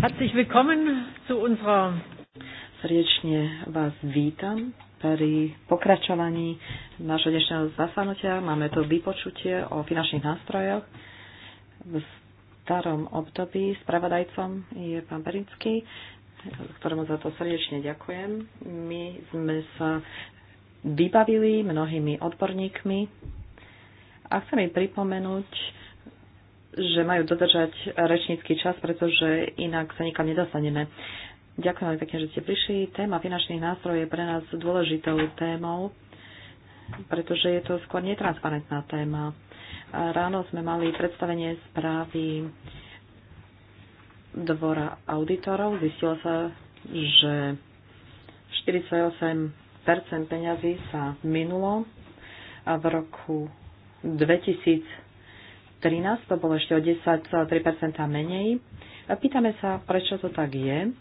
Herzlich willkommen zu unserer... Srdečne vás vítam pri pokračovaní našho dnešného zasadnutia. Máme to vypočutie o finančných nástrojoch. V starom období spravodajcom je pán Berinský, ktorému za to srdečne ďakujem. My sme sa vybavili mnohými odborníkmi a chcem im pripomenúť, že majú dodržať rečnícky čas, pretože inak sa nikam nedostaneme. Ďakujem veľmi pekne, že ste prišli. Téma finančných nástrojov je pre nás dôležitou témou, pretože je to skôr netransparentná téma. Ráno sme mali predstavenie správy dvora auditorov. Zistilo sa, že 48% peňazí sa minulo a v roku 2000 to bolo ešte o 10,3 menej. Pýtame sa, prečo to tak je.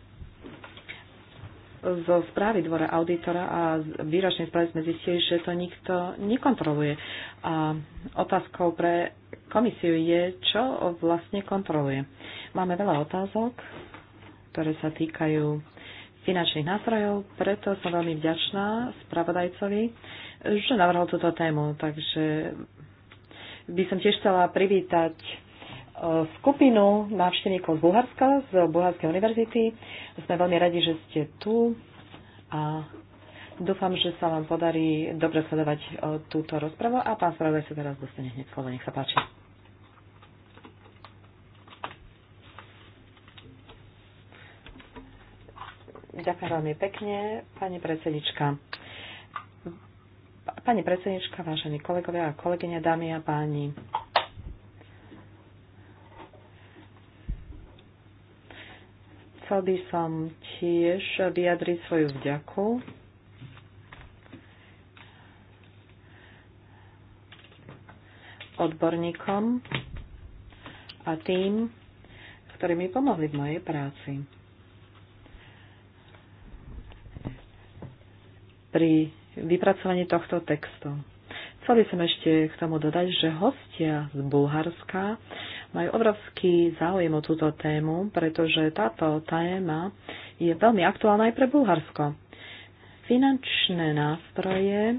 Zo správy dvora auditora a výročnej správy sme zistili, že to nikto nekontroluje. A otázkou pre komisiu je, čo vlastne kontroluje. Máme veľa otázok, ktoré sa týkajú finančných nástrojov, preto som veľmi vďačná spravodajcovi, že navrhol túto tému. Takže by som tiež chcela privítať e, skupinu návštevníkov z Bulharska, z Bulharskej univerzity. Sme veľmi radi, že ste tu a dúfam, že sa vám podarí dobre sledovať e, túto rozpravu a pán spravodaj sa teraz dostane hneď slovo. Nech sa páči. Ďakujem veľmi pekne, pani predsednička. Pani predsednička, vážení kolegovia a kolegyne, dámy a páni. Chcel by som tiež vyjadriť svoju vďaku odborníkom a tým, ktorí mi pomohli v mojej práci. Pri vypracovanie tohto textu. Chcel by som ešte k tomu dodať, že hostia z Bulharska majú obrovský záujem o túto tému, pretože táto téma je veľmi aktuálna aj pre Bulharsko. Finančné nástroje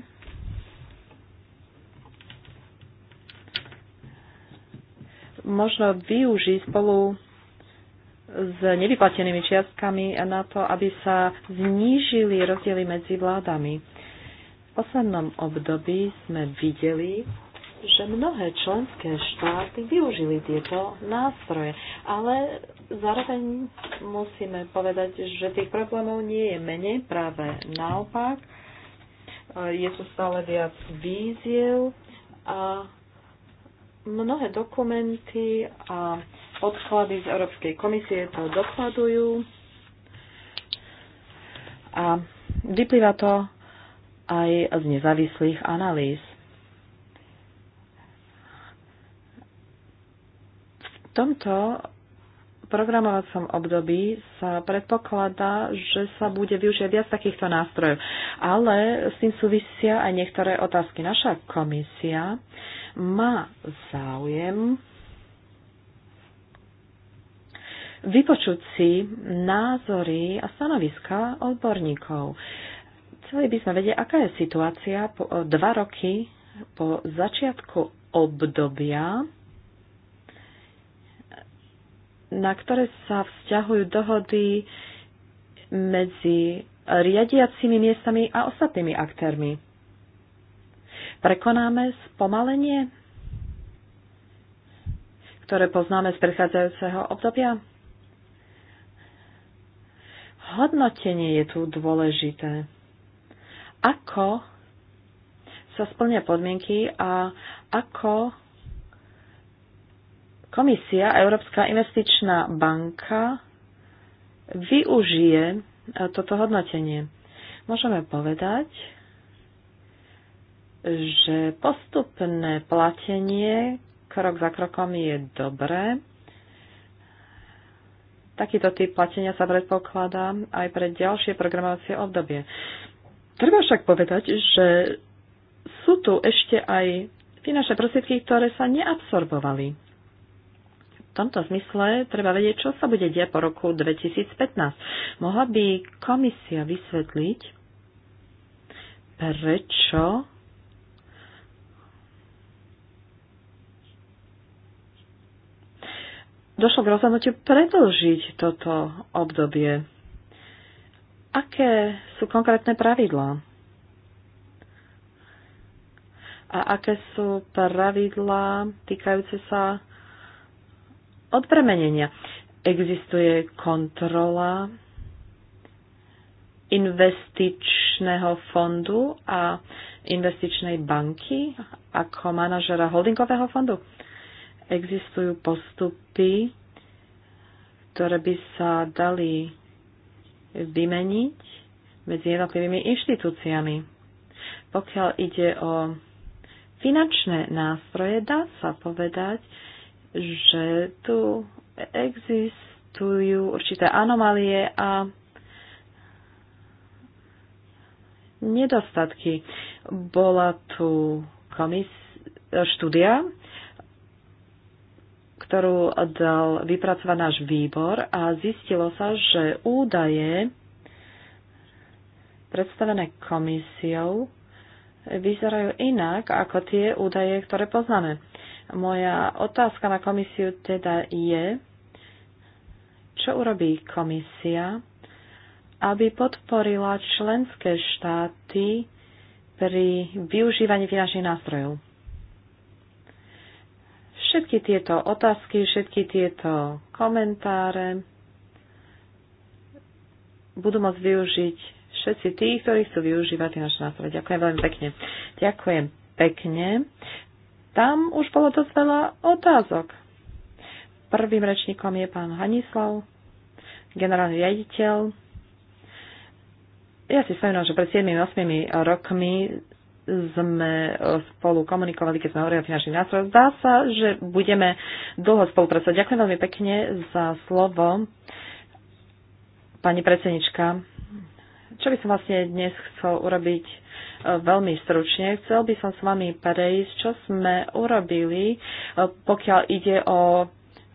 možno využiť spolu s nevyplatenými čiastkami na to, aby sa znížili rozdiely medzi vládami poslednom období sme videli, že mnohé členské štáty využili tieto nástroje, ale zároveň musíme povedať, že tých problémov nie je menej, práve naopak. Je tu stále viac víziev a mnohé dokumenty a odklady z Európskej komisie to dokladujú a vyplýva to aj z nezávislých analýz. V tomto programovacom období sa predpokladá, že sa bude využiť viac takýchto nástrojov. Ale s tým súvisia aj niektoré otázky. Naša komisia má záujem vypočuť si názory a stanoviska odborníkov. Chceli by sme vedieť, aká je situácia po, eh, dva roky po začiatku obdobia, na ktoré sa vzťahujú dohody medzi riadiacimi miestami a ostatnými aktérmi. Prekonáme spomalenie, ktoré poznáme z prechádzajúceho obdobia? Hodnotenie je tu dôležité ako sa splnia podmienky a ako komisia, Európska investičná banka využije e, toto hodnotenie. Môžeme povedať, že postupné platenie krok za krokom je dobré. Takýto typ platenia sa predpokladá aj pre ďalšie programovacie obdobie. Treba však povedať, že sú tu ešte aj finančné prostriedky, ktoré sa neabsorbovali. V tomto zmysle treba vedieť, čo sa bude diať po roku 2015. Mohla by komisia vysvetliť, prečo došlo k rozhodnutiu predlžiť toto obdobie Aké sú konkrétne pravidlá? A aké sú pravidlá týkajúce sa odpremenenia? Existuje kontrola investičného fondu a investičnej banky ako manažera holdingového fondu? Existujú postupy, ktoré by sa dali vymeniť medzi jednotlivými inštitúciami. Pokiaľ ide o finančné nástroje, dá sa povedať, že tu existujú určité anomálie a nedostatky. Bola tu komis- štúdia ktorú dal vypracovať náš výbor a zistilo sa, že údaje predstavené komisiou vyzerajú inak ako tie údaje, ktoré poznáme. Moja otázka na komisiu teda je, čo urobí komisia, aby podporila členské štáty pri využívaní finančných nástrojov všetky tieto otázky, všetky tieto komentáre budú môcť využiť všetci tí, ktorí chcú využívať naše nástroje. Ďakujem veľmi pekne. Ďakujem pekne. Tam už bolo dosť veľa otázok. Prvým rečníkom je pán Hanislav, generálny riaditeľ. Ja si spomínam, že pred 7-8 rokmi sme e, spolu komunikovali, keď sme hovorili o finančných nástrojoch. Zdá sa, že budeme dlho spolupracovať. Ďakujem veľmi pekne za slovo, pani predsednička. Čo by som vlastne dnes chcel urobiť e, veľmi stručne? Chcel by som s vami prejsť, čo sme urobili, e, pokiaľ ide o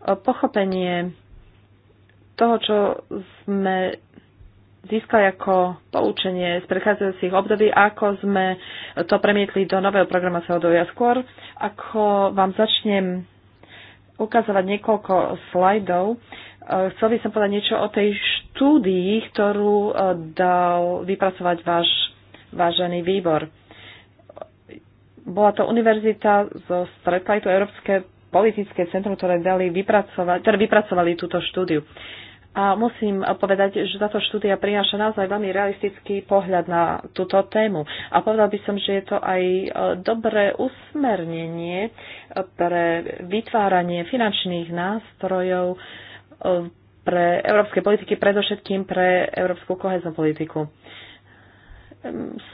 pochopenie toho, čo sme získali ako poučenie z prechádzajúcich období, ako sme to premietli do nového programovacieho obdobia skôr. Ako vám začnem ukazovať niekoľko slajdov, eh, chcel by som povedať niečo o tej štúdii, ktorú eh, dal vypracovať váš vážený výbor. Bola to univerzita zo Stretlajtu Európske politické centrum, ktoré, dali vypracovať, ktoré vypracovali túto štúdiu. A musím povedať, že táto štúdia prináša naozaj veľmi realistický pohľad na túto tému. A povedal by som, že je to aj e, dobré usmernenie e, pre vytváranie finančných nástrojov e, pre európske politiky, predovšetkým pre európsku koheznú politiku.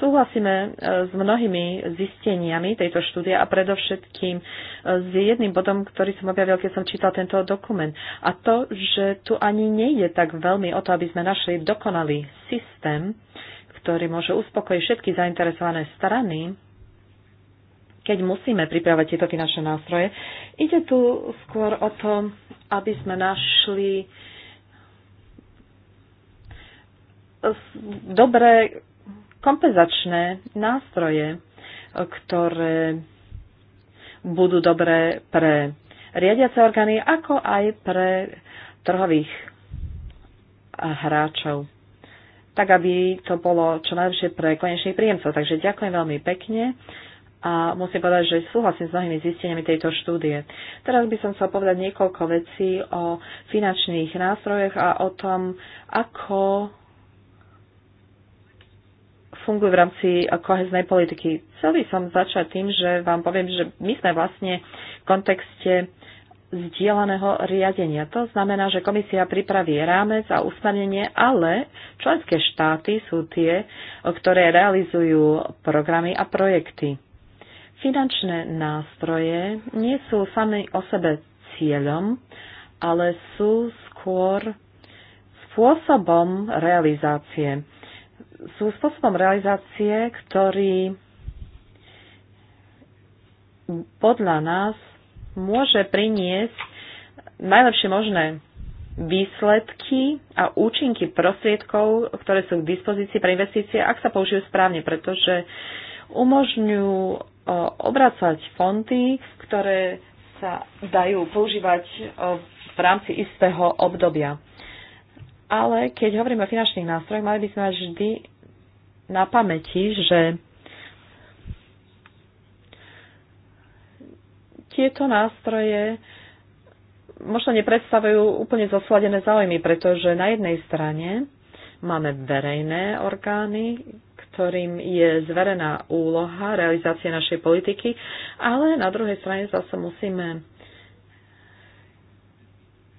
Súhlasíme e, s mnohými zisteniami tejto štúdie a predovšetkým e, s jedným bodom, ktorý som objavil, keď som čítal tento dokument. A to, že tu ani nejde tak veľmi o to, aby sme našli dokonalý systém, ktorý môže uspokojiť všetky zainteresované strany, keď musíme pripravať tieto finančné nástroje. Ide tu skôr o to, aby sme našli dobré kompenzačné nástroje, ktoré budú dobré pre riadiace orgány, ako aj pre trhových hráčov tak aby to bolo čo najlepšie pre konečných príjemcov. Takže ďakujem veľmi pekne a musím povedať, že súhlasím s mnohými zisteniami tejto štúdie. Teraz by som chcel povedať niekoľko vecí o finančných nástrojoch a o tom, ako fungujú v rámci koheznej politiky. Chcel by som začať tým, že vám poviem, že my sme vlastne v kontexte zdieľaného riadenia. To znamená, že komisia pripraví rámec a usmernenie, ale členské štáty sú tie, ktoré realizujú programy a projekty. Finančné nástroje nie sú sami o sebe cieľom, ale sú skôr spôsobom realizácie sú spôsobom realizácie, ktorý podľa nás môže priniesť najlepšie možné výsledky a účinky prostriedkov, ktoré sú k dispozícii pre investície, ak sa použijú správne, pretože umožňujú obracať fondy, ktoré sa dajú používať v rámci istého obdobia. Ale keď hovoríme o finančných nástrojoch, mali by sme mať vždy na pamäti, že tieto nástroje možno nepredstavujú úplne zosladené záujmy, pretože na jednej strane máme verejné orgány, ktorým je zverená úloha realizácie našej politiky, ale na druhej strane zase musíme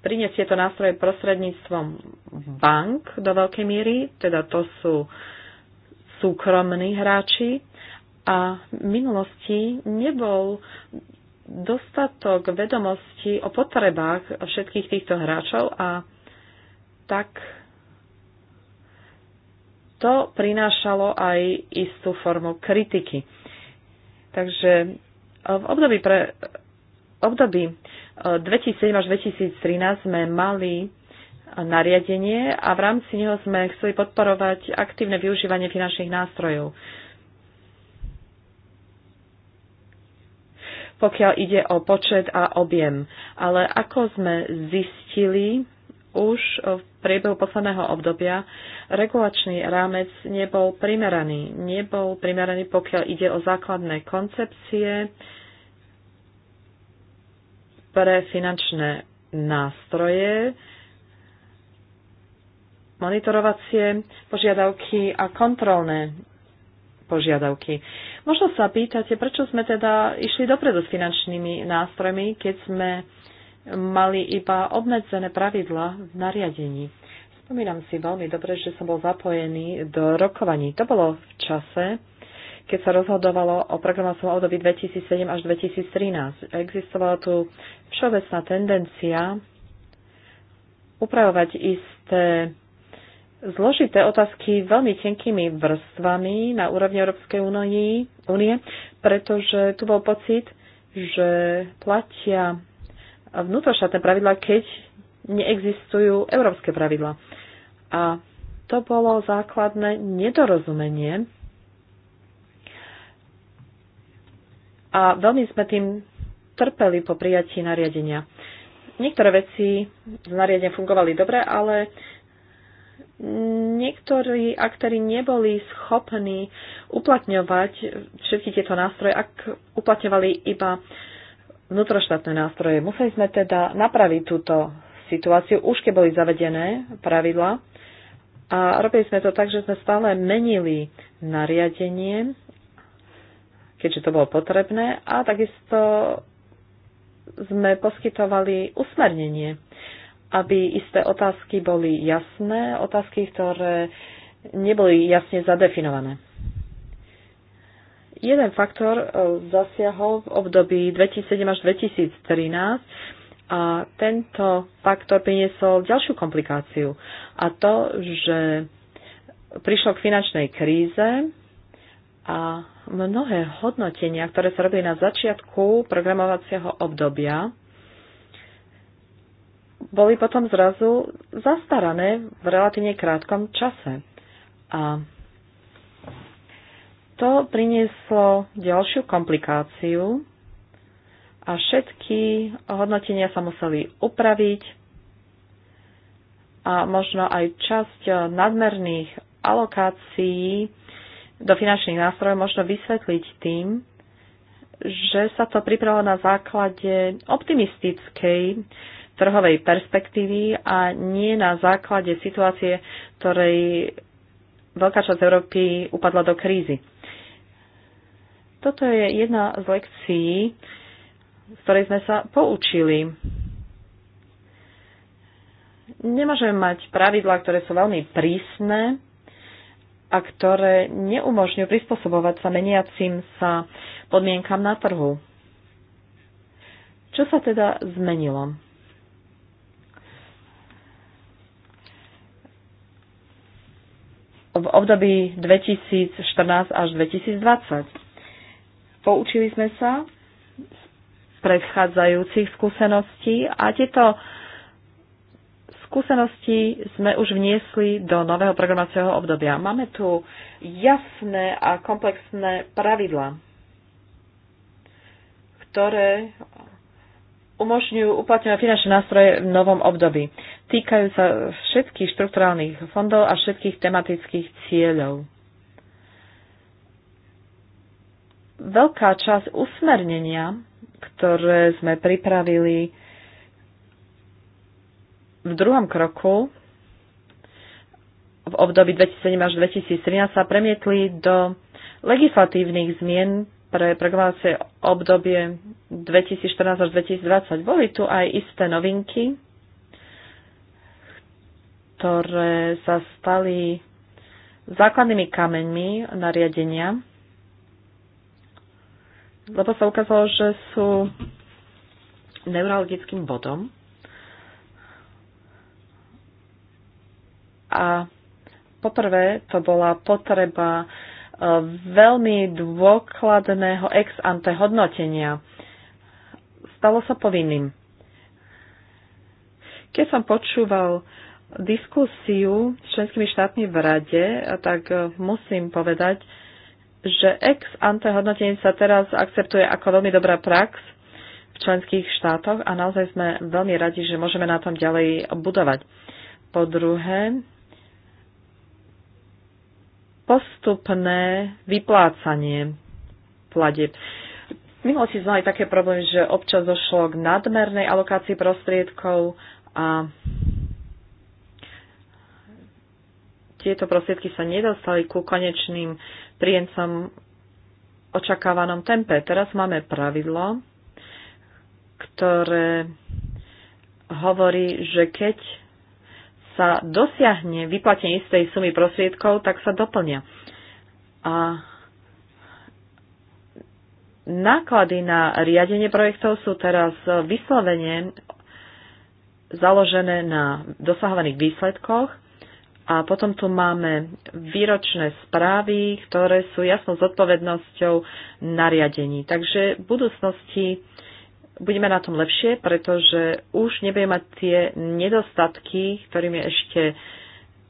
priniesť tieto nástroje prostredníctvom bank do veľkej miery, teda to sú súkromní hráči a v minulosti nebol dostatok vedomostí o potrebách všetkých týchto hráčov a tak to prinášalo aj istú formu kritiky. Takže eh, v období, pre, období 2007 eh, až 2013 sme mali nariadenie a v rámci neho sme chceli podporovať aktívne využívanie finančných nástrojov. pokiaľ ide o počet a objem. Ale ako sme zistili už v priebehu posledného obdobia, regulačný rámec nebol primeraný. Nebol primeraný, pokiaľ ide o základné koncepcie pre finančné nástroje, monitorovacie požiadavky a kontrolné požiadavky. Možno sa pýtate, prečo sme teda išli dopredu s finančnými nástrojmi, keď sme mali iba obmedzené pravidla v nariadení. Spomínam si veľmi dobre, že som bol zapojený do rokovaní. To bolo v čase, keď sa rozhodovalo o programovacom období 2007 až 2013. Existovala tu všeobecná tendencia upravovať isté zložité otázky veľmi tenkými vrstvami na úrovni Európskej únie, pretože tu bol pocit, že platia vnútroštátne pravidla, keď neexistujú európske pravidla. A to bolo základné nedorozumenie. A veľmi sme tým trpeli po prijatí nariadenia. Niektoré veci z nariadenia fungovali dobre, ale niektorí aktéry neboli schopní uplatňovať všetky tieto nástroje, ak uplatňovali iba vnútroštátne nástroje. Museli sme teda napraviť túto situáciu, už keď boli zavedené pravidla. A robili sme to tak, že sme stále menili nariadenie, keďže to bolo potrebné, a takisto sme poskytovali usmernenie aby isté otázky boli jasné, otázky, ktoré neboli jasne zadefinované. Jeden faktor e, zasiahol v období 2007 až 2013 a tento faktor priniesol ďalšiu komplikáciu a to, že prišlo k finančnej kríze a mnohé hodnotenia, ktoré sa robili na začiatku programovacieho obdobia, boli potom zrazu zastarané v relatívne krátkom čase. A to prinieslo ďalšiu komplikáciu a všetky hodnotenia sa museli upraviť a možno aj časť nadmerných alokácií do finančných nástrojov možno vysvetliť tým, že sa to pripravilo na základe optimistickej trhovej perspektívy a nie na základe situácie, ktorej veľká časť Európy upadla do krízy. Toto je jedna z lekcií, z ktorej sme sa poučili. Nemôžeme mať pravidlá, ktoré sú veľmi prísne a ktoré neumožňujú prispôsobovať sa meniacim sa podmienkam na trhu. Čo sa teda zmenilo? v období 2014 až 2020. Poučili sme sa z predchádzajúcich skúseností a tieto skúsenosti sme už vniesli do nového programovacieho obdobia. Máme tu jasné a komplexné pravidla, ktoré umožňujú uplatňovať finančné nástroje v novom období. Týkajú sa všetkých štrukturálnych fondov a všetkých tematických cieľov. Veľká časť usmernenia, ktoré sme pripravili v druhom kroku, v období 2007 až 2013 sa premietli do legislatívnych zmien pre programovacie obdobie 2014 až 2020. Boli tu aj isté novinky, ktoré sa stali základnými kameňmi nariadenia, lebo sa ukázalo, že sú neurologickým bodom a poprvé to bola potreba e, veľmi dôkladného ex ante hodnotenia. Stalo sa povinným. Keď som počúval diskusiu s členskými štátmi v rade, tak eh, musím povedať, že ex ante hodnotenie sa teraz akceptuje ako veľmi dobrá prax v členských štátoch a naozaj sme veľmi radi, že môžeme na tom ďalej budovať. Po druhé, postupné vyplácanie pladeb. V minulosti sme mali také problémy, že občas došlo k nadmernej alokácii prostriedkov a tieto prostriedky sa nedostali ku konečným príjemcom očakávanom tempe. Teraz máme pravidlo, ktoré hovorí, že keď sa dosiahne vyplatenie istej sumy prostriedkov, tak sa doplnia. A náklady na riadenie projektov sú teraz vyslovene založené na dosahovaných výsledkoch a potom tu máme výročné správy, ktoré sú jasnou zodpovednosťou nariadení. Takže v budúcnosti budeme na tom lepšie, pretože už nebudeme mať tie nedostatky, ktorými ešte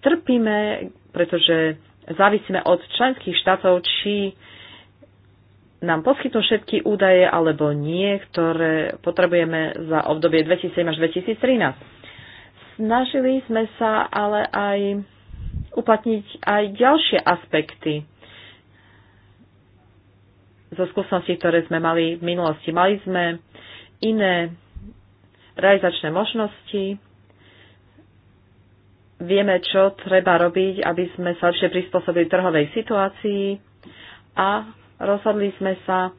trpíme, pretože závisíme od členských štátov, či nám poskytnú všetky údaje alebo nie, ktoré potrebujeme za obdobie 2007 až 2013. Snažili sme sa ale aj uplatniť aj ďalšie aspekty zo skúseností, ktoré sme mali v minulosti. Mali sme iné realizačné možnosti. Vieme, čo treba robiť, aby sme sa lepšie prispôsobili trhovej situácii a rozhodli sme sa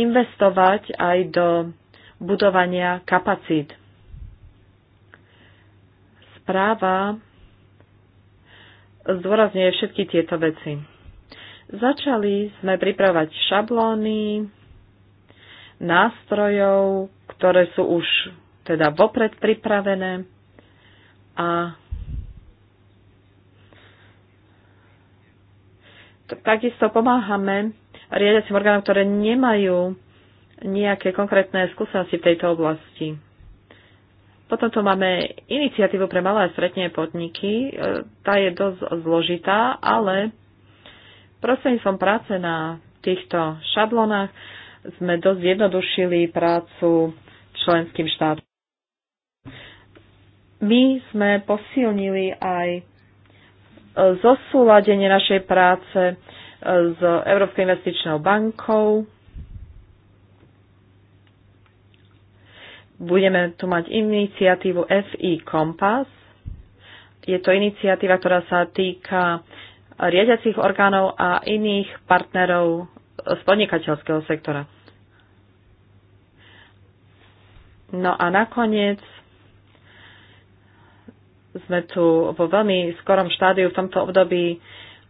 investovať aj do budovania kapacít správa zdôrazňuje všetky tieto veci. Začali sme pripravať šablóny nástrojov, ktoré sú už teda vopred pripravené a takisto pomáhame riadiacim orgánom, ktoré nemajú nejaké konkrétne skúsenosti v tejto oblasti. Potom tu máme iniciatívu pre malé a stredné podniky. E, tá je dosť zložitá, ale prosím som práce na týchto šablonách sme dosť zjednodušili prácu členským štátom. My sme posilnili aj zosúladenie našej práce e, s Európskou investičnou bankou, budeme tu mať iniciatívu FI Kompas. Je to iniciatíva, ktorá sa týka riadiacich orgánov a iných partnerov z podnikateľského sektora. No a nakoniec sme tu vo veľmi skorom štádiu v tomto období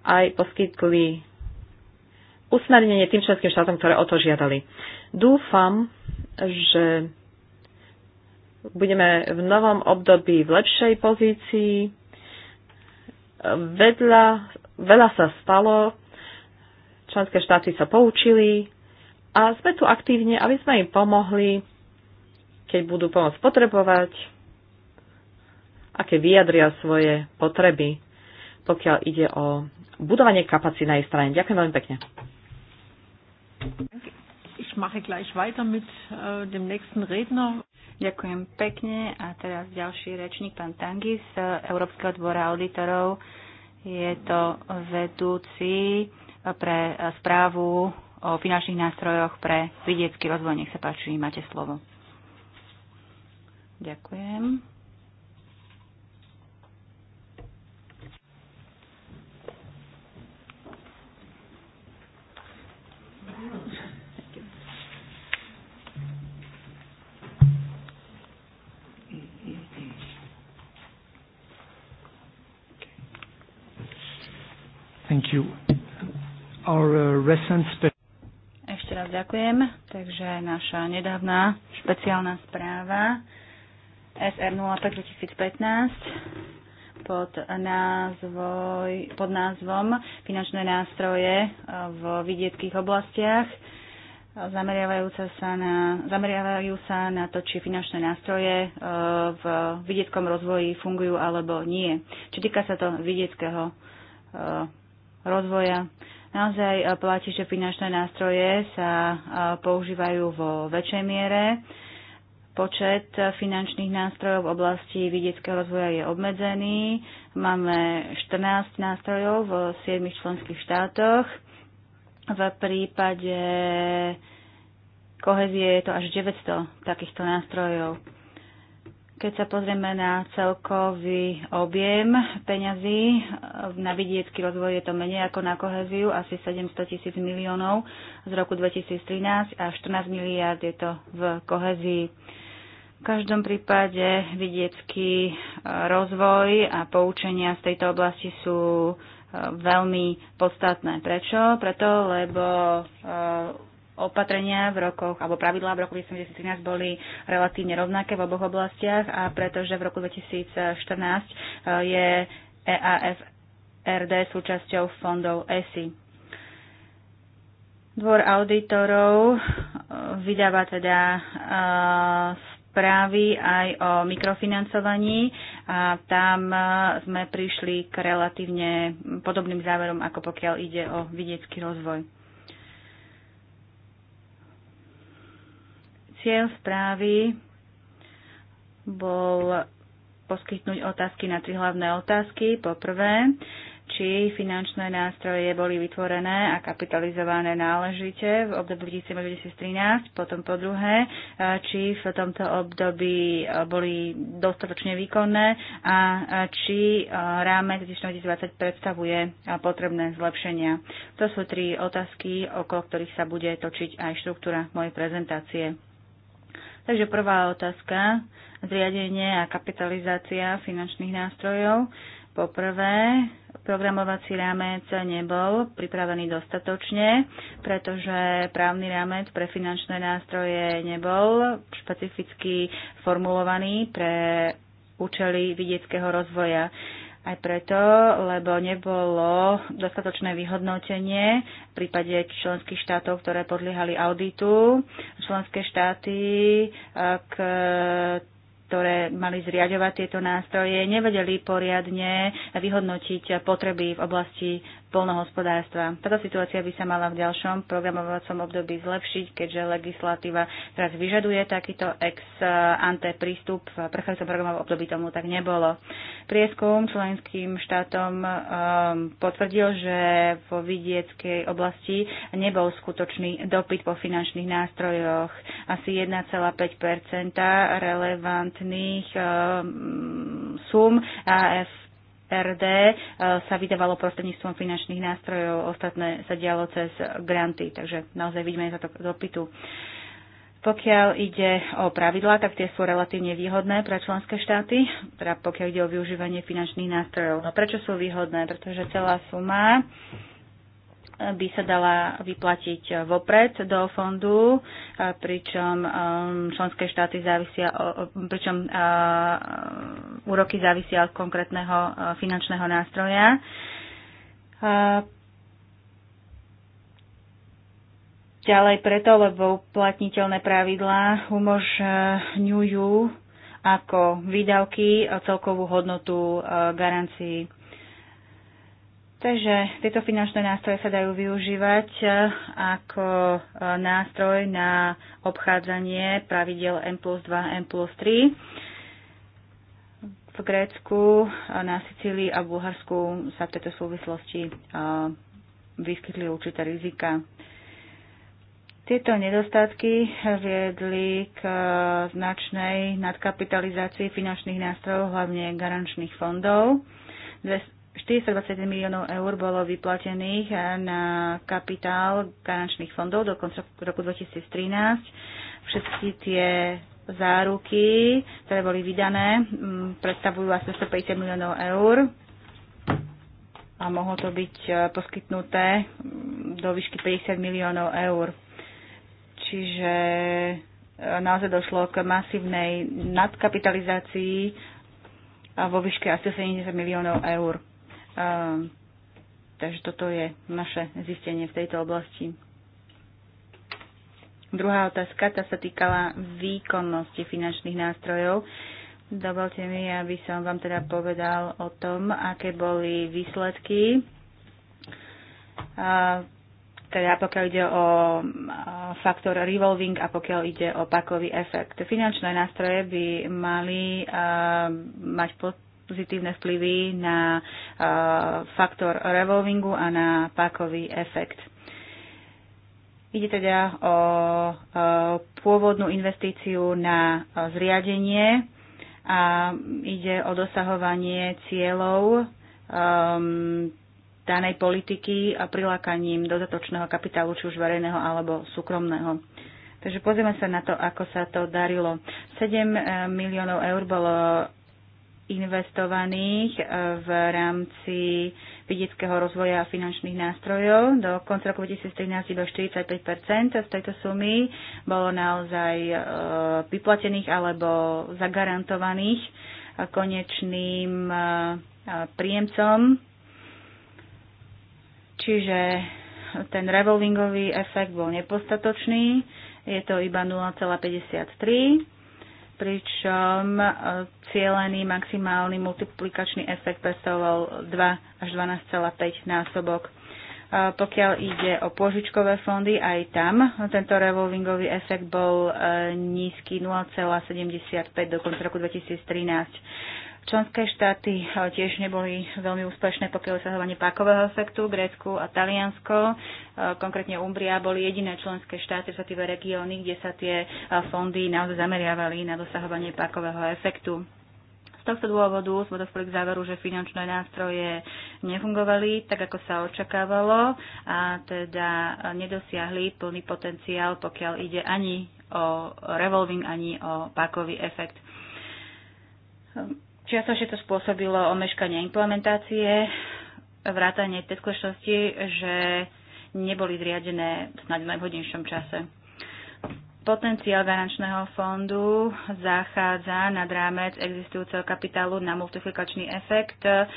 aj poskytli usmernenie tým členským štátom, ktoré o to žiadali. Dúfam, že budeme v novom období v lepšej pozícii. Vedľa, veľa sa stalo, členské štáty sa poučili a sme tu aktívne, aby sme im pomohli, keď budú pomoc potrebovať a keď vyjadria svoje potreby, pokiaľ ide o budovanie kapacity na ich strane. Ďakujem veľmi pekne. Ich mache gleich weiter mit äh, dem nächsten Redner. Ďakujem pekne. A teraz ďalší rečník, pán Tangi z Európskeho dvora auditorov. Je to vedúci pre správu o finančných nástrojoch pre vidiecký rozvoj. Nech sa páči, máte slovo. Ďakujem. Thank you. Our uh, recent Ešte raz ďakujem. Takže naša nedávna špeciálna správa SR 05 2015 pod, názvoj, pod názvom Finančné nástroje uh, v vidieckých oblastiach zameriavajú sa na, zameriavajú sa na to, či finančné nástroje uh, v vidieckom rozvoji fungujú alebo nie. Čo týka sa to vidieckého rozvoja. Naozaj eh, platí, že finančné nástroje sa eh, používajú vo väčšej miere. Počet eh, finančných nástrojov v oblasti vidieckého rozvoja je obmedzený. Máme 14 nástrojov v 7 členských štátoch. V prípade kohezie je to až 900 takýchto nástrojov. Keď sa pozrieme na celkový objem peňazí na vidiecký rozvoj je to menej ako na koheziu, asi 700 tisíc miliónov z roku 2013 a 14 miliard je to v kohezii. V každom prípade vidiecký e, rozvoj a poučenia z tejto oblasti sú e, veľmi podstatné. Prečo? Preto, lebo e, opatrenia v rokoch, alebo pravidlá v roku 2013 boli relatívne rovnaké v oboch oblastiach a pretože v roku 2014 eh, je EAFRD súčasťou fondov ESI. Dvor auditorov eh, vydáva teda eh, správy aj o mikrofinancovaní a tam sme prišli k relatívne podobným záverom, ako pokiaľ ide o vidiecký rozvoj. Cieľ správy bol poskytnúť otázky na tri hlavné otázky. Po prvé, či finančné nástroje boli vytvorené a kapitalizované náležite v období 2013, potom po druhé, či v tomto období boli dostatočne výkonné a či ráme 2020 predstavuje potrebné zlepšenia. To sú tri otázky, okolo ktorých sa bude točiť aj štruktúra mojej prezentácie. Takže prvá otázka, zriadenie a kapitalizácia finančných nástrojov. Poprvé, programovací rámec nebol pripravený dostatočne, pretože právny rámec pre finančné nástroje nebol špecificky formulovaný pre účely vidieckého rozvoja. Aj preto, lebo nebolo dostatočné vyhodnotenie v prípade členských štátov, ktoré podliehali auditu. Členské štáty, k ktoré mali zriadovať tieto nástroje, nevedeli poriadne vyhodnotiť potreby v oblasti polnohospodárstva. Táto situácia by sa mala v ďalšom programovacom období zlepšiť, keďže legislatíva teraz vyžaduje takýto ex ante prístup. V prechádzajúcom programovom období tomu tak nebolo. Prieskum členským štátom um, potvrdil, že vo vidieckej oblasti nebol skutočný dopyt po finančných nástrojoch. Asi 1,5 relevantných um, sum AF RD eh, sa vydávalo prostredníctvom finančných nástrojov, ostatné sa dialo cez granty, takže naozaj vidíme za to dopytu. Pokiaľ ide o pravidlá, tak tie sú relatívne výhodné pre členské štáty, teda pokiaľ ide o využívanie finančných nástrojov. No prečo sú výhodné? Pretože celá suma by sa dala vyplatiť vopred do fondu, pričom um, členské štáty závisia, pričom úroky závisia od konkrétneho finančného nástroja. Ďalej preto, lebo uplatniteľné pravidlá umožňujú ako výdavky celkovú hodnotu garancií Takže tieto finančné nástroje sa dajú využívať eh, ako eh, nástroj na obchádzanie pravidel M plus 2, M plus 3. V Grécku, eh, na Sicílii a Bulharsku sa v tejto súvislosti vyskytli určité rizika. Tieto nedostatky viedli k značnej nadkapitalizácii finančných nástrojov, hlavne garančných fondov. 427 miliónov eur bolo vyplatených eh, na kapitál garančných fondov do konca roku 2013. Všetky tie záruky, ktoré boli vydané, mm, predstavujú asi 150 miliónov eur a mohlo to byť eh, poskytnuté mm, do výšky 50 miliónov eur. Čiže eh, naozaj došlo k masívnej nadkapitalizácii vo výške asi 70 miliónov eur takže toto je naše zistenie v tejto oblasti. Druhá otázka, tá sa týkala výkonnosti finančných nástrojov. Dovolte mi, aby som vám teda povedal o tom, aké boli výsledky. Teda pokiaľ ide o faktor revolving a pokiaľ ide o pakový efekt. Finančné nástroje by mali mať pod pozitívne vplyvy na e, faktor revolvingu a na pákový efekt. Ide teda o e, pôvodnú investíciu na e, zriadenie a ide o dosahovanie cieľov um, danej politiky a prilákaním dodatočného kapitálu, či už verejného alebo súkromného. Takže pozrieme sa na to, ako sa to darilo. 7 miliónov eur bolo investovaných eh, v rámci vidického rozvoja a finančných nástrojov. Do konca roku 2013 iba 45 z tejto sumy bolo naozaj eh, vyplatených alebo zagarantovaných eh, konečným príjemcom. Čiže ten revolvingový efekt bol nepostatočný, je to iba 0,53 pričom e, cieľený maximálny multiplikačný efekt predstavoval 2 až 12,5 násobok. E, pokiaľ ide o pôžičkové fondy, aj tam tento revolvingový efekt bol e, nízky 0,75 do konca roku 2013. Členské štáty eh, tiež neboli veľmi úspešné, pokiaľ dosahovanie pákového efektu, Grécku a Taliansko. Eh, konkrétne Umbria boli jediné členské štáty, respektíve regióny, kde sa tie eh, fondy naozaj zameriavali na dosahovanie pákového efektu. Z tohto dôvodu sme dospeli k záveru, že finančné nástroje nefungovali tak, ako sa očakávalo a teda nedosiahli plný potenciál, pokiaľ ide ani o revolving, ani o pákový efekt. Čiastočne to spôsobilo omeškanie implementácie, vrátanie tej skutočnosti, že neboli zriadené snáď v najvhodnejšom čase. Potenciál garančného fondu zachádza nad rámec existujúceho kapitálu na multiplikačný efekt, e,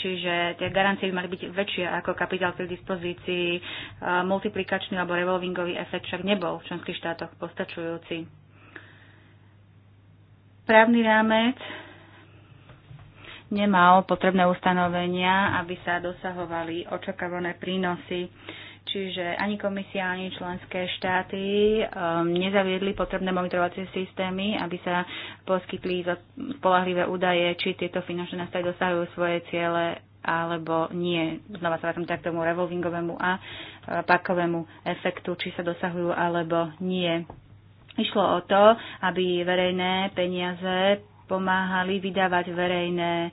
čiže tie garancie by mali byť väčšie ako kapitál pri dispozícii. E, multiplikačný alebo revolvingový efekt však nebol v členských štátoch postačujúci. Právny rámec nemal potrebné ustanovenia, aby sa dosahovali očakávané prínosy. Čiže ani komisia, ani členské štáty um, nezaviedli potrebné monitorovacie systémy, aby sa poskytli spolahlivé údaje, či tieto finančné nástroje dosahujú svoje ciele alebo nie. Znova sa vrátim tak k tomu revolvingovému a pakovému efektu, či sa dosahujú alebo nie. Išlo o to, aby verejné peniaze pomáhali vydávať verejné e,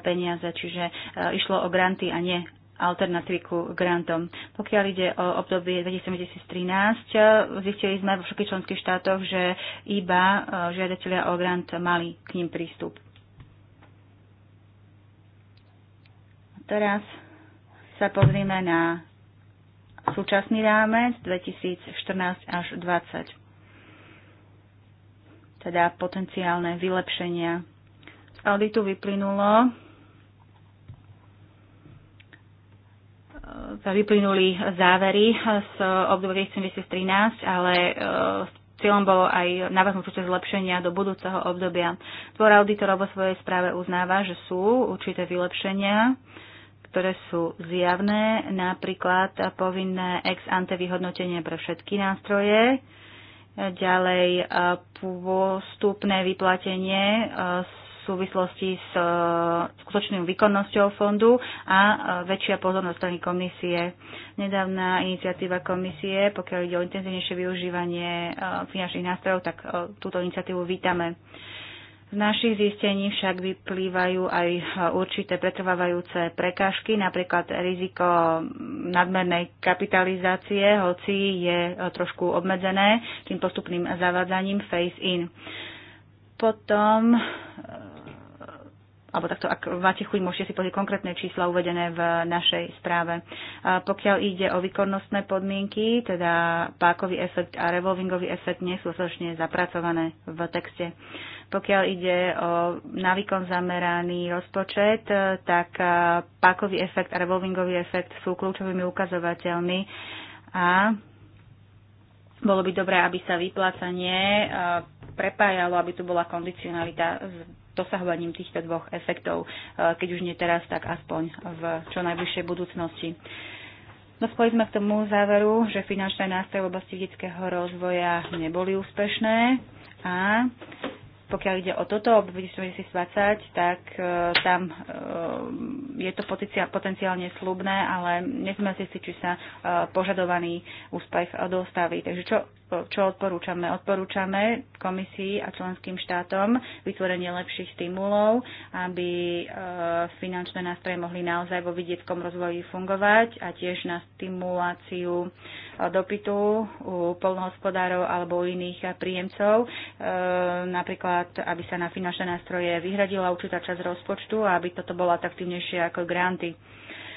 peniaze, čiže e, išlo o granty a nie alternatívy ku grantom. Pokiaľ ide o obdobie 2013, e, zistili sme vo všetkých členských štátoch, že iba žiadatelia o grant mali k ním prístup. Teraz sa pozrieme na súčasný rámec 2014 až 2020 teda potenciálne vylepšenia. Z auditu vyplynulo, sa e, teda vyplynuli závery z obdobia 2013, ale e, cieľom bolo aj navrhnúť určité zlepšenia do budúceho obdobia. Dvor auditorov vo svojej správe uznáva, že sú určité vylepšenia, ktoré sú zjavné, napríklad povinné ex ante vyhodnotenie pre všetky nástroje, ďalej e, postupné vyplatenie e, v súvislosti s e, skutočným výkonnosťou fondu a väčšia pozornosť strany komisie. Nedávna iniciatíva komisie, pokiaľ ide o intenzívnejšie využívanie finančných nástrojov, tak túto iniciatívu vítame. Z našich zistení však vyplývajú aj e, určité pretrvávajúce prekážky, napríklad riziko nadmernej kapitalizácie, hoci je e, trošku obmedzené tým postupným zavádzaním face in Potom e, alebo takto, ak máte chuť, môžete si pozrieť konkrétne čísla uvedené v našej správe. A pokiaľ ide o výkonnostné podmienky, teda pákový efekt a revolvingový efekt nie sú zapracované v texte. Pokiaľ ide o návykon zameraný rozpočet, eh, tak eh, pákový efekt a revolvingový efekt sú kľúčovými ukazovateľmi a bolo by dobré, aby sa vyplácanie eh, prepájalo, aby tu bola kondicionalita s dosahovaním týchto dvoch efektov, keď už nie teraz, tak aspoň v čo najbližšej budúcnosti. Dospeli sme k tomu záveru, že finančné nástroje v oblasti detského rozvoja neboli úspešné a pokiaľ ide o toto obdobie 2020, tak e, tam e, je to potenciál, potenciálne slubné, ale nesme si, či sa e, požadovaný úspech dostaví. Takže čo čo odporúčame? Odporúčame komisii a členským štátom vytvorenie lepších stimulov, aby e, finančné nástroje mohli naozaj vo vidieckom rozvoji fungovať a tiež na stimuláciu e, dopytu u polnohospodárov alebo u iných príjemcov. E, napríklad, aby sa na finančné nástroje vyhradila určitá časť rozpočtu a aby toto bolo atraktívnejšie ako granty.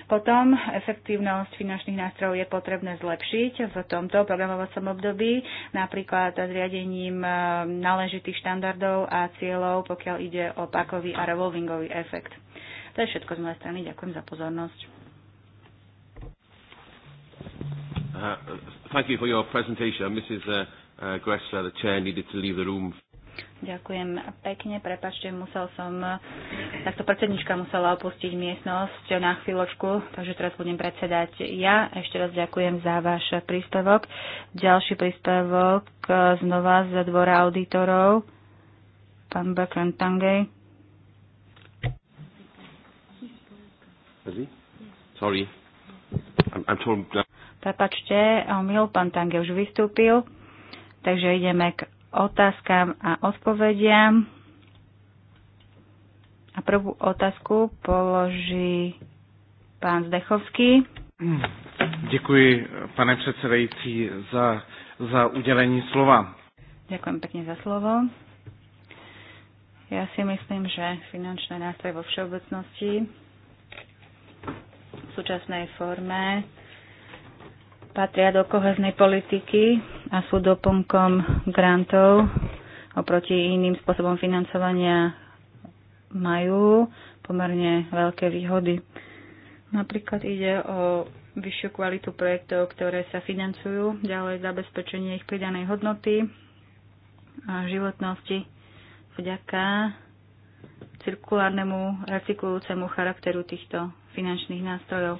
Potom efektívnosť finančných nástrojov je potrebné zlepšiť v tomto programovacom období, napríklad zriadením eh, náležitých štandardov a cieľov, pokiaľ ide o pakový a revolvingový efekt. To je všetko z mojej strany. Ďakujem za pozornosť. Uh, thank you for your presentation. Mrs. Uh, uh, Gressler, the chair, needed to leave the room. Ďakujem pekne, prepačte, musel som, takto predsednička musela opustiť miestnosť na chvíľočku, takže teraz budem predsedať ja. Ešte raz ďakujem za váš príspevok. Ďalší príspevok e, znova z dvora auditorov, pán Bekren Tangej. Sorry. I'm, I'm told... Prepačte, omyl, pán Tange už vystúpil, takže ideme k otázkam a odpovediam. A prvú otázku položí pán Zdechovský. Děkuji, pane předsedající, za, za udělení slova. Ďakujem pekne za slovo. Ja si myslím, že finančné nástroje vo všeobecnosti v súčasnej forme patria do koheznej politiky a sú doplnkom grantov oproti iným spôsobom financovania majú pomerne veľké výhody. Napríklad ide o vyššiu kvalitu projektov, ktoré sa financujú, ďalej zabezpečenie ich pridanej hodnoty a životnosti vďaka cirkulárnemu recyklujúcemu charakteru týchto finančných nástrojov.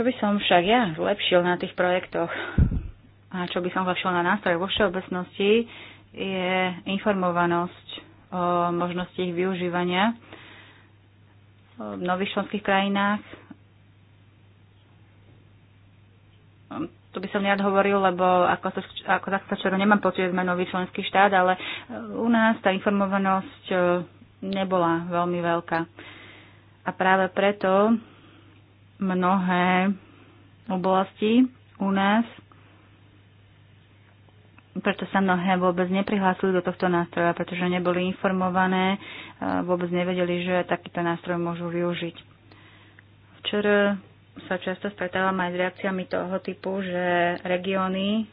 Čo by som však ja zlepšil na tých projektoch a čo by som zlepšil na nástroje vo všeobecnosti, je informovanosť o možnosti ich využívania v nových členských krajinách. To by som nerad hovoril, lebo ako, to, ako takto čero nemám pocit, že sme nový členský štát, ale e, u nás tá informovanosť e, nebola veľmi veľká. A práve preto mnohé oblasti u nás, preto sa mnohé vôbec neprihlásili do tohto nástroja, pretože neboli informované, e, vôbec nevedeli, že takýto nástroj môžu využiť. Včera sa často stretávam aj s reakciami toho typu, že regióny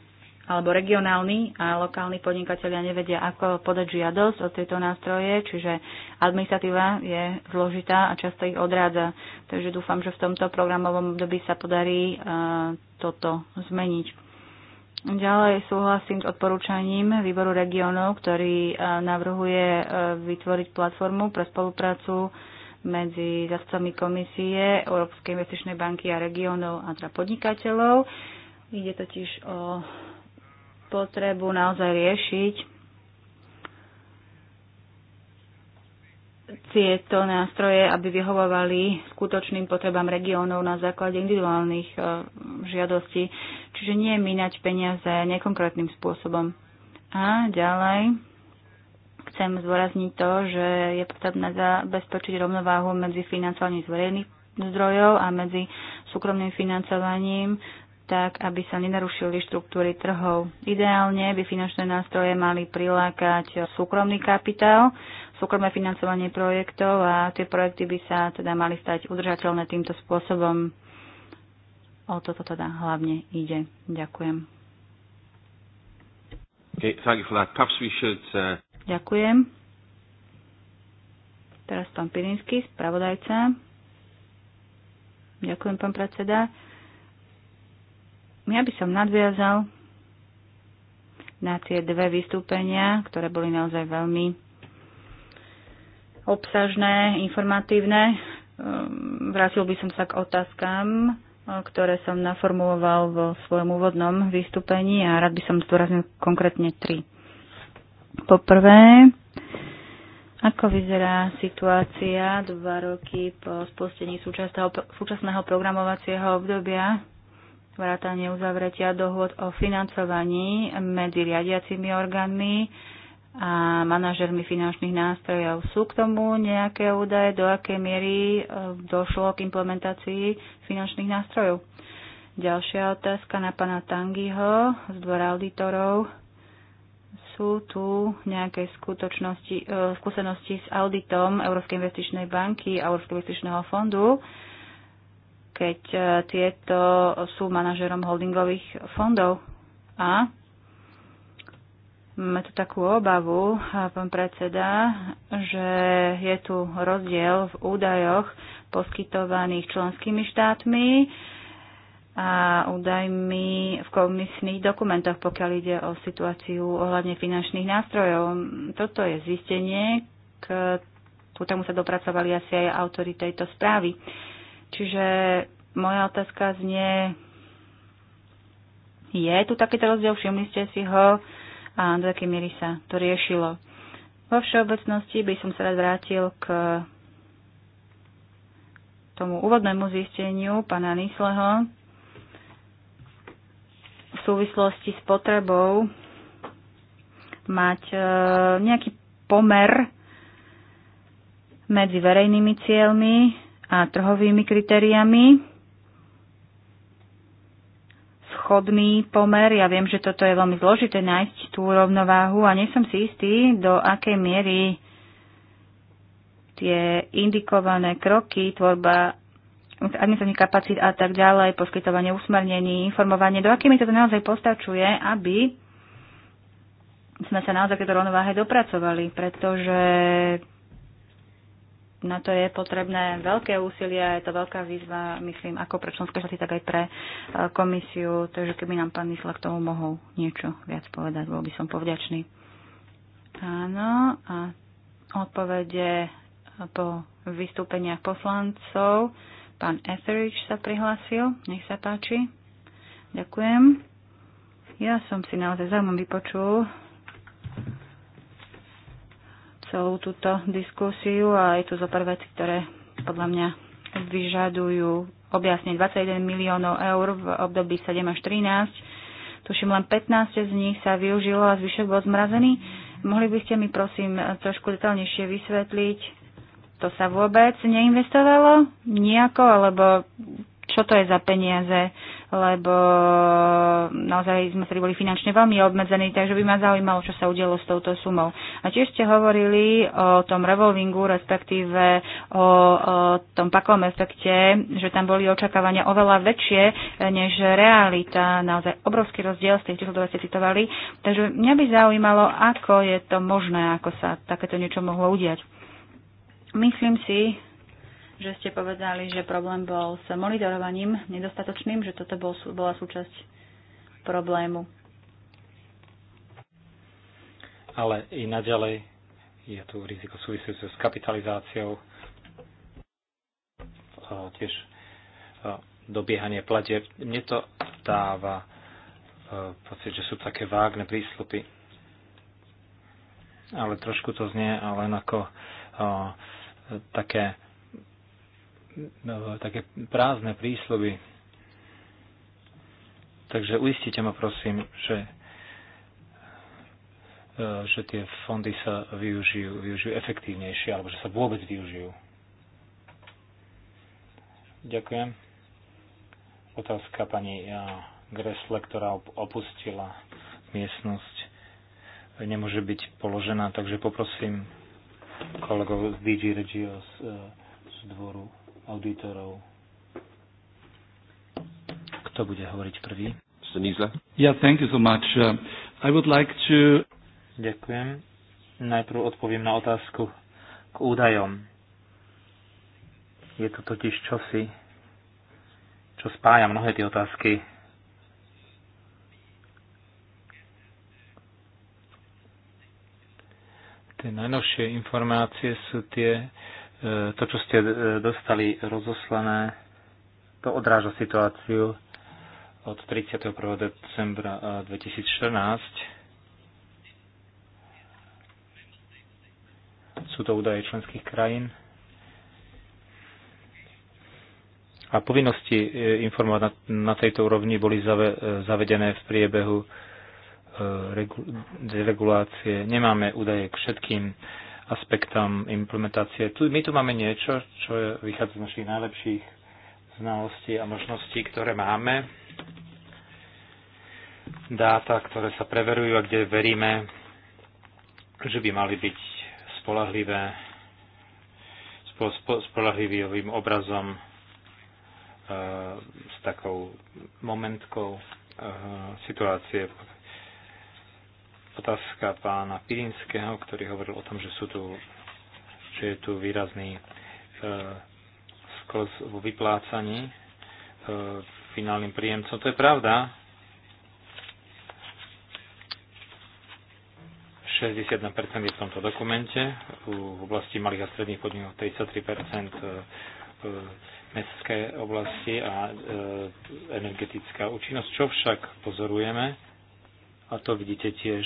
alebo regionálni a lokálni podnikatelia nevedia, ako podať žiadosť o tieto nástroje, čiže administratíva je zložitá a často ich odrádza. Takže dúfam, že v tomto programovom období sa podarí e, toto zmeniť. Ďalej súhlasím s odporúčaním výboru regionov, ktorý e, navrhuje e, vytvoriť platformu pre spoluprácu medzi zastavmi komisie Európskej investičnej banky a regionov a teda podnikateľov. Ide totiž o potrebu naozaj riešiť tieto nástroje, aby vyhovovali skutočným potrebám regiónov na základe individuálnych e, žiadostí. Čiže nie minať peniaze nekonkrétnym spôsobom. A ďalej chcem zdôrazniť to, že je potrebné zabezpečiť rovnováhu medzi financovaním z verejných zdrojov a medzi súkromným financovaním tak aby sa nenarušili štruktúry trhov. Ideálne by finančné nástroje mali prilákať súkromný kapitál, súkromné financovanie projektov a tie projekty by sa teda mali stať udržateľné týmto spôsobom. O toto teda hlavne ide. Ďakujem. Okay, thank you for that. Perhaps we should, uh... Ďakujem. Teraz pán Pirinsky, spravodajca. Ďakujem, pán predseda. Ja by som nadviazal na tie dve vystúpenia, ktoré boli naozaj veľmi obsažné, informatívne. Ehm, vrátil by som sa k otázkam, e, ktoré som naformuloval vo svojom úvodnom vystúpení a rád by som zdôraznil konkrétne tri. Poprvé, ako vyzerá situácia dva roky po spustení súčasného, programovacieho obdobia vrátanie uzavretia dohod o financovaní medzi riadiacimi orgánmi a manažermi finančných nástrojov. Sú k tomu nejaké údaje, do akej miery eh, došlo k implementácii finančných nástrojov? Ďalšia otázka na pana Tangiho z dvora auditorov. Sú tu nejaké skutočnosti, eh, skúsenosti s auditom Európskej investičnej banky a Európskeho investičného fondu? keď e, tieto sú manažerom holdingových fondov. A máme tu takú obavu, pán predseda, že je tu rozdiel v údajoch poskytovaných členskými štátmi a údajmi v komisných dokumentoch, pokiaľ ide o situáciu ohľadne finančných nástrojov. Toto je zistenie, k tomu sa dopracovali asi aj autory tejto správy. Uh, Čiže moja otázka znie, je tu takýto rozdiel, všimli ste si ho a do také miery sa to riešilo. Vo všeobecnosti by som sa rád vrátil k tomu úvodnému zisteniu pána Nisleho v súvislosti s potrebou mať e, nejaký pomer medzi verejnými cieľmi a trhovými kritériami. Schodný pomer, ja viem, že toto je veľmi zložité nájsť tú rovnováhu a nie som si istý, do akej miery tie indikované kroky, tvorba administratívnych kapacít a tak ďalej, poskytovanie usmernení, informovanie, do akými toto naozaj postačuje, aby sme sa naozaj k tejto rovnováhe dopracovali, pretože na to je potrebné veľké úsilie, je to veľká výzva, myslím, ako pre členské štáty, tak aj pre e, komisiu. Takže keby nám pán Mysla k tomu mohol niečo viac povedať, bol by som povďačný. Áno, a odpovede po vystúpeniach poslancov. Pán Etheridge sa prihlásil, nech sa páči. Ďakujem. Ja som si naozaj zaujímavý vypočul celú túto diskusiu a je tu zo prvé, ktoré podľa mňa vyžadujú objasniť 21 miliónov eur v období 7 až 13. Tuším, len 15 z nich sa využilo a zvyšok bol zmrazený. Mohli by ste mi prosím trošku detaľnejšie vysvetliť, to sa vôbec neinvestovalo nejako, alebo čo to je za peniaze, lebo naozaj sme sa boli finančne veľmi obmedzení, takže by ma zaujímalo, čo sa udialo s touto sumou. A tiež ste hovorili o tom revolvingu, respektíve o, o tom pakovom efekte, že tam boli očakávania oveľa väčšie než realita, naozaj obrovský rozdiel z tých číslo, ktoré ste vlastne citovali. Takže mňa by zaujímalo, ako je to možné, ako sa takéto niečo mohlo udiať. Myslím si, že ste povedali, že problém bol s monitorovaním nedostatočným, že toto bol, bola súčasť problému. Ale i naďalej je tu riziko súvisujúce s kapitalizáciou, tiež dobiehanie platieb. Mne to dáva pocit, že sú také vágne prístupy. Ale trošku to znie len ako také No, také prázdne príslovy. Takže uistite ma prosím, že, e, že tie fondy sa využijú, využijú efektívnejšie, alebo že sa vôbec využijú. Ďakujem. Otázka pani e, Gresle, ktorá opustila miestnosť, nemôže byť položená, takže poprosím kolegov z DG z, e, z dvoru auditorov. Kto bude hovoriť prvý? Yeah, thank you so much. Uh, I would like to... Ďakujem. Najprv odpoviem na otázku k údajom. Je to totiž čosi, čo spája mnohé tie otázky. Tie najnovšie informácie sú tie, to, čo ste e, dostali rozoslané, to odráža situáciu od 31. decembra 2014. E, Sú to údaje členských krajín. A povinnosti e, informovať na tejto úrovni boli zavedené v priebehu deregulácie. Nemáme údaje k všetkým aspektom implementácie. Tu, my tu máme niečo, čo vychádza z našich najlepších znalostí a možností, ktoré máme. Dáta, ktoré sa preverujú a kde veríme, že by mali byť spolahlivé, spo, spolahlivým obrazom e, s takou momentkou e, situácie Otázka pána Pirinského, ktorý hovoril o tom, že sú tu, že je tu výrazný e, sklz vo vyplácaní e, finálnym príjemcom. To je pravda. 61% je v tomto dokumente, v oblasti malých a stredných podnikov 33% e, e, mestské oblasti a e, energetická účinnosť. Čo však pozorujeme, a to vidíte tiež,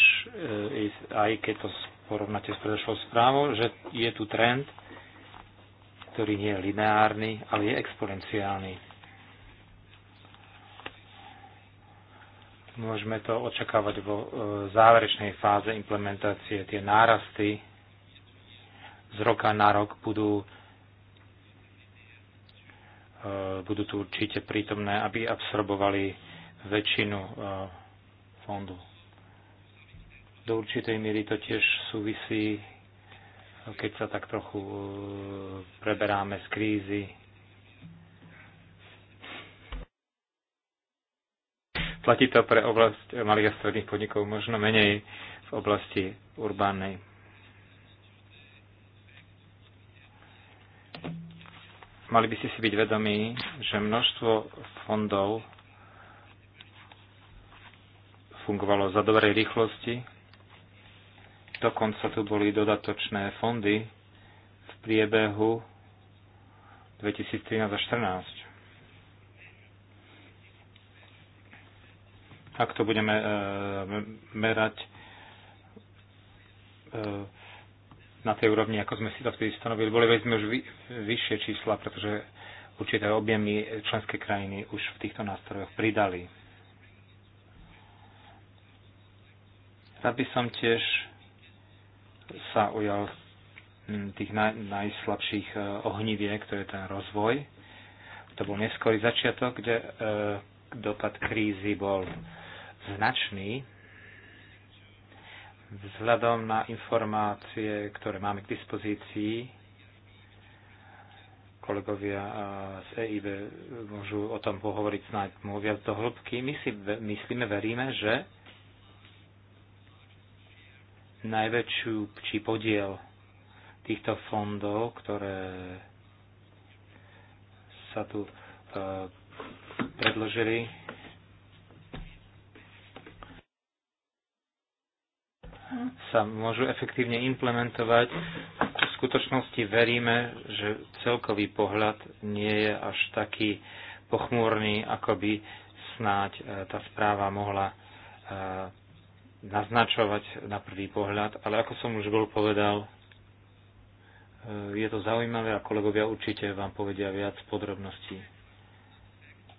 e, aj keď to porovnáte s predošlou správou, že je tu trend, ktorý nie je lineárny, ale je exponenciálny. Môžeme to očakávať vo e, záverečnej fáze implementácie. Tie nárasty z roka na rok budú e, budú tu určite prítomné, aby absorbovali väčšinu fondu. Do určitej miery to tiež súvisí, keď sa tak trochu e, preberáme z krízy. Platí to pre oblasť malých a stredných podnikov možno menej v oblasti urbánnej. Mali by ste si byť vedomí, že množstvo fondov fungovalo za dobrej rýchlosti. Dokonca tu boli dodatočné fondy v priebehu 2013 2014. ak to budeme e, merať e, na tej úrovni, ako sme si to vtedy stanovili, boli sme už vy, vyššie čísla, pretože určité objemy členské krajiny už v týchto nástrojoch pridali. Rád by som tiež sa ujal mm, tých naj, najslabších e, ohniviek, to je ten rozvoj. To bol neskorý začiatok, kde e, dopad krízy bol značný. Vzhľadom na informácie, ktoré máme k dispozícii, kolegovia e, z EIB môžu o tom pohovoriť snáď mu viac do hĺbky. My si myslíme, veríme, že najväčšiu či podiel týchto fondov, ktoré sa tu e, predložili. sa môžu efektívne implementovať. V skutočnosti veríme, že celkový pohľad nie je až taký pochmúrny, ako by snáď e, tá správa mohla e, naznačovať na prvý pohľad, ale ako som už bol povedal, e, je to zaujímavé a kolegovia určite vám povedia viac podrobností.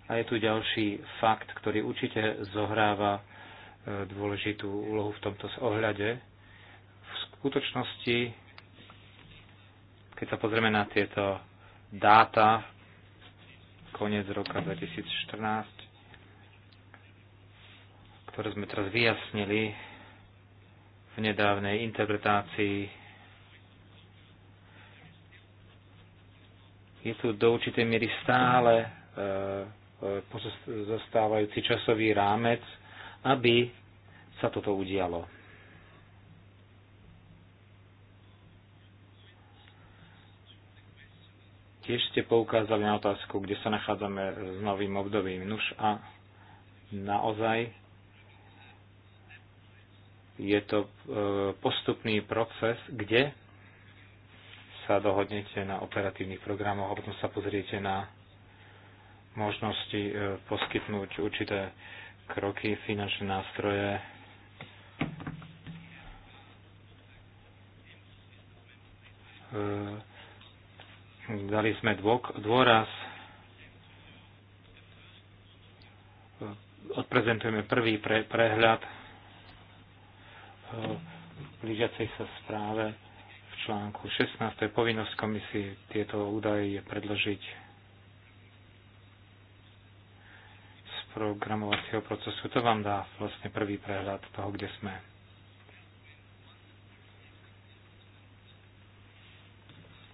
A je tu ďalší fakt, ktorý určite zohráva e, dôležitú úlohu v tomto ohľade. V skutočnosti, keď sa pozrieme na tieto dáta, koniec roka 2014, ktoré sme teraz vyjasnili v nedávnej interpretácii. Je tu do určitej miery stále e, e, zostávajúci časový rámec, aby sa toto udialo. Tiež ste poukázali na otázku, kde sa nachádzame s novým obdobím. Nuž a naozaj je to e, postupný proces, kde sa dohodnete na operatívnych programoch a potom sa pozriete na možnosti e, poskytnúť určité kroky, finančné nástroje, e, dali sme dôraz, odprezentujeme prvý prehľad blížiacej sa správe v článku 16. To je povinnosť komisie tieto údaje je predložiť z programovacieho procesu. To vám dá vlastne prvý prehľad toho, kde sme.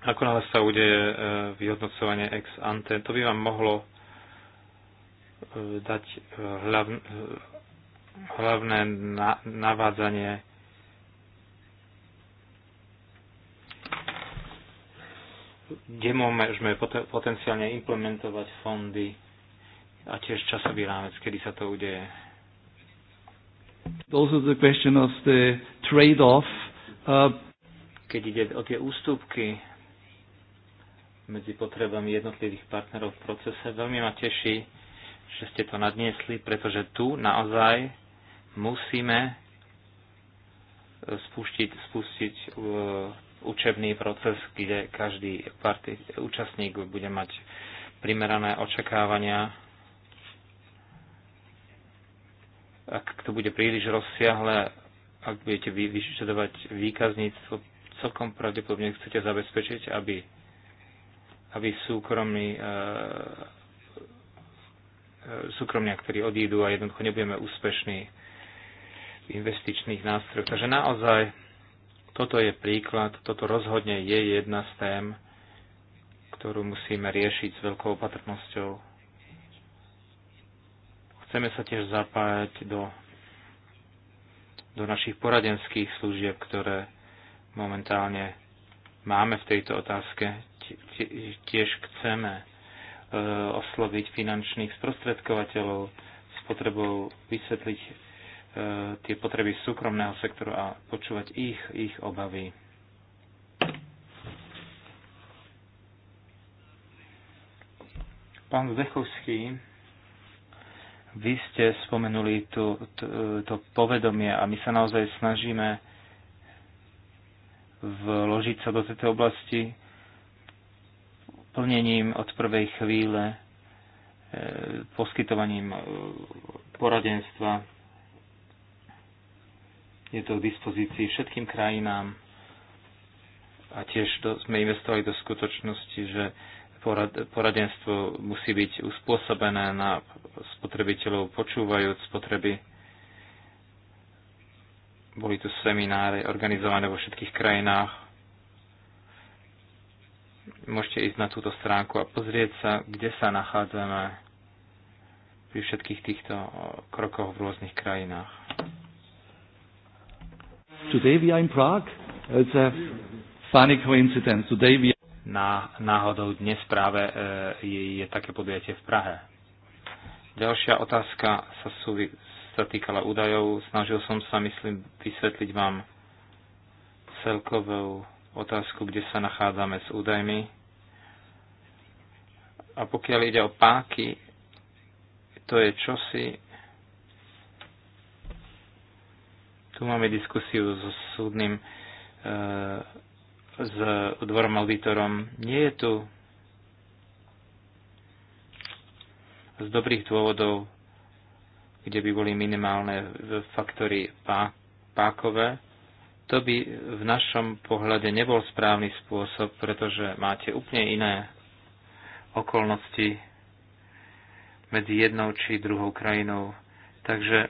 Ako náhle sa udeje e, vyhodnocovanie ex ante, to by vám mohlo e, dať e, hlavné navádzanie kde môžeme potenciálne implementovať fondy a tiež časový rámec, kedy sa to udeje. are the question of the trade-off. Uh... Keď ide o tie ústupky medzi potrebami jednotlivých partnerov v procese, veľmi ma teší, že ste to nadniesli, pretože tu naozaj musíme spustiť, spustiť e, učebný proces, kde každý partí, účastník bude mať primerané očakávania. Ak to bude príliš rozsiahle, ak budete vyšetovať výkazníctvo, celkom pravdepodobne chcete zabezpečiť, aby, aby súkromní, e, e ktorí odídu a jednoducho nebudeme úspešní investičných nástrojov. Takže naozaj toto je príklad, toto rozhodne je jedna z tém, ktorú musíme riešiť s veľkou opatrnosťou. Chceme sa tiež zapájať do, do našich poradenských služieb, ktoré momentálne máme v tejto otázke. Tiež chceme e, osloviť finančných sprostredkovateľov s potrebou vysvetliť E, tie potreby súkromného sektoru a počúvať ich, ich obavy. Pán Zdechovský, vy ste spomenuli to, to, to povedomie a my sa naozaj snažíme vložiť sa do tejto oblasti plnením od prvej chvíle, e, poskytovaním e, poradenstva je to k dispozícii všetkým krajinám a tiež do, sme investovali do skutočnosti, že porad, poradenstvo musí byť uspôsobené na spotrebiteľov, počúvajúc spotreby. Boli tu semináre organizované vo všetkých krajinách. Môžete ísť na túto stránku a pozrieť sa, kde sa nachádzame pri všetkých týchto krokoch v rôznych krajinách. Today we are in Prague. It's a funny coincidence. Today we are... Na, náhodou dnes práve e, je, je také podujatie v Prahe. Ďalšia otázka sa, súvi, sa týkala údajov. Snažil som sa, myslím, vysvetliť vám celkovú otázku, kde sa nachádzame s údajmi. A pokiaľ ide o páky, to je čosi, Tu máme diskusiu so súdnym, e, s dvorom auditorom. Nie je tu z dobrých dôvodov, kde by boli minimálne faktory pákové, to by v našom pohľade nebol správny spôsob, pretože máte úplne iné okolnosti medzi jednou či druhou krajinou. Takže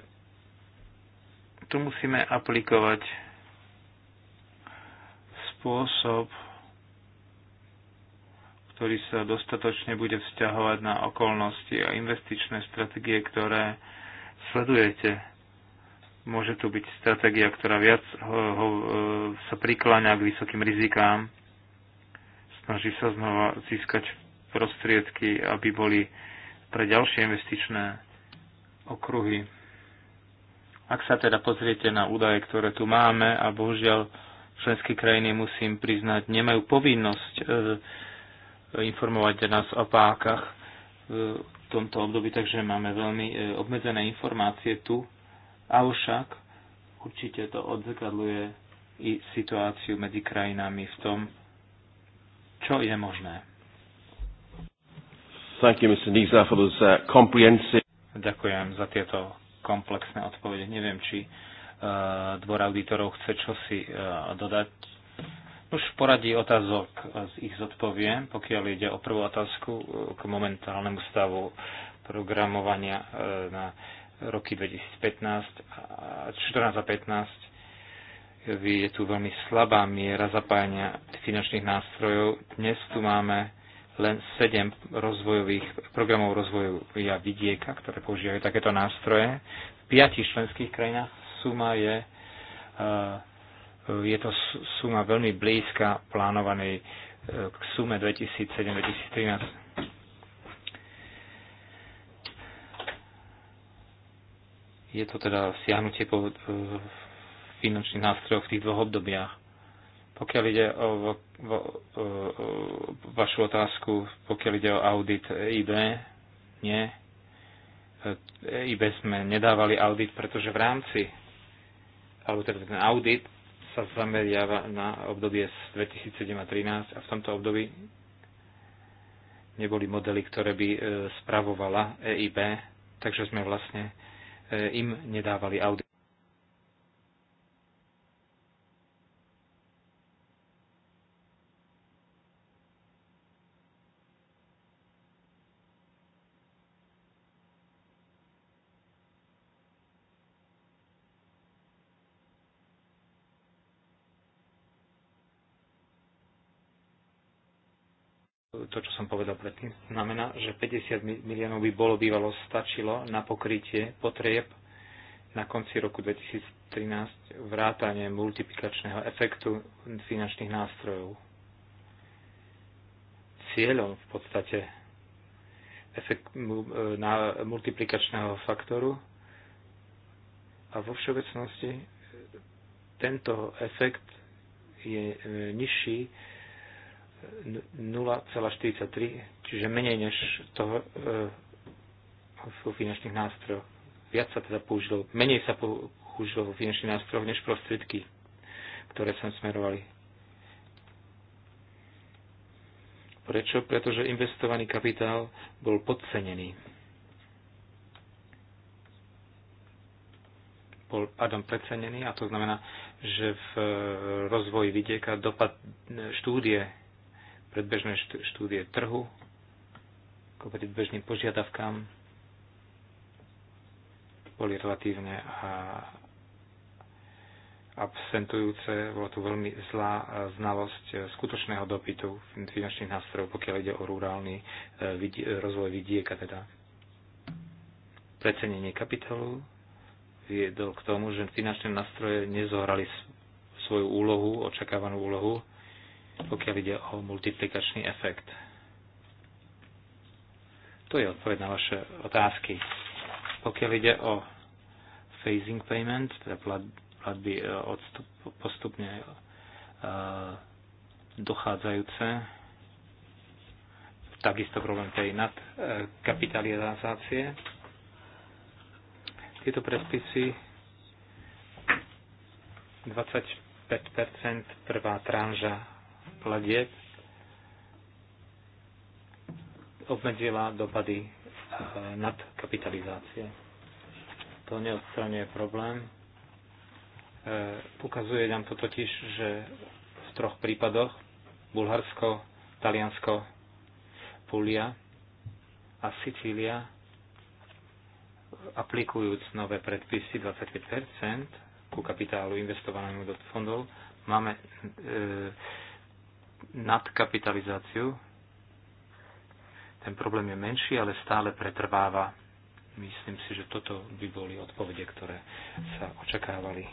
tu musíme aplikovať spôsob, ktorý sa dostatočne bude vzťahovať na okolnosti a investičné stratégie, ktoré sledujete. Môže tu byť stratégia, ktorá viac ho, ho, e, sa prikláňa k vysokým rizikám, snaží sa znova získať prostriedky, aby boli pre ďalšie investičné okruhy ak sa teda pozriete na údaje, ktoré tu máme, a bohužiaľ členské krajiny, musím priznať, nemajú povinnosť e, informovať nás o pákach e, v tomto období, takže máme veľmi e, obmedzené informácie tu. Avšak určite to odzrkadluje i situáciu medzi krajinami v tom, čo je možné. Thank you, Mr. Nisa, for those, uh, comprehensive... Ďakujem za tieto komplexné odpovede. Neviem, či e, dvor auditorov chce čosi e, dodať. Už poradí otázok e, z ich zodpoviem, pokiaľ ide o prvú otázku k momentálnemu stavu programovania na roky 2015, 14 a 2015. Je tu veľmi slabá miera zapájania finančných nástrojov. Dnes tu máme len 7 rozvojových programov rozvoja vidieka, ktoré používajú takéto nástroje. V piatich členských krajinách suma je, eh, je to suma veľmi blízka plánovanej eh, k sume 2007-2013. Je to teda siahnutie po eh, finančných nástrojoch v tých dvoch obdobiach. Pokiaľ ide o, vo, o, o vašu otázku, pokiaľ ide o audit EIB, nie. EIB e sme nedávali audit, pretože v rámci, alebo teda ten audit sa zameriava na obdobie z 2007 a 2013 a v tomto období neboli modely, ktoré by e, spravovala EIB, takže sme vlastne e, im nedávali audit. to, čo som povedal predtým. Znamená, že 50 miliónov by bolo bývalo stačilo na pokrytie potrieb na konci roku 2013 vrátanie multiplikačného efektu finančných nástrojov. Cieľom v podstate efekt, e, na multiplikačného faktoru a vo všeobecnosti tento efekt je e, nižší 0,43, čiže menej než toho e, v finančných nástrojoch. Viac sa teda použilo, menej sa použilo vo finančných nástrojoch než prostriedky, ktoré sme smerovali. Prečo? Pretože investovaný kapitál bol podcenený. Bol, pardon, precenený a to znamená, že v e, rozvoji vidieka dopad e, štúdie predbežné štúdie trhu ako predbežným požiadavkám boli relatívne a absentujúce. Bolo tu veľmi zlá e, znalosť e, skutočného dopytu finančných nástrojov, pokiaľ ide o rurálny e, rozvoj vidieka. Teda. Precenenie kapitolu viedol k tomu, že finančné nástroje nezohrali svoju úlohu, očakávanú úlohu pokiaľ ide o multiplikačný efekt. To je odpoveď na vaše otázky. Pokiaľ ide o phasing payment, teda platby e, postupne e, dochádzajúce, takisto problém tej nadkapitalizácie. Tieto predpisy 25% prvá tranža platieb obmedzila dopady eh, nadkapitalizácie. To neodstraňuje problém. Eh, ukazuje nám to totiž, že v troch prípadoch Bulharsko, Taliansko, Púlia a Sicília aplikujúc nové predpisy 25 ku kapitálu investovanému do fondov, máme e, nadkapitalizáciu. Ten problém je menší, ale stále pretrváva. Myslím si, že toto by boli odpovede, ktoré sa očakávali.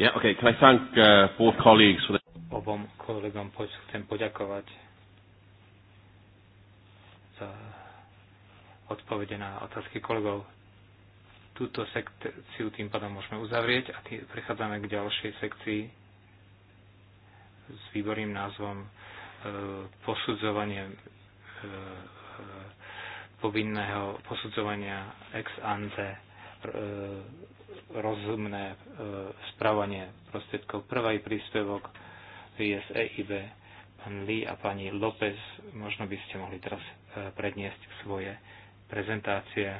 Yeah, okay. Can I thank, uh, both colleagues for the... Obom kolegom chcem poďakovať za odpovede na otázky kolegov. Túto sekciu tým pádom môžeme uzavrieť a tý, prechádzame k ďalšej sekcii s výborným názvom e, posudzovanie e, e, povinného posudzovania ex ante rozumné správanie prostriedkov. Prvý príspevok je z EIB, pán Lee a pani López. Možno by ste mohli teraz predniesť svoje prezentácie.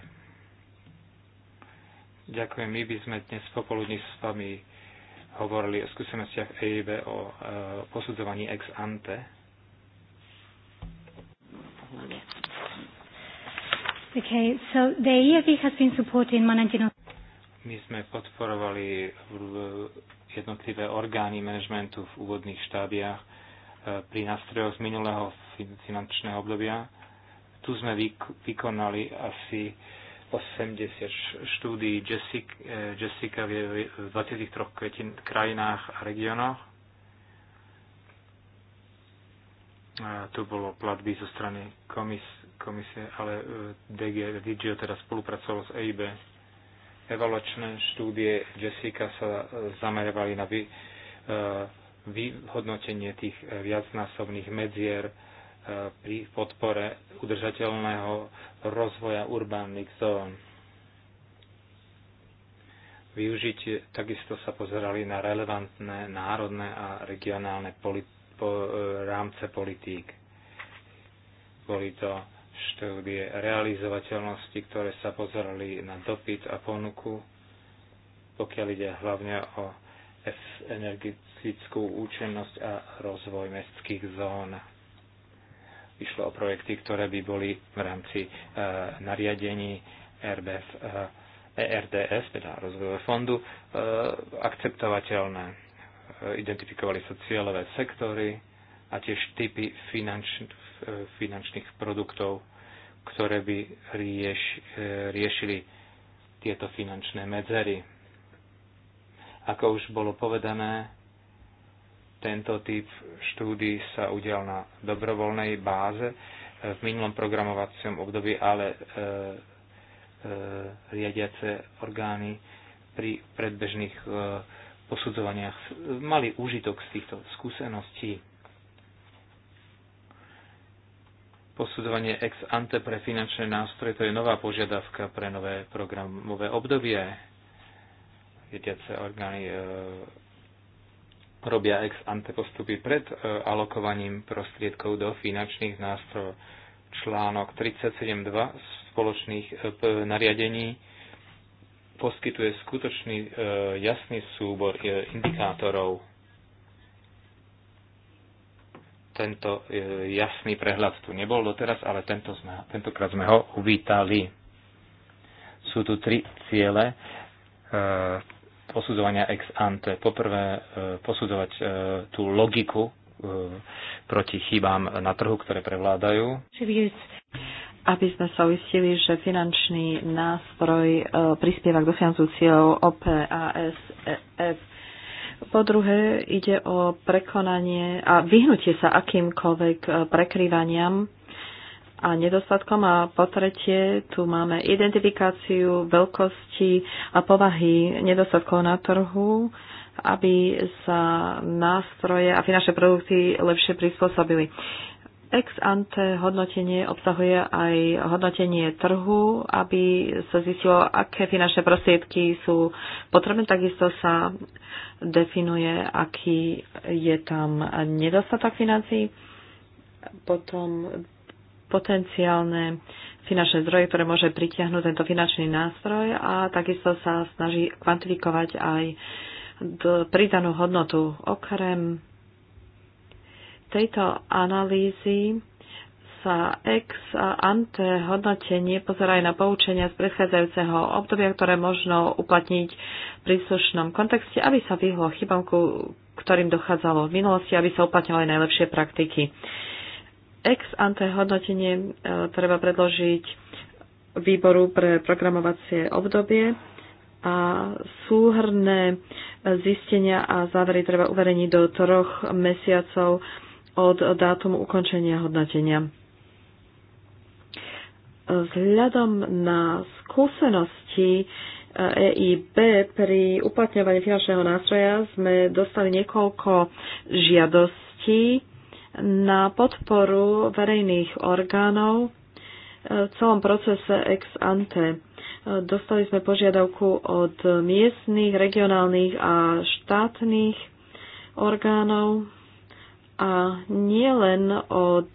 Ďakujem. My by sme dnes popoludní s vami hovorili o skúsenostiach EIB o e, posudzovaní ex ante. Okay, so the EIB has been supporting managing my sme podporovali e, jednotlivé orgány manažmentu v úvodných štádiách e, pri nástrojoch z minulého finančného obdobia. Tu sme vykonali asi 80 štúdií Jessica, eh, Jessica v 23 krajinách a regiónoch. Tu bolo platby zo strany komis, komise, ale eh, DG DGO teda spolupracovalo s EIB. Evaluačné štúdie Jessica sa eh, zamerovali na vy, vyhodnotenie tých viacnásobných medzier, pri podpore udržateľného rozvoja urbánnych zón. Využitie takisto sa pozerali na relevantné národné a regionálne politi- po, e, rámce politík. Boli to štúdie realizovateľnosti, ktoré sa pozerali na dopyt a ponuku, pokiaľ ide hlavne o energetickú účinnosť a rozvoj mestských zón Išlo o projekty, ktoré by boli v rámci e, nariadení RBF, ERDS, e teda rozvojové fondu, e, akceptovateľné. Identifikovali sa cieľové sektory a tiež typy finanč, finančných produktov, ktoré by rieš, riešili tieto finančné medzery. Ako už bolo povedané, tento typ štúdí sa udial na dobrovoľnej báze e, v minulom programovacom období, ale e, e, riadiace orgány pri predbežných e, posudzovaniach mali úžitok z týchto skúseností. Posudzovanie ex ante pre finančné nástroje to je nová požiadavka pre nové programové obdobie. Riadiace orgány e, robia ex ante postupy pred e, alokovaním prostriedkov do finančných nástrojov. Článok 37.2 spoločných e, nariadení poskytuje skutočný e, jasný súbor indikátorov. Tento jasný prehľad tu nebol doteraz, ale tento sme, tentokrát sme ho uvítali. Sú tu tri ciele posudzovania ex ante. Poprvé e, posudzovať e, tú logiku e, proti chybám na trhu, ktoré prevládajú. Aby sme sa uistili, že finančný nástroj prispieva k dosiahnutiu cieľov OPASF. Po druhé, ide o prekonanie a vyhnutie sa akýmkoľvek prekrývaniam a nedostatkom. A po tretie, tu máme identifikáciu veľkosti a povahy nedostatkov na trhu, aby sa nástroje a finančné produkty lepšie prispôsobili. Ex ante hodnotenie obsahuje aj hodnotenie trhu, aby sa zistilo, aké finančné prostriedky sú potrebné. Takisto sa definuje, aký je tam nedostatok financí Potom potenciálne finančné zdroje, ktoré môže pritiahnuť tento finančný nástroj a takisto sa snaží kvantifikovať aj pridanú hodnotu. Okrem tejto analýzy sa ex ante hodnotenie pozerá aj na poučenia z predchádzajúceho obdobia, ktoré možno uplatniť v príslušnom kontexte, aby sa vyhlo chybom, ku ktorým dochádzalo v minulosti, aby sa uplatňovali najlepšie praktiky ex ante hodnotenie e, treba predložiť výboru pre programovacie obdobie a súhrné e, zistenia a závery treba uverejniť do troch mesiacov od dátumu ukončenia hodnotenia. Vzhľadom na skúsenosti EIB e pri uplatňovaní finančného nástroja sme dostali niekoľko žiadostí na podporu verejných orgánov v celom procese ex ante. Dostali sme požiadavku od miestných, regionálnych a štátnych orgánov a nielen od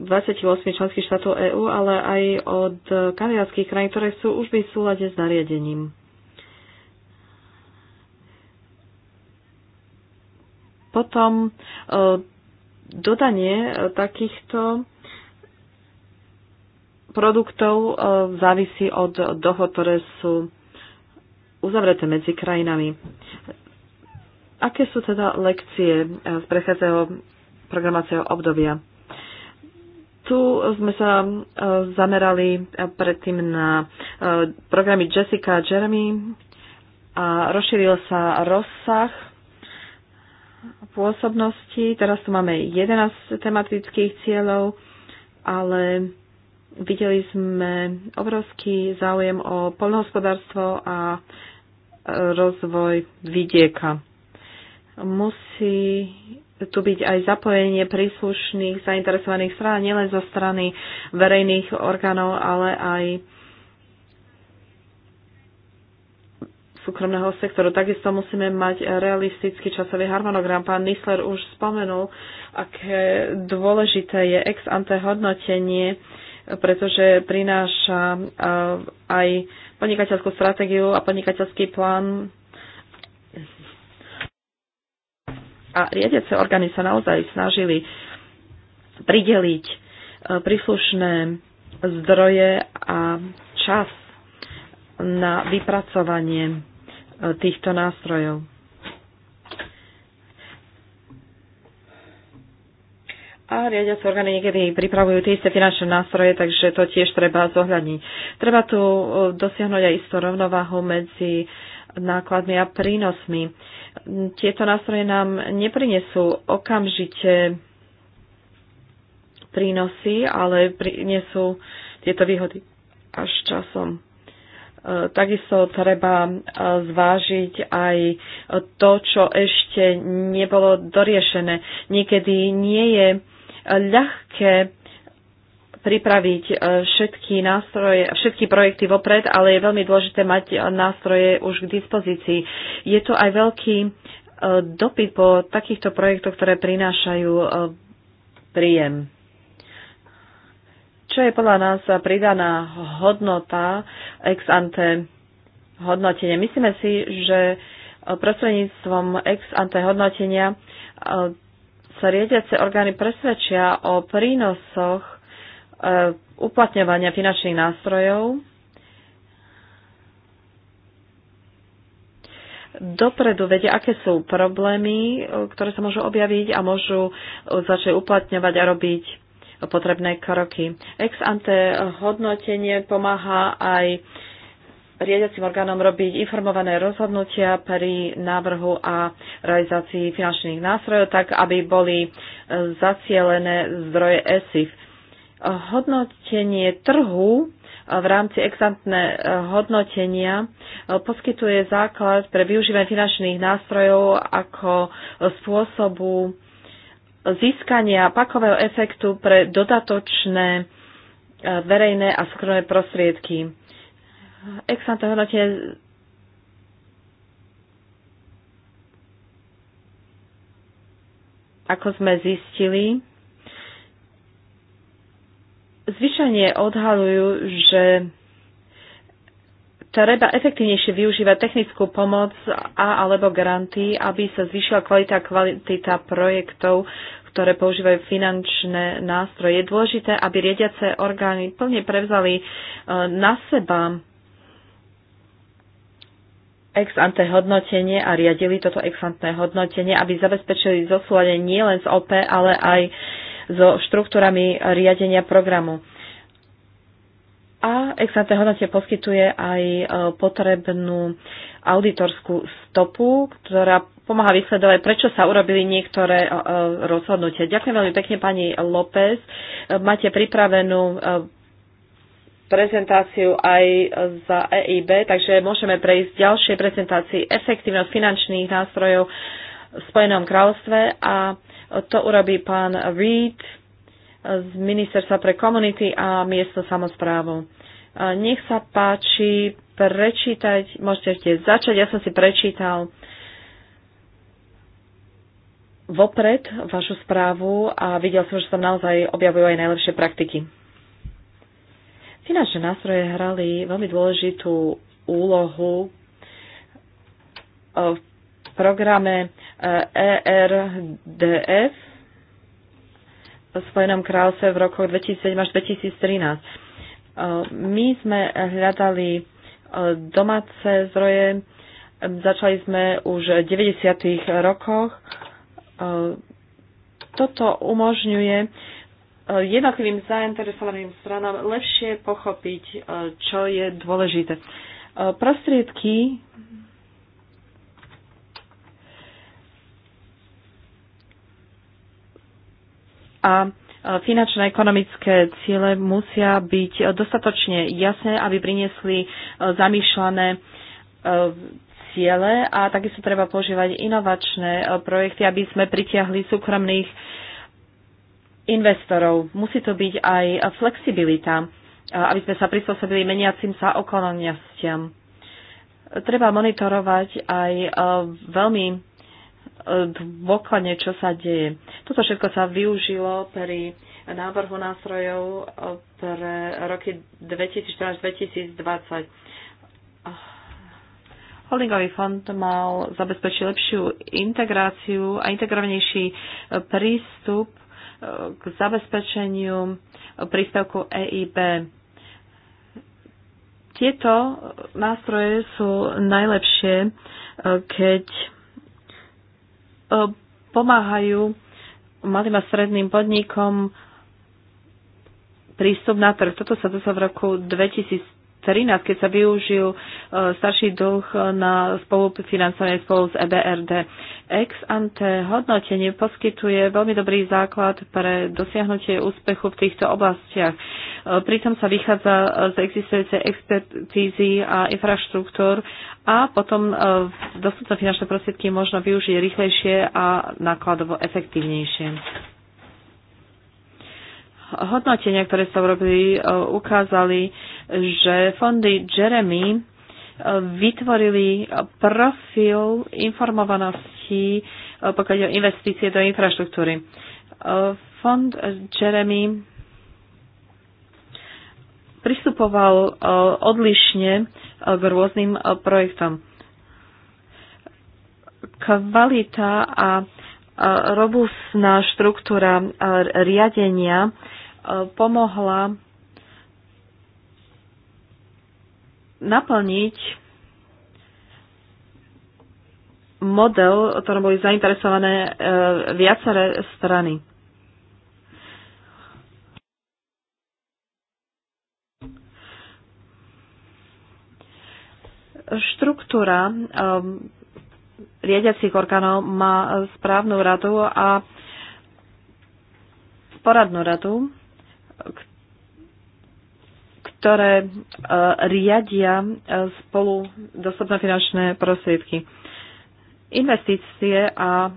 28 členských štátov EÚ, ale aj od kanadských krajín, ktoré sú už v súlade s nariadením. Potom e, dodanie e, takýchto produktov e, závisí od dohod, ktoré sú uzavreté medzi krajinami. Aké sú teda lekcie z prechádzajúceho programáciého obdobia? Tu sme sa zamerali predtým na programy Jessica a Jeremy a rozšíril sa rozsah pôsobnosti. Teraz tu máme 11 tematických cieľov, ale videli sme obrovský záujem o poľnohospodárstvo a e, rozvoj vidieka. Musí tu byť aj zapojenie príslušných zainteresovaných strán, nielen zo strany verejných orgánov, ale aj súkromného sektoru. Takisto musíme mať realistický časový harmonogram. Pán Nisler už spomenul, aké dôležité je ex ante hodnotenie, pretože prináša aj podnikateľskú stratégiu a podnikateľský plán a riadiace orgány sa naozaj snažili prideliť e, príslušné zdroje a čas na vypracovanie týchto nástrojov. a riadiace orgány niekedy pripravujú tie isté finančné nástroje, takže to tiež treba zohľadniť. Treba tu e, dosiahnuť aj istú rovnováhu medzi nákladmi a prínosmi. Tieto nástroje nám neprinesú okamžite prínosy, ale prinesú tieto výhody až časom. Takisto treba e, zvážiť aj to, čo ešte nebolo doriešené. Niekedy nie je ľahké pripraviť e, všetky nástroje, všetky projekty vopred, ale je veľmi dôležité mať nástroje už k dispozícii. Je to aj veľký e, dopyt po takýchto projektoch, ktoré prinášajú príjem čo je podľa nás pridaná hodnota ex ante hodnotenia. Myslíme si, že eh, prostredníctvom ex ante hodnotenia eh, sa riediace orgány presvedčia o prínosoch eh, uplatňovania finančných nástrojov dopredu vedia, aké sú problémy, ktoré sa môžu objaviť a môžu začať uplatňovať a robiť potrebné kroky. Ex ante hodnotenie pomáha aj riadiacim orgánom robiť informované rozhodnutia pri návrhu a realizácii finančných nástrojov, tak aby boli e, zacielené zdroje ESIF. Hodnotenie trhu e, v rámci exantné e, hodnotenia poskytuje základ pre využívanie finančných nástrojov ako spôsobu získania pakového efektu pre dodatočné e, verejné a súkromné prostriedky. Ex ante hodnotenie ako sme zistili, zvyčajne odhalujú, že treba efektívnejšie využívať technickú pomoc a alebo granty, aby sa zvýšila kvalita a kvalita projektov, ktoré používajú finančné nástroje. Je dôležité, aby riadiace orgány plne prevzali e, na seba ex ante hodnotenie a riadili toto ex ante hodnotenie, aby zabezpečili zosúladenie nielen z OP, ale aj so štruktúrami riadenia programu a exante hodnotie poskytuje aj e, potrebnú auditorskú stopu, ktorá pomáha vysledovať, prečo sa urobili niektoré e, e, rozhodnutia. Ďakujem veľmi pekne pani López. Máte pripravenú prezentáciu aj za EIB, takže môžeme prejsť ďalšej prezentácii efektívnosť finančných nástrojov v Spojenom kráľovstve a to urobí pán Reed z Ministerstva pre komunity a miesto samozprávu. Nech sa páči prečítať, môžete ešte začať, ja som si prečítal vopred vašu správu a videl som, že tam naozaj objavujú aj najlepšie praktiky. Finančné nástroje hrali veľmi dôležitú úlohu e, v programe ERDF e Spojenom kráľstve v rokoch 2007 až 2013. E, my sme hľadali e, domáce zdroje, začali sme už v 90. rokoch. E, toto umožňuje jednotlivým zainteresovaným stranám lepšie pochopiť, čo je dôležité. Prostriedky a finančné ekonomické ciele musia byť dostatočne jasné, aby priniesli e, zamýšľané e, ciele a takisto treba používať inovačné e, projekty, aby sme pritiahli súkromných investorov. Musí to byť aj flexibilita, aby sme sa prispôsobili meniacim sa okolnostiam. Treba monitorovať aj veľmi dôkladne, čo sa deje. Toto všetko sa využilo pri návrhu nástrojov pre roky 2014-2020. Holdingový fond mal zabezpečiť lepšiu integráciu a integrovanejší prístup eh, k zabezpečeniu príspevku EIB. Tieto nástroje sú najlepšie, eh, keď pomáhajú malým a stredným podnikom prístup na trh. Toto sa dosah v roku 2000 keď sa využil e, starší dlh na spolufinancovanie spolu s EBRD. Ex ante hodnotenie poskytuje veľmi dobrý základ pre dosiahnutie úspechu v týchto oblastiach. E, pritom sa vychádza z existujúcej expertízy a infraštruktúr a potom e, dostupné finančné prostriedky možno využiť rýchlejšie a nákladovo efektívnejšie hodnotenia, ktoré sa urobili, e, ukázali, že fondy Jeremy e, vytvorili profil informovanosti, e, pokiaľ o investície do infraštruktúry. Fond Jeremy pristupoval odlišne k rôznym projektom. Kvalita a robustná štruktúra riadenia pomohla naplniť model, o ktorom boli zainteresované e, viaceré strany. Štruktúra e, riadiacich orgánov má správnu radu a poradnú radu ktoré e, riadia e, spolu dostupné finančné prostriedky. Investície a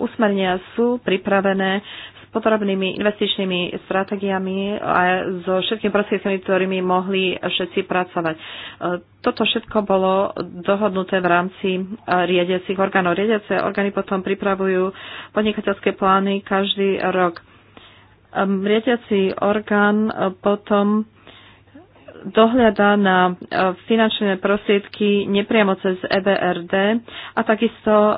usmernia sú pripravené s potrebnými investičnými stratégiami a so všetkými prostriedkami, ktorými mohli všetci pracovať. E, toto všetko bolo dohodnuté v rámci riadiacich orgánov. Riadiace orgány potom pripravujú podnikateľské plány každý rok riadiaci orgán e, potom dohľada na e, finančné prostriedky nepriamo cez EBRD a takisto e,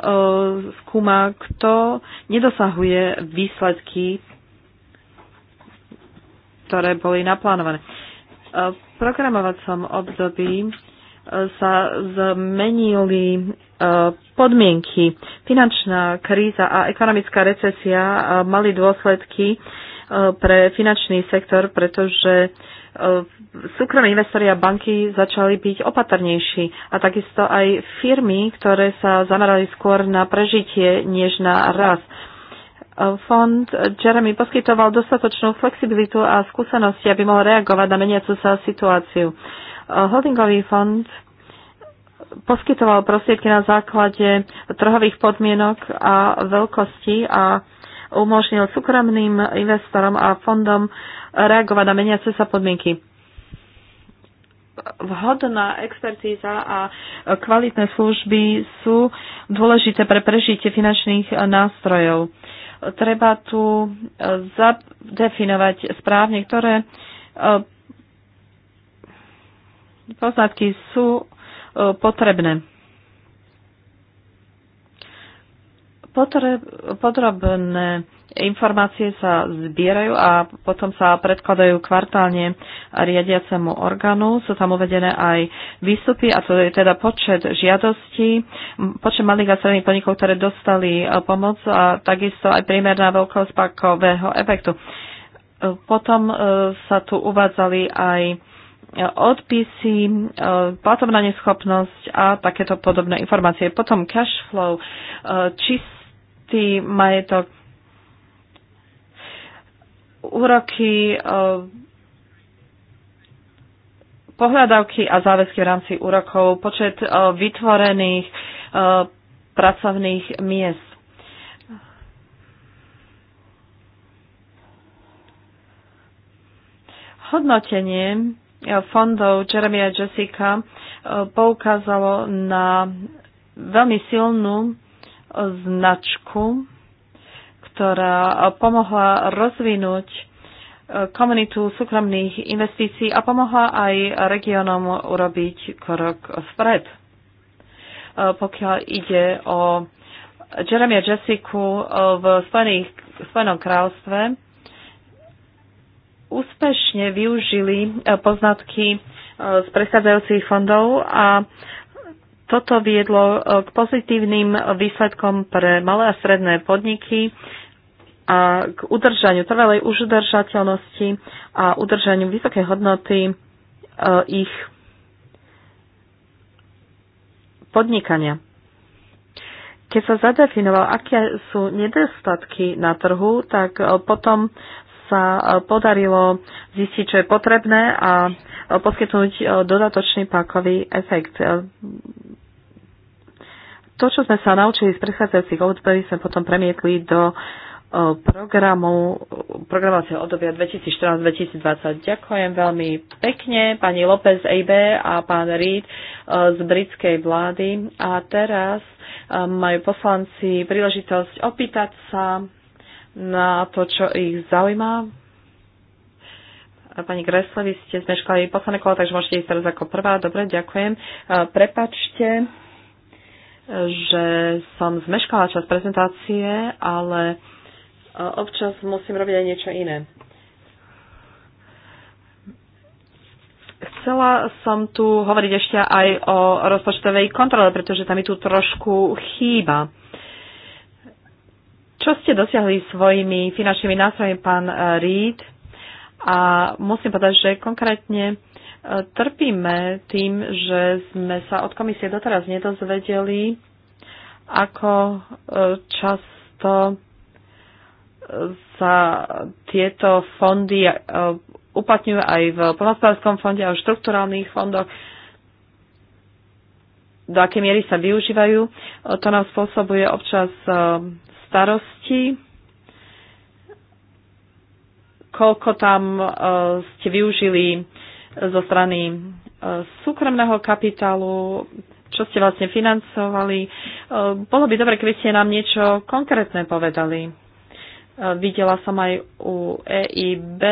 skúma, kto nedosahuje výsledky, ktoré boli naplánované. V programovacom období sa zmenili podmienky. Finančná kríza a ekonomická recesia mali dôsledky Eh, pre finančný sektor, pretože eh, súkromní investori a banky začali byť opatrnejší a takisto aj firmy, ktoré sa zamerali skôr na prežitie než na rast. Eh, fond Jeremy poskytoval dostatočnú flexibilitu a skúsenosti, aby mohol reagovať na meniacu sa situáciu. Holdingový fond poskytoval prostriedky na základe trhových podmienok a veľkosti a umožnil súkromným investorom a fondom reagovať na meniace sa podmienky. Vhodná expertíza a kvalitné služby sú dôležité pre prežitie finančných nástrojov. Treba tu zadefinovať správne, ktoré e, poznatky sú e, potrebné. podrobné informácie sa zbierajú a potom sa predkladajú kvartálne riadiacemu orgánu. Sú tam uvedené aj výstupy, a to je teda počet žiadostí, počet malých a stredných podnikov, ktoré dostali e, pomoc a takisto aj priemerná veľkosť pakového efektu. E, potom e, sa tu uvádzali aj odpisy, platobná neschopnosť a takéto podobné informácie. Potom cash flow, čist istý majetok. Úroky, eh, pohľadavky a záväzky v rámci úrokov, počet eh, vytvorených eh, pracovných miest. Hodnotenie fondov Jeremy a Jessica poukázalo na veľmi silnú značku, ktorá pomohla rozvinúť e, komunitu súkromných investícií a pomohla aj regiónom urobiť krok vpred. E, pokiaľ ide o Jeremy a Jessica e, v Spojených, Spojenom kráľstve, úspešne využili poznatky z predchádzajúcich fondov a toto viedlo e, k pozitívnym výsledkom pre malé a stredné podniky a k udržaniu trvalej už udržateľnosti a udržaniu vysokej hodnoty e, ich podnikania. Keď sa zadefinoval, aké sú nedostatky na trhu, tak e, potom sa e, podarilo zistiť, čo je potrebné a e, poskytnúť e, dodatočný pákový efekt. To, čo sme sa naučili z predchádzajúcich období, sme potom premietli do programu programovacieho obdobia 2014-2020. Ďakujem veľmi pekne pani López EIB a pán Reid z britskej vlády. A teraz majú poslanci príležitosť opýtať sa na to, čo ich zaujíma. Pani Gresle, vy ste zmeškali posledné kolo, takže môžete ísť teraz ako prvá. Dobre, ďakujem. E, prepačte, e, že som zmeškala čas prezentácie, ale e, občas musím robiť aj niečo iné. chcela som tu hovoriť ešte aj o rozpočtovej kontrole, pretože tam mi tu trošku chýba. Čo ste dosiahli svojimi finančnými nástrojmi, pán eh, Reed? A musím povedať, že konkrétne eh, trpíme tým, že sme sa od komisie doteraz nedozvedeli, ako eh, často sa tieto fondy uplatňujú aj v plnospodárskom fonde a v štruktúrálnych fondoch, do akej miery sa využívajú. To nám spôsobuje občas starosti, koľko tam e, ste využili zo strany e, súkromného kapitálu, čo ste vlastne financovali. E, bolo by dobre, keby ste nám niečo konkrétne povedali. E, videla som aj u EIB,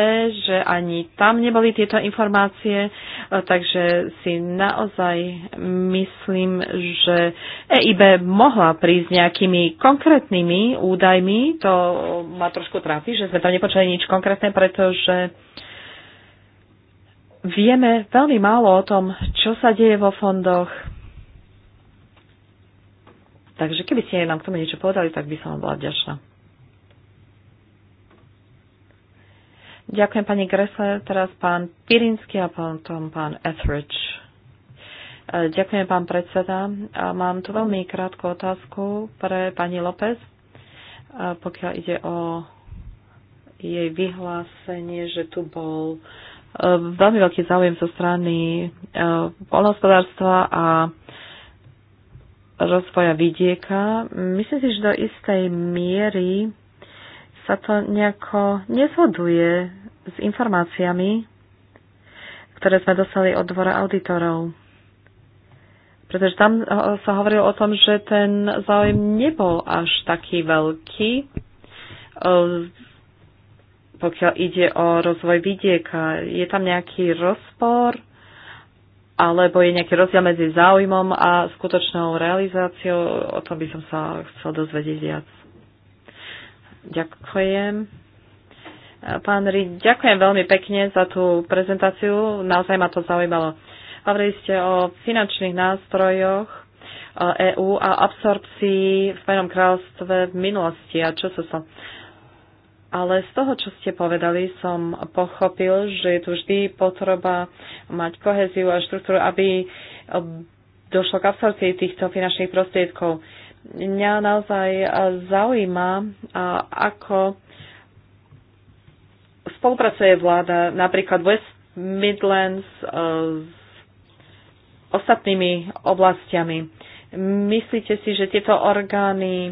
že ani tam neboli tieto informácie, e, takže si naozaj myslím, že EIB mohla prísť nejakými konkrétnymi údajmi. To ma trošku trápi, že sme tam nepočali nič konkrétne, pretože vieme veľmi málo o tom, čo sa deje vo fondoch. Takže keby ste nám k tomu niečo povedali, tak by som vám bola vďačná. Ďakujem pani Gressler, teraz pán Pirinsky a potom pán Etheridge. E, ďakujem, pán predseda. E, mám tu veľmi krátku otázku pre pani López, e, pokiaľ ide o jej vyhlásenie, že tu bol veľmi veľký záujem zo strany polnohospodárstva a rozvoja vidieka. Myslím si, že do istej miery sa to nejako nezhoduje s informáciami, ktoré sme dostali od dvora auditorov. Pretože tam eh, sa hovorilo o tom, že ten záujem nebol až taký veľký, eh, pokiaľ ide o rozvoj vidieka. Je tam nejaký rozpor, alebo je nejaký rozdiel medzi záujmom a skutočnou realizáciou? O tom by som sa chcel dozvedieť viac. Ďakujem. Pán Rí, ďakujem veľmi pekne za tú prezentáciu. Naozaj ma to zaujímalo. Hovorili ste o finančných nástrojoch EÚ e a absorpcii v Spojenom kráľovstve v minulosti a čo sa so. Ale z toho, čo ste povedali, som pochopil, že je tu vždy potreba mať koheziu a štruktúru, aby došlo k absorpcii týchto finančných prostriedkov mňa naozaj zaujíma, ako spolupracuje vláda napríklad West Midlands e, s ostatnými oblastiami. Myslíte si, že tieto orgány e,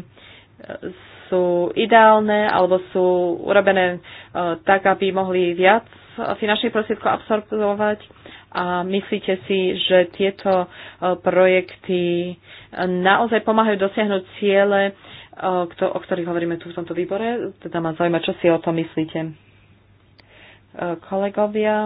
sú ideálne alebo sú urobené e, tak, aby mohli viac finančných prostriedkov absorbovať? A myslíte si, že tieto e, projekty e, naozaj pomáhajú dosiahnuť ciele, e, o ktorých hovoríme tu v tomto výbore? Teda ma zaujíma, čo si o tom myslíte. Kolegovia,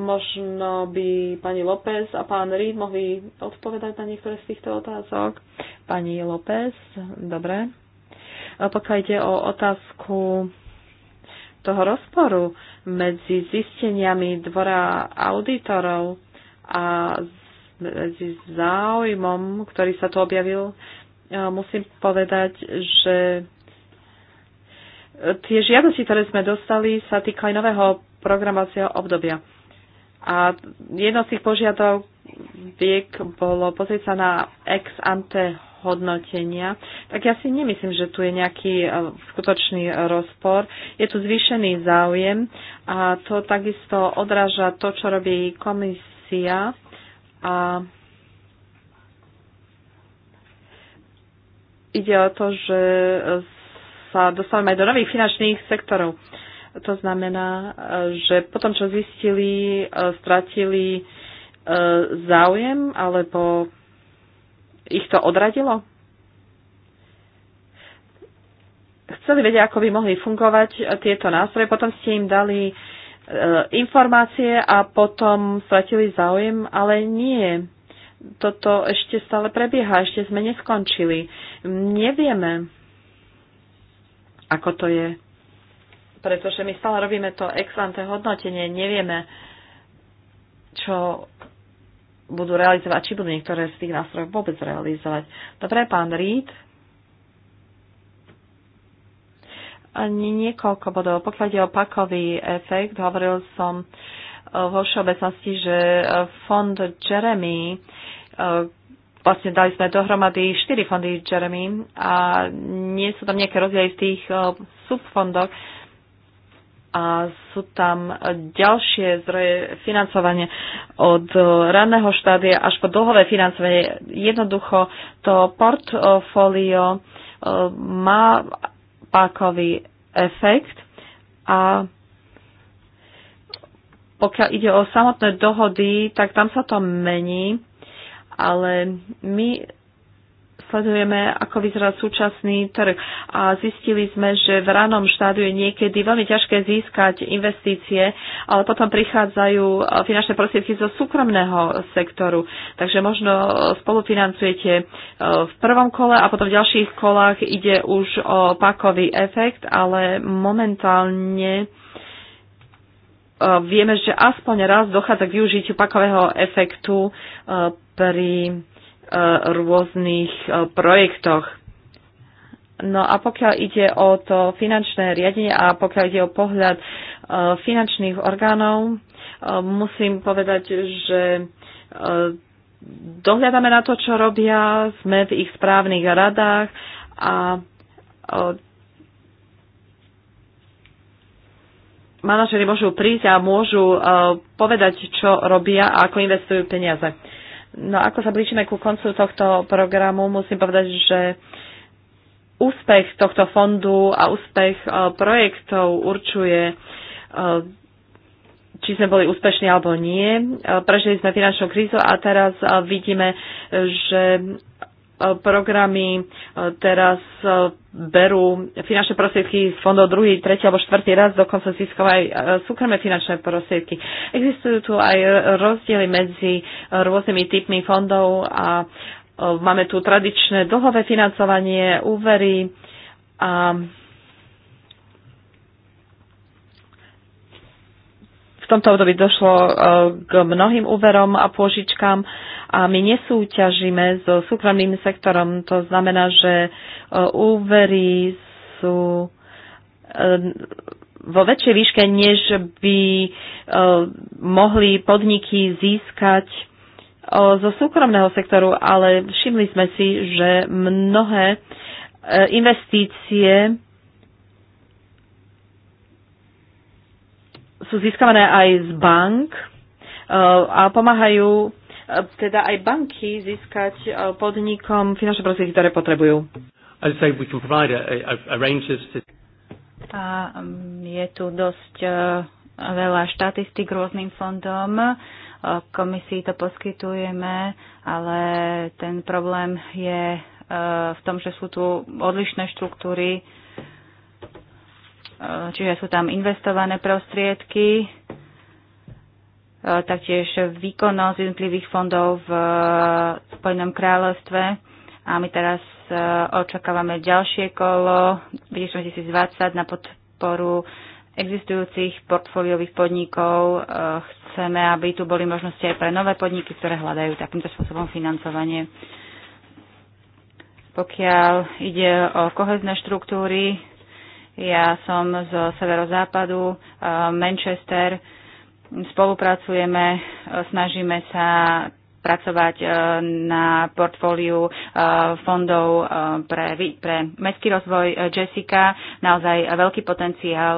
možno by pani López a pán Reed mohli odpovedať na niektoré z týchto otázok. Pani López, dobre. Pokiaľ ide o otázku toho rozporu medzi zisteniami dvora auditorov a medzi záujmom, ktorý sa tu objavil, e, musím povedať, že tie žiadosti, ktoré sme dostali, sa týkali nového programovacieho obdobia. A jedno z tých požiadov viek bolo pozrieť sa na ex ante hodnotenia, tak ja si nemyslím, že tu je nejaký e, skutočný rozpor. Je tu zvýšený záujem a to takisto odráža to, čo robí komisia a ide o to, že sa dostávame aj do nových finančných sektorov. To znamená, e, že potom, čo zistili, e, stratili záujem alebo ich to odradilo? Chceli vedieť, ako by mohli fungovať e, tieto nástroje, potom ste im dali e, informácie a potom stratili záujem, ale nie. Toto ešte stále prebieha, ešte sme neskončili. Nevieme, ako to je, pretože my stále robíme to ex ante hodnotenie, nevieme, čo budú realizovať, či budú niektoré z tých nástrojov vôbec realizovať. Dobre, pán Reed. Ani niekoľko bodov. Pokiaľ ide o pakový efekt, hovoril som e, vo všeobecnosti, že e, fond Jeremy, e, vlastne dali sme dohromady štyri fondy Jeremy a nie sú tam nejaké rozdiely v tých subfondoch, a sú tam ďalšie zdroje financovania od raného štádia až po dlhové financovanie. Jednoducho to portfólio e, má pákový efekt a pokiaľ ide o samotné dohody, tak tam sa to mení, ale my sledujeme, ako vyzerá súčasný trh a zistili sme, že v ranom štádiu je niekedy veľmi ťažké získať investície, ale potom prichádzajú finančné prostriedky zo súkromného sektoru. Takže možno spolufinancujete e, v prvom kole a potom v ďalších kolách ide už o pakový efekt, ale momentálne e, vieme, že aspoň raz dochádza k využitiu pakového efektu e, pri E, rôznych e, projektoch. No a pokiaľ ide o to finančné riadenie a pokiaľ ide o pohľad e, finančných orgánov, musím povedať, že dohľadáme na to, čo robia, sme v ich správnych radách a manažery môžu prísť a môžu povedať, čo robia a ako investujú peniaze. No ako sa blížime ku koncu tohto programu, musím povedať, že úspech tohto fondu a úspech e, projektov určuje, e, či sme boli úspešní alebo nie. E, prežili sme finančnú krízu a teraz vidíme, že programy e, teraz e, berú finančné prostriedky z fondov druhý, tretí alebo štvrtý raz, dokonca získajú aj e, súkromné finančné prostriedky. Existujú tu aj rozdiely medzi rôznymi typmi fondov a máme tu tradičné dlhové financovanie, úvery a v tomto období došlo k mnohým úverom a pôžičkám a my nesúťažíme so súkromným sektorom. To znamená, že e, úvery sú e, vo väčšej výške, než by e, mohli podniky získať zo súkromného sektoru, ale všimli sme si, že mnohé investície sú získavané aj z bank a pomáhajú E, teda aj banky získať e, podnikom finančné prostriedky, ktoré potrebujú. A je tu dosť e, veľa štatistik rôznym fondom. Komisii to poskytujeme, ale ten problém je v tom, že sú tu odlišné štruktúry, čiže sú tam investované prostriedky, Eh, taktiež výkonnosť jednotlivých fondov v eh, Spojenom kráľovstve. A my teraz eh, očakávame ďalšie kolo 2020 na podporu existujúcich portfóliových podnikov. Chceme, aby tu boli možnosti aj pre nové podniky, ktoré hľadajú takýmto spôsobom financovanie. Pokiaľ ide o kohezné štruktúry, ja som z severozápadu, Manchester, spolupracujeme, e, snažíme sa pracovať e, na portfóliu e, fondov pre, pre mestský rozvoj Jessica. Naozaj veľký potenciál,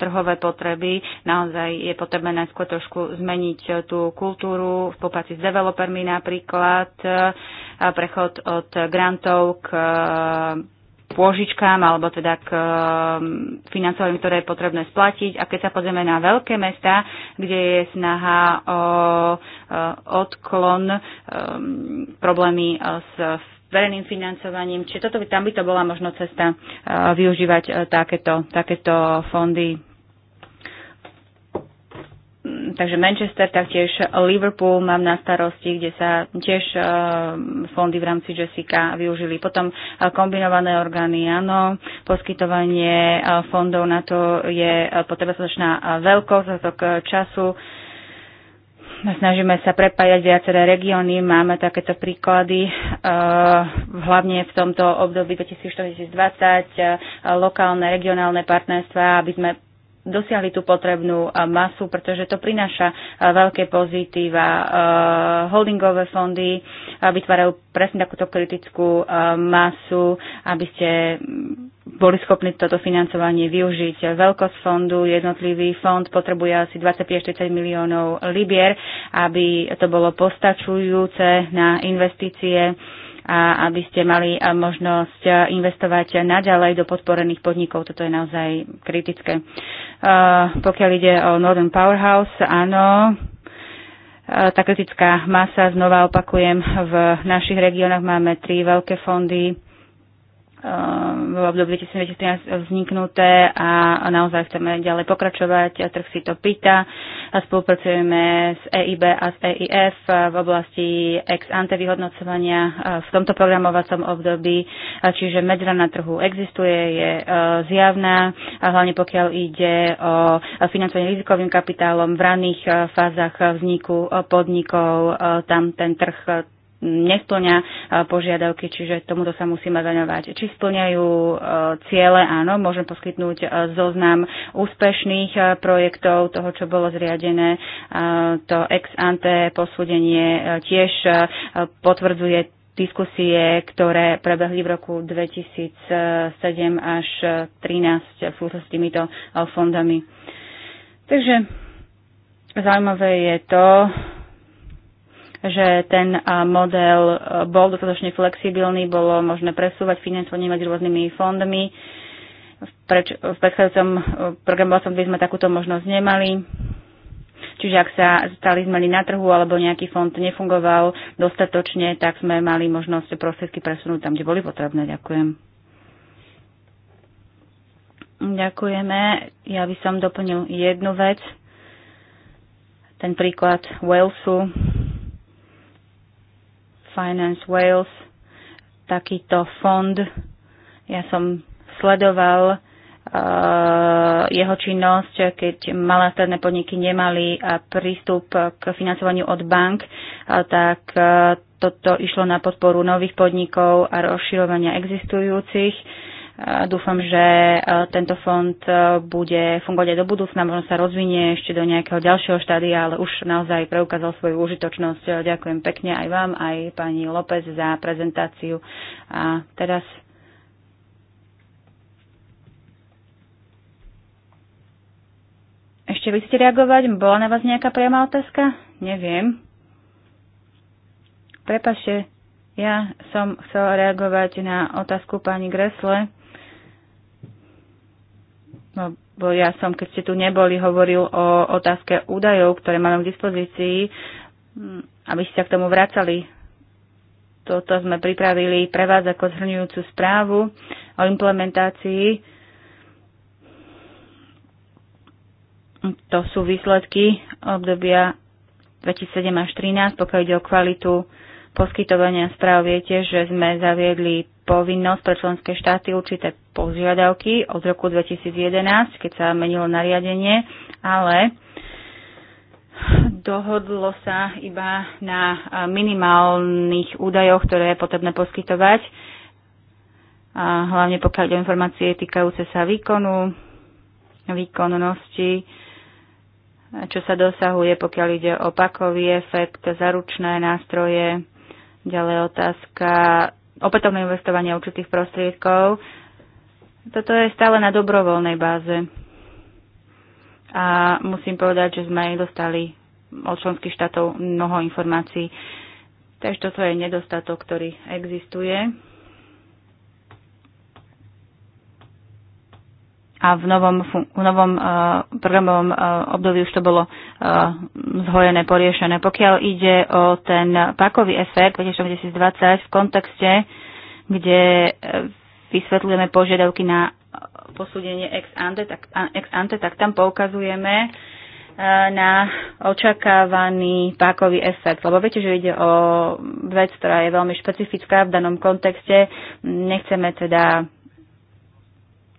trhové potreby. Naozaj je potrebné najskôr trošku zmeniť tú kultúru v popáci s developermi napríklad, prechod od grantov k pôžičkám alebo teda k um, financovaním, ktoré je potrebné splatiť. A keď sa pozrieme na veľké mesta, kde je snaha o uh, odklon, um, problémy uh, s verejným financovaním, či toto by, tam by to bola možno cesta uh, využívať takéto, takéto fondy takže Manchester, taktiež Liverpool mám na starosti, kde sa tiež e, fondy v rámci Jessica využili. Potom e, kombinované orgány, áno, poskytovanie e, fondov na to je potreba uh, veľkosť, dostatok času snažíme sa prepájať viaceré regióny, máme takéto príklady, hlavne v tomto období 2020 lokálne, regionálne partnerstva, aby sme dosiahli tú potrebnú eh, masu, pretože to prináša eh, veľké pozitíva. Eh, holdingové fondy vytvárajú presne takúto kritickú masu, aby ste mm, boli schopní toto financovanie využiť. Veľkosť fondu, jednotlivý fond potrebuje asi 25-40 miliónov libier, aby to bolo postačujúce na investície a aby ste mali eh, možnosť eh, investovať naďalej do podporených podnikov. Toto je naozaj kritické. Eh, pokiaľ ide o Northern Powerhouse, áno, tá kritická masa, znova opakujem, v našich regiónoch máme tri veľké fondy, Ehm, v období 2013 vzniknuté a naozaj chceme ďalej pokračovať. A trh si to pýta. A spolupracujeme s EIB a s EIF v oblasti ex ante vyhodnocovania e, v tomto programovacom období. Čiže medzra na trhu existuje, je e, zjavná, a hlavne pokiaľ ide o financovanie rizikovým kapitálom v raných e, fázach vzniku podnikov. Tam ten trh nesplňa e, požiadavky, čiže tomuto sa musíme venovať. Či splňajú e, ciele, áno, môžem poskytnúť e, zoznam úspešných projektov, toho, čo bolo zriadené. To ex ante posúdenie tiež potvrdzuje diskusie, ktoré prebehli v roku 2007 až 2013 v súvislosti s týmito fondami. Takže zaujímavé je to, že ten model e, bol dostatočne flexibilný, bolo možné presúvať financovanie medzi rôznymi fondmi. V, preč, v predchádzajúcom e, programovacom by sme takúto možnosť nemali. Čiže ak sa stali zmeny na trhu alebo nejaký fond nefungoval dostatočne, tak sme mali možnosť prostriedky presunúť tam, kde boli potrebné. Ďakujem. Ďakujeme. Ja by som doplnil jednu vec. Ten príklad Walesu Finance Wales, takýto fond. Ja som sledoval uh, jeho činnosť, keď malé stredné podniky nemali uh, prístup k financovaniu od bank, uh, tak toto išlo na podporu nových podnikov a rozširovania existujúcich Dúfam, že e, tento fond e, bude fungovať aj do budúcna, možno sa rozvinie ešte do nejakého ďalšieho štádia, ale už naozaj preukázal svoju užitočnosť. E, ďakujem pekne aj vám, aj pani López za prezentáciu. A teraz Ešte vy chcete reagovať? Bola na vás nejaká priama otázka? Neviem. Prepašte, ja som chcela reagovať na otázku pani Gresle. No, bo ja som, keď ste tu neboli, hovoril o otázke údajov, ktoré máme k dispozícii, mm, aby ste sa k tomu vracali. Toto sme pripravili pre vás ako zhrňujúcu správu o implementácii. To sú výsledky obdobia 2007 až 2013, pokiaľ ide o kvalitu poskytovania správ. Viete, že sme zaviedli povinnosť pre členské štáty určité požiadavky od roku 2011, keď sa menilo nariadenie, ale dohodlo sa iba na minimálnych údajoch, ktoré je potrebné poskytovať, a hlavne pokiaľ ide informácie týkajúce sa výkonu, výkonnosti, čo sa dosahuje, pokiaľ ide o pakový efekt, zaručné nástroje, ďalej otázka opätovné investovanie určitých prostriedkov toto je stále na dobrovoľnej báze. A musím povedať, že sme dostali od členských štátov mnoho informácií. Takže toto je nedostatok, ktorý existuje. A v novom, v novom uh, programovom uh, období už to bolo uh, zhojené, poriešené. Pokiaľ ide o ten pakový efekt 2020 v kontexte, kde vysvetľujeme požiadavky na posúdenie ex ante, tak, ex ante, tak tam poukazujeme e, na očakávaný pákový efekt. Lebo viete, že ide o vec, ktorá je veľmi špecifická v danom kontexte. Nechceme teda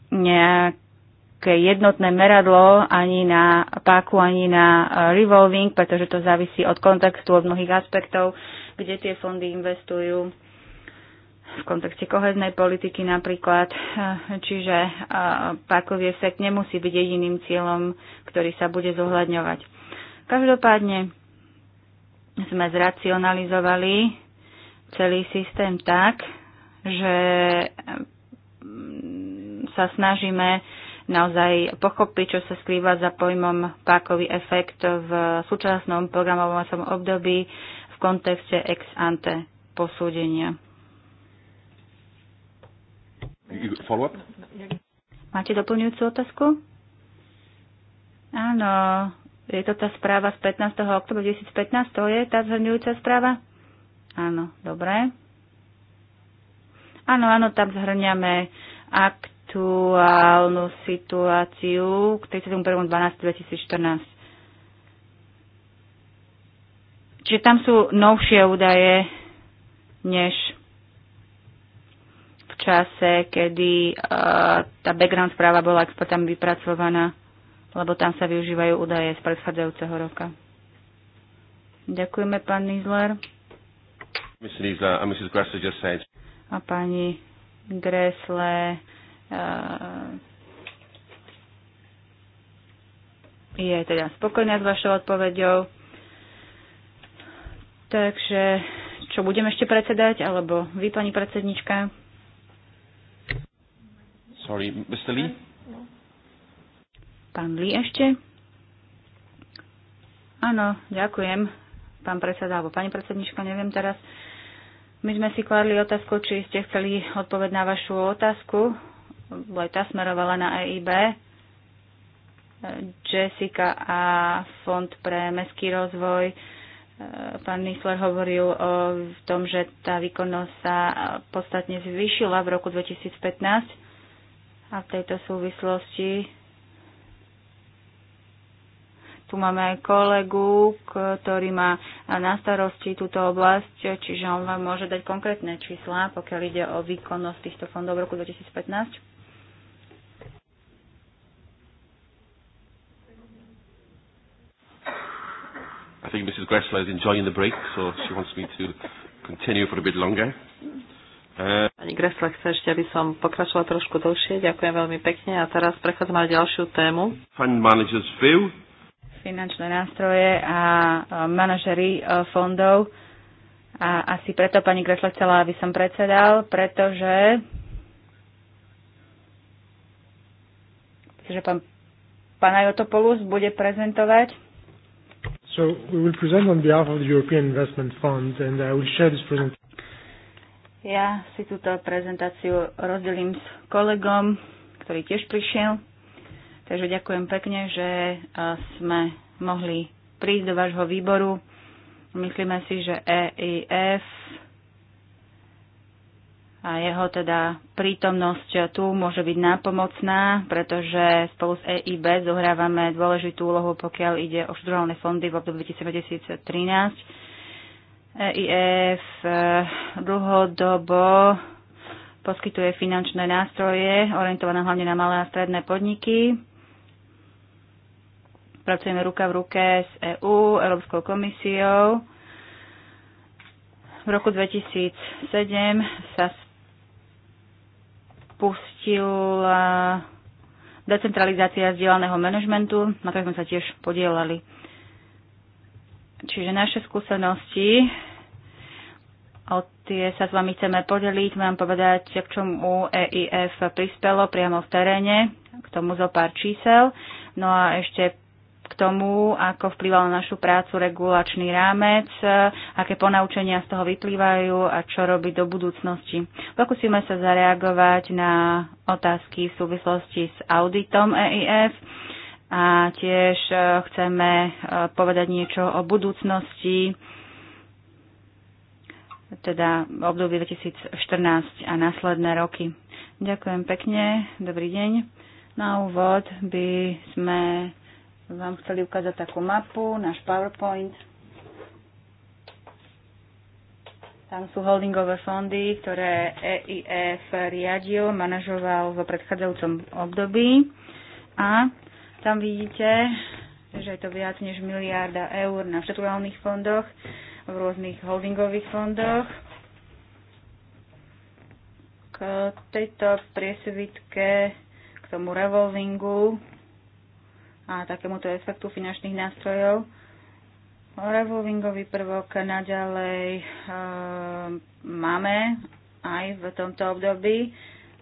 nejaké jednotné meradlo ani na páku, ani na e, revolving, pretože to závisí od kontextu, od mnohých aspektov, kde tie fondy investujú v kontexte koheznej politiky napríklad. Čiže pákový efekt nemusí byť jediným cieľom, ktorý sa bude zohľadňovať. Každopádne sme zracionalizovali celý systém tak, že mm, sa snažíme naozaj pochopiť, čo sa skrýva za pojmom pákový efekt v súčasnom programovacom období v kontexte ex ante posúdenia. Follow-up? Máte doplňujúcu otázku? Áno, je to tá správa z 15. oktobra 2015, to je tá zhrňujúca správa? Áno, dobre. Áno, áno, tam zhrňame aktuálnu situáciu k 31.12.2014. Čiže tam sú novšie údaje než čase, kedy eh, tá background správa bola expertami vypracovaná, lebo tam sa využívajú údaje z predchádzajúceho roka. Ďakujeme, pán Nizler. Uh, A pani Gresle eh, je teda spokojná s vašou odpoveďou. Takže čo budem ešte predsedať, alebo vy, pani predsednička? Sorry, Mr. Lee? Pán Lee ešte? Áno, ďakujem. Pán predseda alebo pani predsednička, neviem teraz. My sme si kladli otázku, či ste chceli odpoveď na vašu otázku. Aj tá smerovala na EIB. Jessica a Fond pre mestský rozvoj. E, pán Nisler hovoril o tom, že tá výkonnosť sa podstatne zvýšila v roku 2015 a v tejto súvislosti tu máme aj kolegu, ktorý má na starosti túto oblasť, čiže on vám môže dať konkrétne čísla, pokiaľ ide o výkonnosť týchto fondov v roku 2015. I think Mrs. Gressler is enjoying the break, so she wants me to continue for a bit longer. Pani Gressle chce ešte, aby som pokračoval trošku dlhšie. Ďakujem veľmi pekne a teraz prechádzame na ďalšiu tému. Finančné nástroje a manažery e, fondov. A asi preto pani Gressle chcela, aby som predsedal, pretože že pán Panajotopoulos bude prezentovať. So we will present on behalf of the European Investment Fund and I will share this presentation. Ja si túto prezentáciu rozdelím s kolegom, ktorý tiež prišiel. Takže ďakujem pekne, že e, sme mohli prísť do vášho výboru. Myslíme si, že EIF a jeho teda prítomnosť tu môže byť nápomocná, pretože spolu s EIB zohrávame dôležitú úlohu, pokiaľ ide o štruálne fondy v období 2013 EIF e, dlhodobo poskytuje finančné nástroje orientované hlavne na malé a stredné podniky. Pracujeme ruka v ruke s EÚ, EU, Európskou komisiou. V roku 2007 sa spustila decentralizácia vzdielaného manažmentu, na ktorej sme sa tiež podielali. Čiže naše skúsenosti tie sa s vami chceme podeliť. Mám povedať, k čomu EIF prispelo priamo v teréne, k tomu zo pár čísel. No a ešte k tomu, ako vplýval na našu prácu regulačný rámec, aké ponaučenia z toho vyplývajú a čo robiť do budúcnosti. Pokúsime sa zareagovať na otázky v súvislosti s auditom EIF a tiež eh, chceme eh, povedať niečo o budúcnosti teda období 2014 a následné roky. Ďakujem pekne, dobrý deň. Na úvod by sme vám chceli ukázať takú mapu, náš PowerPoint. Tam sú holdingové fondy, ktoré EIF riadil, manažoval v predchádzajúcom období. A tam vidíte, že je to viac než miliarda eur na štruktúrálnych fondoch, v rôznych holdingových fondoch. K tejto priesvitke, k tomu revolvingu a takémuto efektu finančných nástrojov revolvingový prvok naďalej e, máme aj v tomto období. E,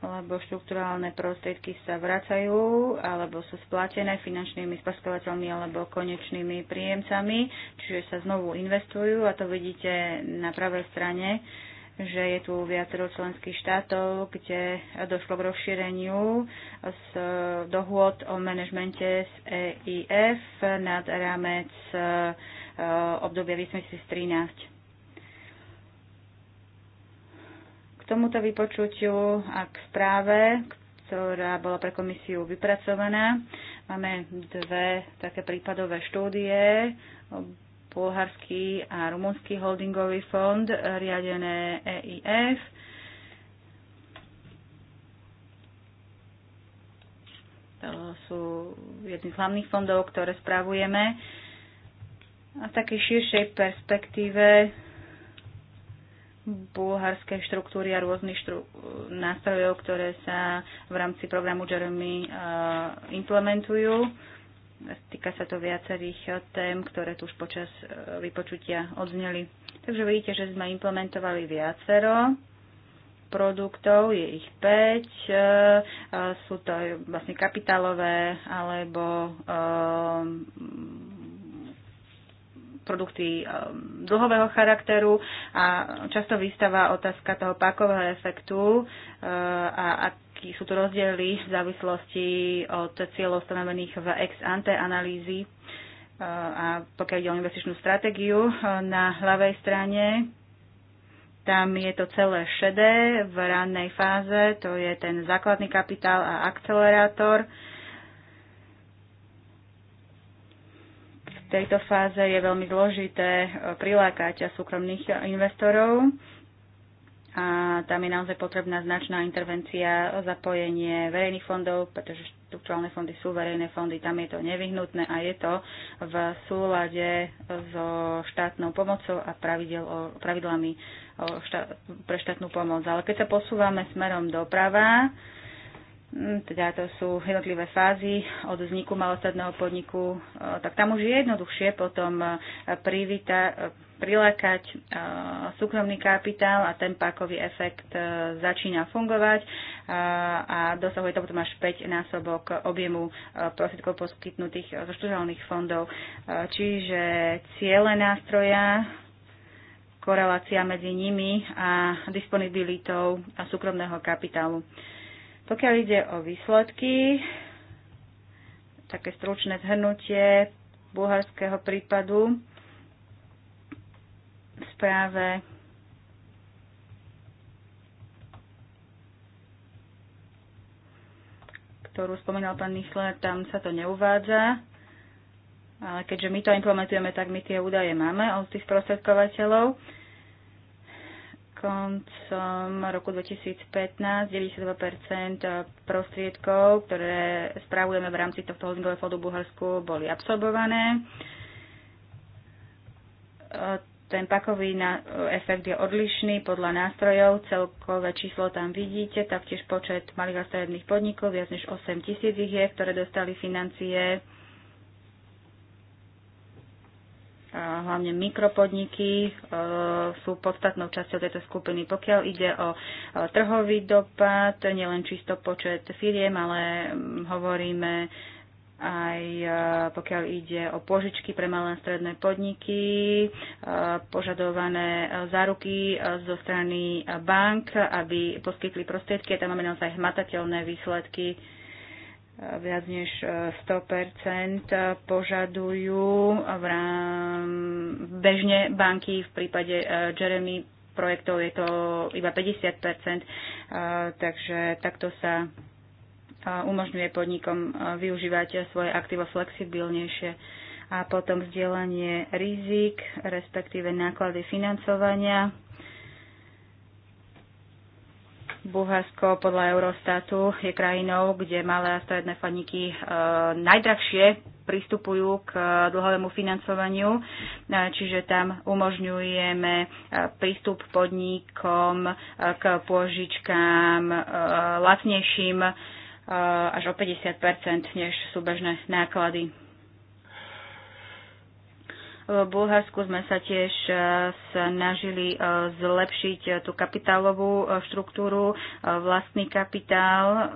lebo štruktúrálne prostriedky sa vracajú alebo sú splatené finančnými spaskovateľmi alebo konečnými príjemcami, čiže sa znovu investujú a to vidíte na pravej strane že je tu viacero členských štátov, kde došlo k rozšíreniu z dohôd o manažmente z EIF nad rámec e, obdobia 2013. tomuto vypočutiu a k správe, ktorá bola pre komisiu vypracovaná. Máme dve také prípadové štúdie, bulharský a rumunský holdingový fond riadené EIF. To sú jedny z hlavných fondov, ktoré spravujeme. A v takej širšej perspektíve bulharské štruktúry a rôznych štru- nástrojov, ktoré sa v rámci programu Jeremy eh, implementujú. Týka sa to viacerých eh, tém, ktoré tu už počas eh, vypočutia odzneli. Takže vidíte, že sme implementovali viacero produktov, je ich 5, sú to vlastne kapitálové alebo produkty eh, dlhového charakteru a často vystáva otázka toho pákového efektu eh, a aký sú tu rozdiely v závislosti od cieľov stanovených v ex ante analýzy eh, a pokiaľ ide o investičnú stratégiu na ľavej strane tam je to celé šedé v rannej fáze, to je ten základný kapitál a akcelerátor. tejto fáze je veľmi dôležité eh, prilákať súkromných investorov a tam je naozaj potrebná značná intervencia, zapojenie verejných fondov, pretože štruktúrálne fondy sú verejné fondy, tam je to nevyhnutné a je to v súlade so štátnou pomocou a pravidel, pravidlami štát, pre štátnu pomoc. Ale keď sa posúvame smerom doprava, Hm, teda to sú jednotlivé fázy od vzniku malostadného podniku, e, tak tam už je jednoduchšie potom e, privíta, e, prilákať súkromný kapitál a ten pákový efekt začína fungovať a dosahuje to potom až 5 násobok objemu prostriedkov poskytnutých zo štúžalných fondov. Čiže ciele nástroja korelácia medzi nimi a disponibilitou súkromného kapitálu. Pokiaľ ide o výsledky, také stručné zhrnutie bulharského prípadu v správe ktorú spomínal pán Michler, tam sa to neuvádza. Ale keďže my to implementujeme, tak my tie údaje máme od tých prostredkovateľov koncom roku 2015 92% prostriedkov, ktoré spravujeme v rámci tohto holdingového fondu v Bulharsku, boli absorbované. Ten pakový efekt je odlišný podľa nástrojov. Celkové číslo tam vidíte, taktiež počet malých a stredných podnikov, viac než 8 tisíc ich je, ktoré dostali financie hlavne mikropodniky e, sú podstatnou časťou tejto skupiny. Pokiaľ ide o e, trhový dopad, nielen čisto počet firiem, ale hovoríme aj e, pokiaľ ide o požičky pre malé a stredné podniky, požadované záruky zo strany bank, aby poskytli prostriedky. Tam máme naozaj hmatateľné výsledky viac než 100 e, požadujú v rám, bežne banky. V prípade e, Jeremy projektov je to iba 50 e, takže takto sa umožňuje podnikom využívať svoje aktíva flexibilnejšie a potom vzdielanie rizik, respektíve náklady financovania Bulharsko podľa Eurostatu je krajinou, kde malé a stredné podniky e, najdrahšie pristupujú k e, dlhovému financovaniu, e, čiže tam umožňujeme e, prístup podnikom k pôžičkám lacnejším až o 50 než sú bežné náklady. V Bulharsku sme sa tiež e, snažili e, zlepšiť e, tú kapitálovú štruktúru, vlastný kapitál,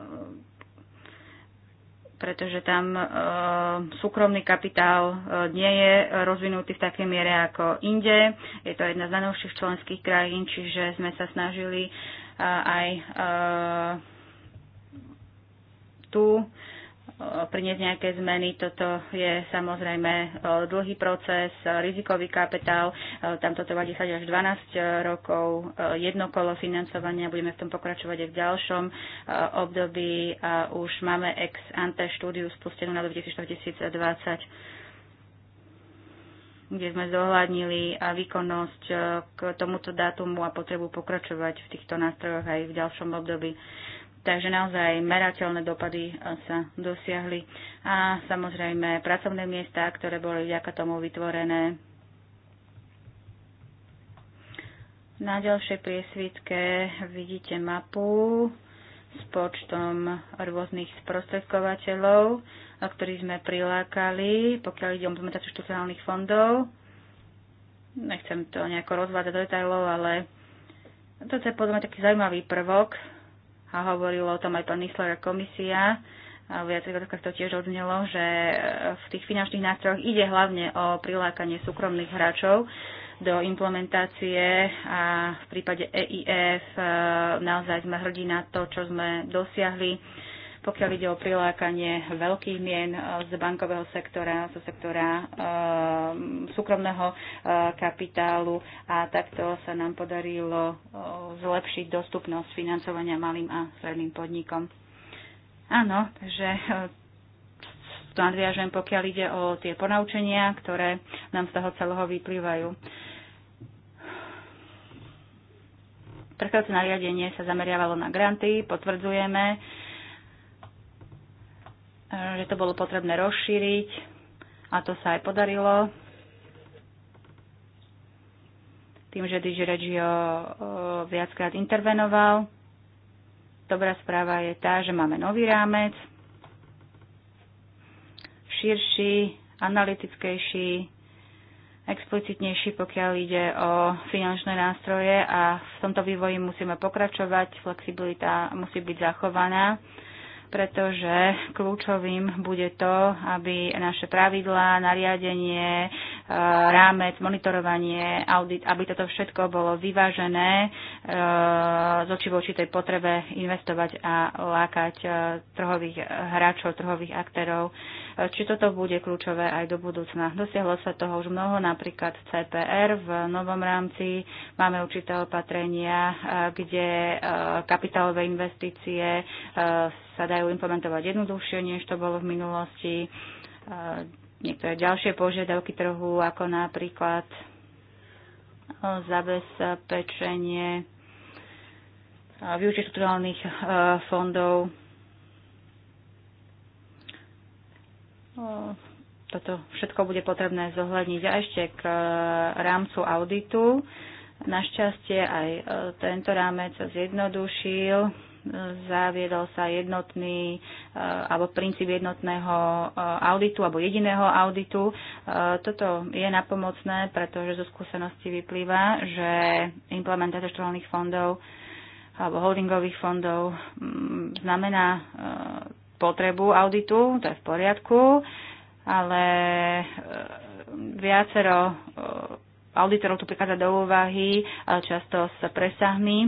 pretože tam súkromný kapitál nie je rozvinutý v takej miere ako inde. Je to jedna z najnovších členských krajín, čiže sme sa snažili aj tu priniesť nejaké zmeny. Toto je samozrejme e, dlhý proces, e, rizikový kapitál, e, tam to trvá 10 až 12 rokov, jedno kolo financovania, budeme v tom pokračovať aj v ďalšom období a už máme ex ante štúdiu spustenú na 2020 kde sme zohľadnili a výkonnosť k tomuto dátumu a potrebu pokračovať v týchto nástrojoch aj v ďalšom období. Takže naozaj merateľné dopady e, sa dosiahli. A samozrejme pracovné miesta, ktoré boli vďaka tomu vytvorené. Na ďalšej priesvitke vidíte mapu s počtom rôznych sprostredkovateľov, ktorých sme prilákali, pokiaľ ide o implementáciu štruktúrálnych fondov. Nechcem to nejako rozvádzať do detajlov, ale toto je podľa mňa taký zaujímavý prvok, a hovorilo o tom aj pán Nisler komisia, viac otázkach to tiež odznelo, že v tých finančných nástrojoch ide hlavne o prilákanie súkromných hráčov do implementácie a v prípade EIF e, naozaj sme hrdí na to, čo sme dosiahli pokiaľ ide o prilákanie veľkých mien eh, z bankového sektora, zo sektora eh, súkromného eh, kapitálu a takto sa nám podarilo zlepšiť dostupnosť financovania malým a stredným podnikom. Áno, takže to nadviažem, pokiaľ ide o tie ponaučenia, ktoré nám z toho celého vyplývajú. Prechádzajúce nariadenie sa zameriavalo na granty, potvrdzujeme Eh, že to bolo potrebné rozšíriť a to sa aj podarilo. Tým, že DJ Reggio eh, viackrát intervenoval. Dobrá správa je tá, že máme nový rámec, širší, analytickejší, explicitnejší, pokiaľ ide o finančné nástroje a v tomto vývoji musíme pokračovať, flexibilita musí byť zachovaná pretože kľúčovým bude to, aby naše pravidlá, nariadenie, e, rámec, monitorovanie, audit, aby toto všetko bolo vyvážené e, z oči voči tej potrebe investovať a lákať e, trhových hráčov, trhových aktérov či toto bude kľúčové aj do budúcna. Dosiahlo sa toho už mnoho, napríklad v CPR v novom rámci máme určité opatrenia, e, kde e, kapitálové investície e, sa dajú implementovať jednoduchšie, než to bolo v minulosti. Niektoré ďalšie požiadavky trhu, ako napríklad zabezpečenie využiť fondov toto všetko bude potrebné zohľadniť. A ešte k e, rámcu auditu. Našťastie aj e, tento rámec zjednodušil, e, zaviedol sa jednotný alebo princíp jednotného auditu alebo jediného auditu. Toto je napomocné, pretože zo skúsenosti vyplýva, že implementácia štruktúrnych fondov alebo holdingových fondov mm, znamená potrebu auditu, to je v poriadku, ale e, viacero e, auditorov tu prichádza do úvahy, ale často s presahmi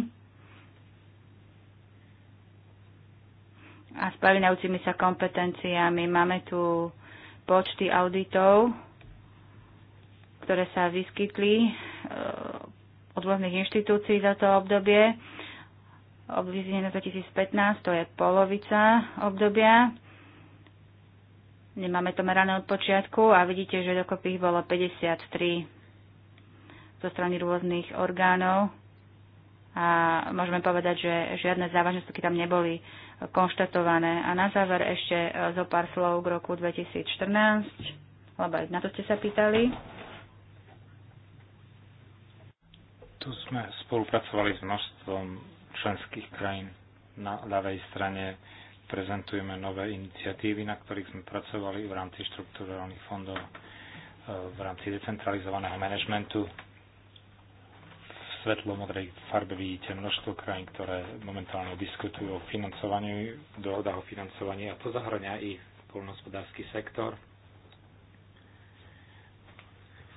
a s previnajúcimi sa kompetenciami. Máme tu počty auditov, ktoré sa vyskytli e, od rôznych inštitúcií za to obdobie obdobie 2015, to je polovica obdobia. Nemáme to merané od počiatku a vidíte, že dokopy ich bolo 53 zo strany rôznych orgánov a môžeme povedať, že žiadne závažné skutky tam neboli konštatované. A na záver ešte zo pár slov k roku 2014, lebo aj na to ste sa pýtali. Tu sme spolupracovali s množstvom členských krajín. Na ľavej strane prezentujeme nové iniciatívy, na ktorých sme pracovali v rámci štruktúrálnych fondov, e, v rámci decentralizovaného manažmentu. V svetlo modrej farbe vidíte množstvo krajín, ktoré momentálne diskutujú o financovaní, dohodách o financovaní a to zahrania i poľnohospodársky sektor.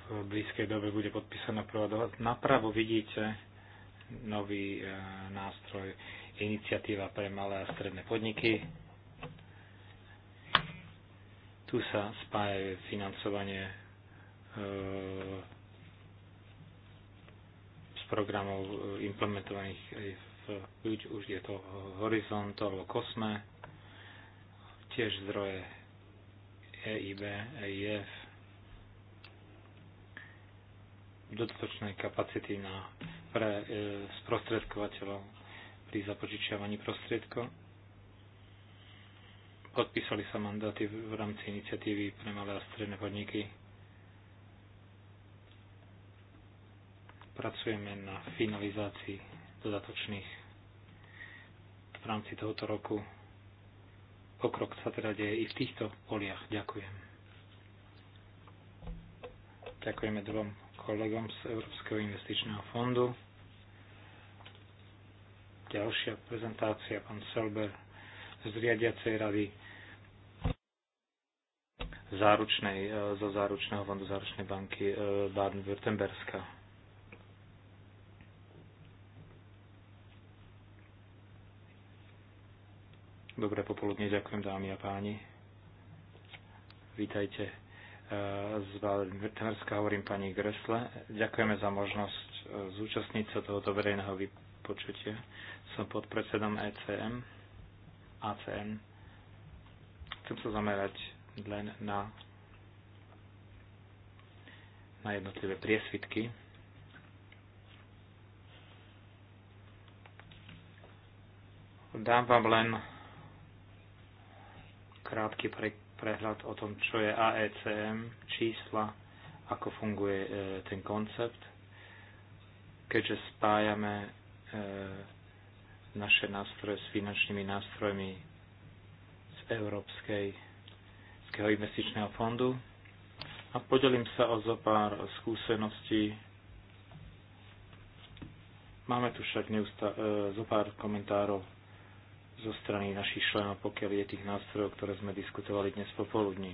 V blízkej dobe bude podpísaná prvá dohoda. Napravo vidíte nový e, nástroj iniciatíva pre malé a stredné podniky. Tu sa spája financovanie e, z programov e, implementovaných v, už je to Horizont alebo Kosme, tiež zdroje EIB, EIF, dodatočnej kapacity na, pre e, sprostredkovateľov pri započičiavaní prostriedkov. Podpísali sa mandáty v rámci iniciatívy pre malé a stredné podniky. Pracujeme na finalizácii dodatočných v rámci tohoto roku. Pokrok sa teda deje i v týchto poliach. Ďakujem. Ďakujeme dvom kolegom z Európskeho investičného fondu. Ďalšia prezentácia, pán Selber z riadiacej rady záručnej, e, zo záručného fondu záručnej banky e, Baden-Württemberska. Dobré popoludne, ďakujem dámy a páni. Vítajte z baden hovorím pani Gresle. Ďakujeme za možnosť e, zúčastniť sa tohoto verejného vypočutia. Som pod predsedom ECM, ACM. Chcem sa zamerať len na, na jednotlivé priesvitky. Dám vám len krátky prek prehľad o tom, čo je AECM, čísla, ako funguje e, ten koncept, keďže spájame e, naše nástroje s finančnými nástrojmi z Európskej investičného fondu a podelím sa o zo pár skúseností. Máme tu však neustá- e, zo pár komentárov zo strany našich členov, pokiaľ je tých nástrojov, ktoré sme diskutovali dnes popoludní.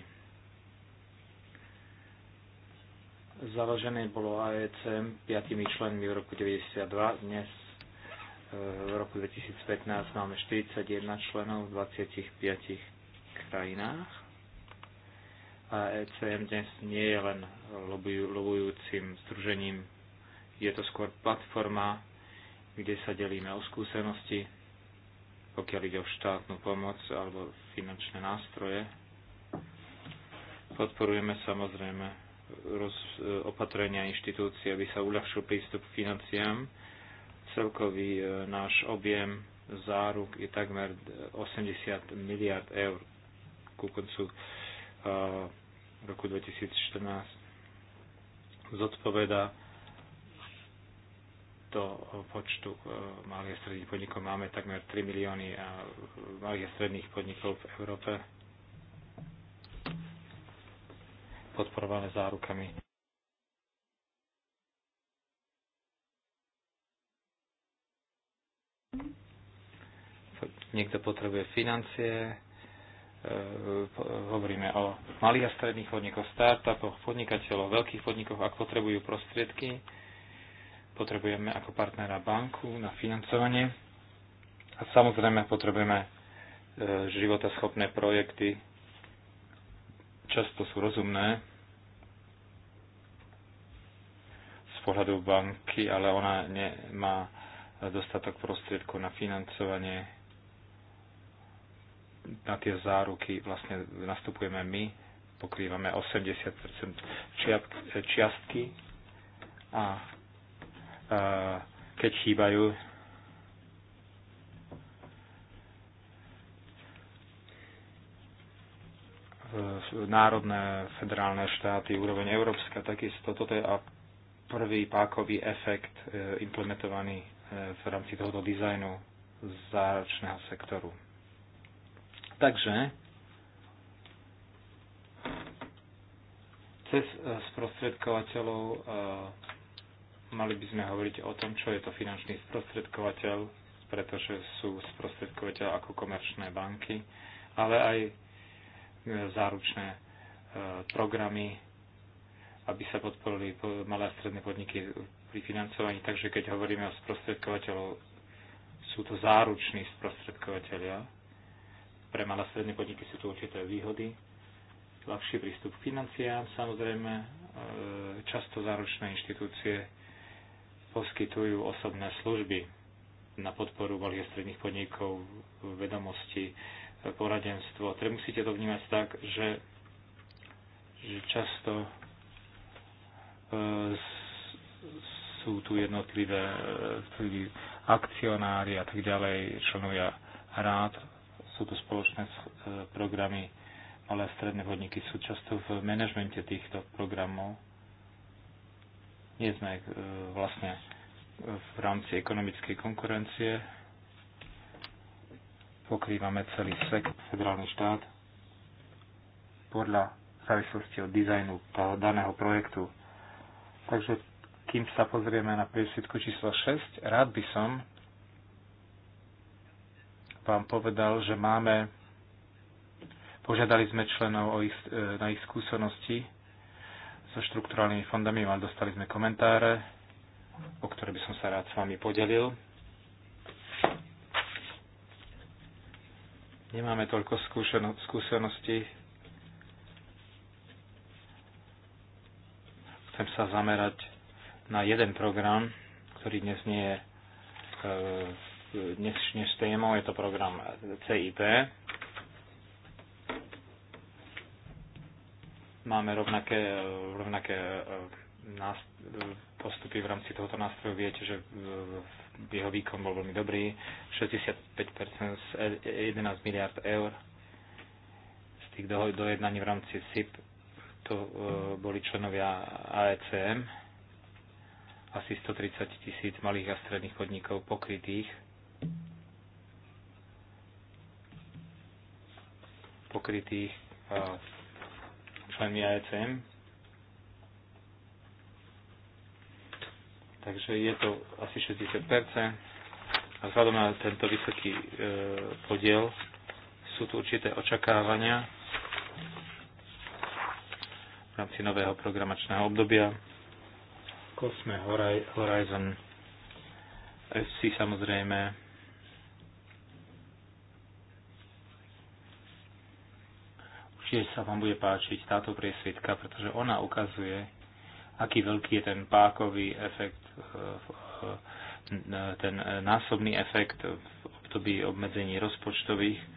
Založené bolo AECM piatimi členmi v roku 1992, dnes e, v roku 2015 máme 41 členov v 25 krajinách. A ECM dnes nie je len lobujúcim združením, je to skôr platforma, kde sa delíme o skúsenosti, pokiaľ ide o štátnu pomoc alebo finančné nástroje. Podporujeme samozrejme roz, e, opatrenia inštitúcií, aby sa uľahšil prístup k financiám. Celkový e, náš objem záruk je takmer 80 miliard eur ku koncu e, roku 2014. Zodpoveda do počtu e, malých a stredných podnikov máme takmer 3 milióny e, malých a stredných podnikov v Európe podporované zárukami. Niekto potrebuje financie, e, hovoríme o malých a stredných podnikoch, startupoch, podnikateľov, veľkých podnikoch, ak potrebujú prostriedky, Potrebujeme ako partnera banku na financovanie a samozrejme potrebujeme e, životaschopné projekty. Často sú rozumné z pohľadu banky, ale ona nemá dostatok prostriedkov na financovanie na tie záruky vlastne nastupujeme my, pokrývame 80 čiastky a keď chýbajú. E, národné federálne štáty, úroveň európska, takisto toto je a prvý pákový efekt e, implementovaný e, v rámci tohoto dizajnu záročného sektoru. Takže cez sprostredkovateľov Mali by sme hovoriť o tom, čo je to finančný sprostredkovateľ, pretože sú sprostredkovateľ ako komerčné banky, ale aj e, záručné e, programy, aby sa podporili malé a stredné podniky pri financovaní. Takže keď hovoríme o sprostredkovateľov, sú to záruční sprostredkovateľia. Pre malé a stredné podniky sú to určité výhody. Ľahší prístup k financiám, samozrejme, e, často záručné inštitúcie poskytujú osobné služby na podporu malých a stredných podnikov, vedomosti, poradenstvo. Tre teda musíte to vnímať tak, že, že často e, sú tu jednotlivé e, akcionári a tak ďalej, členovia rád, sú tu spoločné e, programy, malé a stredné podniky sú často v manažmente týchto programov nie sme e, vlastne v rámci ekonomickej konkurencie. Pokrývame celý svet, federálny štát. Podľa závislosti od dizajnu daného projektu. Takže kým sa pozrieme na priesvitku číslo 6, rád by som vám povedal, že máme, požiadali sme členov o ich, e, na ich skúsenosti so štruktúralnými fondami, vám dostali sme komentáre, o ktoré by som sa rád s vami podelil. Nemáme toľko skúseností. Chcem sa zamerať na jeden program, ktorý dnes nie je e, dnes, dnes témou, je to program CIP, Máme rovnaké, eh, rovnaké eh, postupy v rámci tohoto nástroju. Viete, že eh, jeho výkon bol veľmi dobrý. 65% z 11 e- miliard eur z tých dojednaní v rámci SIP to boli členovia AECM. Asi 130 tisíc malých a stredných podnikov pokrytých. pokrytých členmi AECM. Takže je to asi 60%. A vzhľadom na tento vysoký e, podiel sú tu určité očakávania v rámci nového programačného obdobia. Cosme Horizon FC samozrejme tiež sa vám bude páčiť táto priesvitka, pretože ona ukazuje, aký veľký je ten pákový efekt, e, e, ten násobný efekt v období obmedzení rozpočtových, e,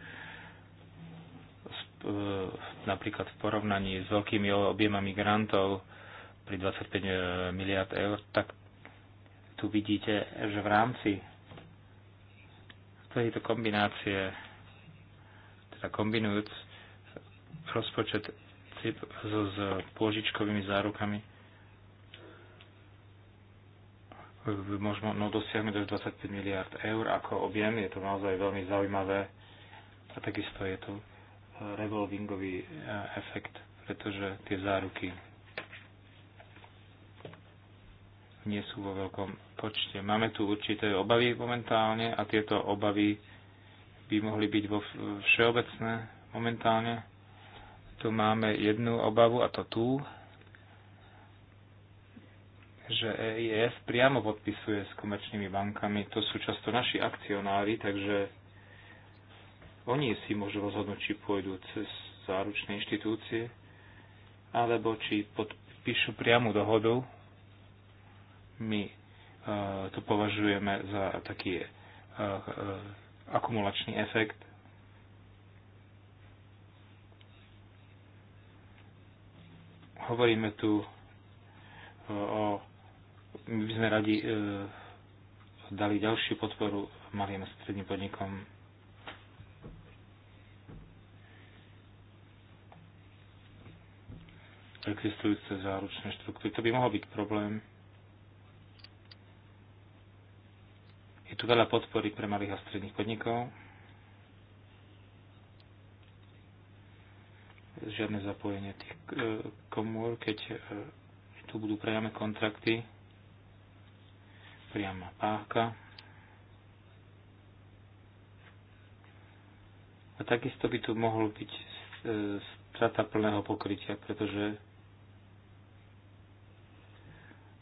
napríklad v porovnaní s veľkými objemami grantov pri 25 miliard eur, tak tu vidíte, že v rámci tejto kombinácie, teda kombinujúc rozpočet s, s pôžičkovými zárukami možno no, dosiahnuť až 25 miliard eur ako objem. Je to naozaj veľmi zaujímavé a takisto je to e, revolvingový e, efekt, pretože tie záruky nie sú vo veľkom počte. Máme tu určité obavy momentálne a tieto obavy by mohli byť vo všeobecné momentálne tu máme jednu obavu, a to tu, že EIF priamo podpisuje s komerčnými bankami. To sú často naši akcionári, takže oni si môžu rozhodnúť, či pôjdu cez záručné inštitúcie, alebo či podpíšu priamu dohodu. My e, to považujeme za taký e, e, akumulačný efekt, Hovoríme tu e, o... My by sme radi e, dali ďalšiu podporu malým a stredným podnikom. Existujúce záručné štruktúry. To by mohol byť problém. Je tu veľa podpory pre malých a stredných podnikov. žiadne zapojenie tých e, komôr, keď e, tu budú priame kontrakty, priama páka. A takisto by tu mohol byť e, strata plného pokrytia, pretože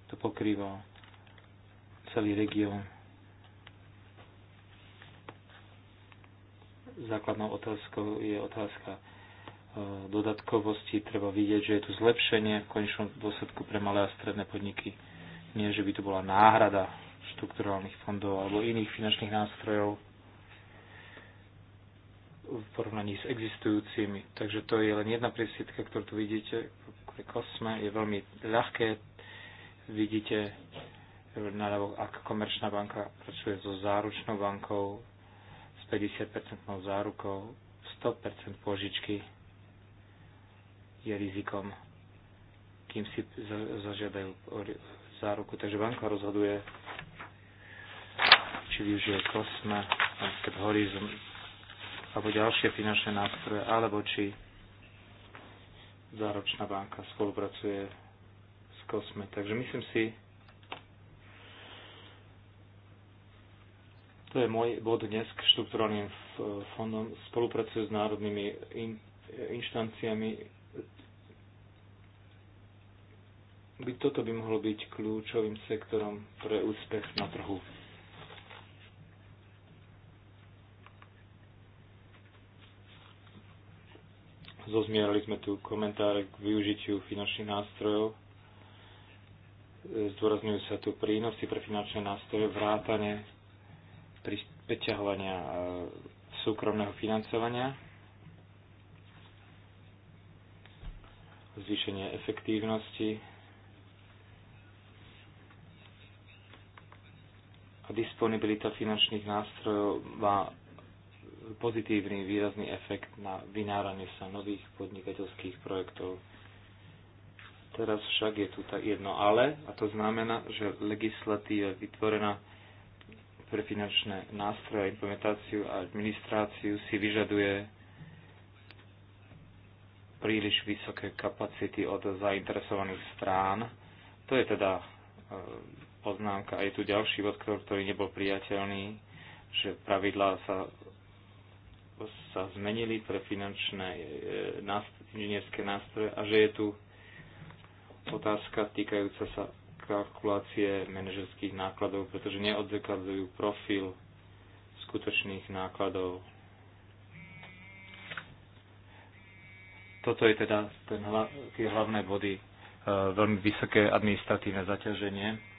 to pokrýva celý región. Základnou otázkou je otázka dodatkovosti, treba vidieť, že je tu zlepšenie v konečnom dôsledku pre malé a stredné podniky. Nie, že by to bola náhrada štrukturálnych fondov alebo iných finančných nástrojov v porovnaní s existujúcimi. Takže to je len jedna presídka, ktorú tu vidíte pre Kosme. Je veľmi ľahké. Vidíte, naľavo, ak komerčná banka pracuje so záručnou bankou, s 50% zárukou, 100% požičky je rizikom, kým si zažiadajú záruku. Takže banka rozhoduje, či využije kosme, napríklad Horizon, alebo ďalšie finančné nástroje, alebo či záročná banka spolupracuje s Kosme. Takže myslím si, to je môj bod dnes k štruktúrálnym fondom. Spolupracujú s národnými in, inštanciami by toto by mohlo byť kľúčovým sektorom pre úspech na trhu. Zozmierali sme tu komentáre k využitiu finančných nástrojov. Zdôrazňujú sa tu prínosy pre finančné nástroje, vrátane priťahovania e, súkromného financovania, zvýšenie efektívnosti disponibilita finančných nástrojov má pozitívny výrazný efekt na vynáranie sa nových podnikateľských projektov. Teraz však je tu tak jedno ale, a to znamená, že legislatíva vytvorená pre finančné nástroje, implementáciu a administráciu si vyžaduje príliš vysoké kapacity od zainteresovaných strán. To je teda poznámka. A je tu ďalší bod, ktorý nebol priateľný, že pravidlá sa, sa zmenili pre finančné e, inžinierské nástroje a že je tu otázka týkajúca sa kalkulácie manažerských nákladov, pretože neodzakladzujú profil skutočných nákladov. Toto je teda ten, tie hlavné body, e, veľmi vysoké administratívne zaťaženie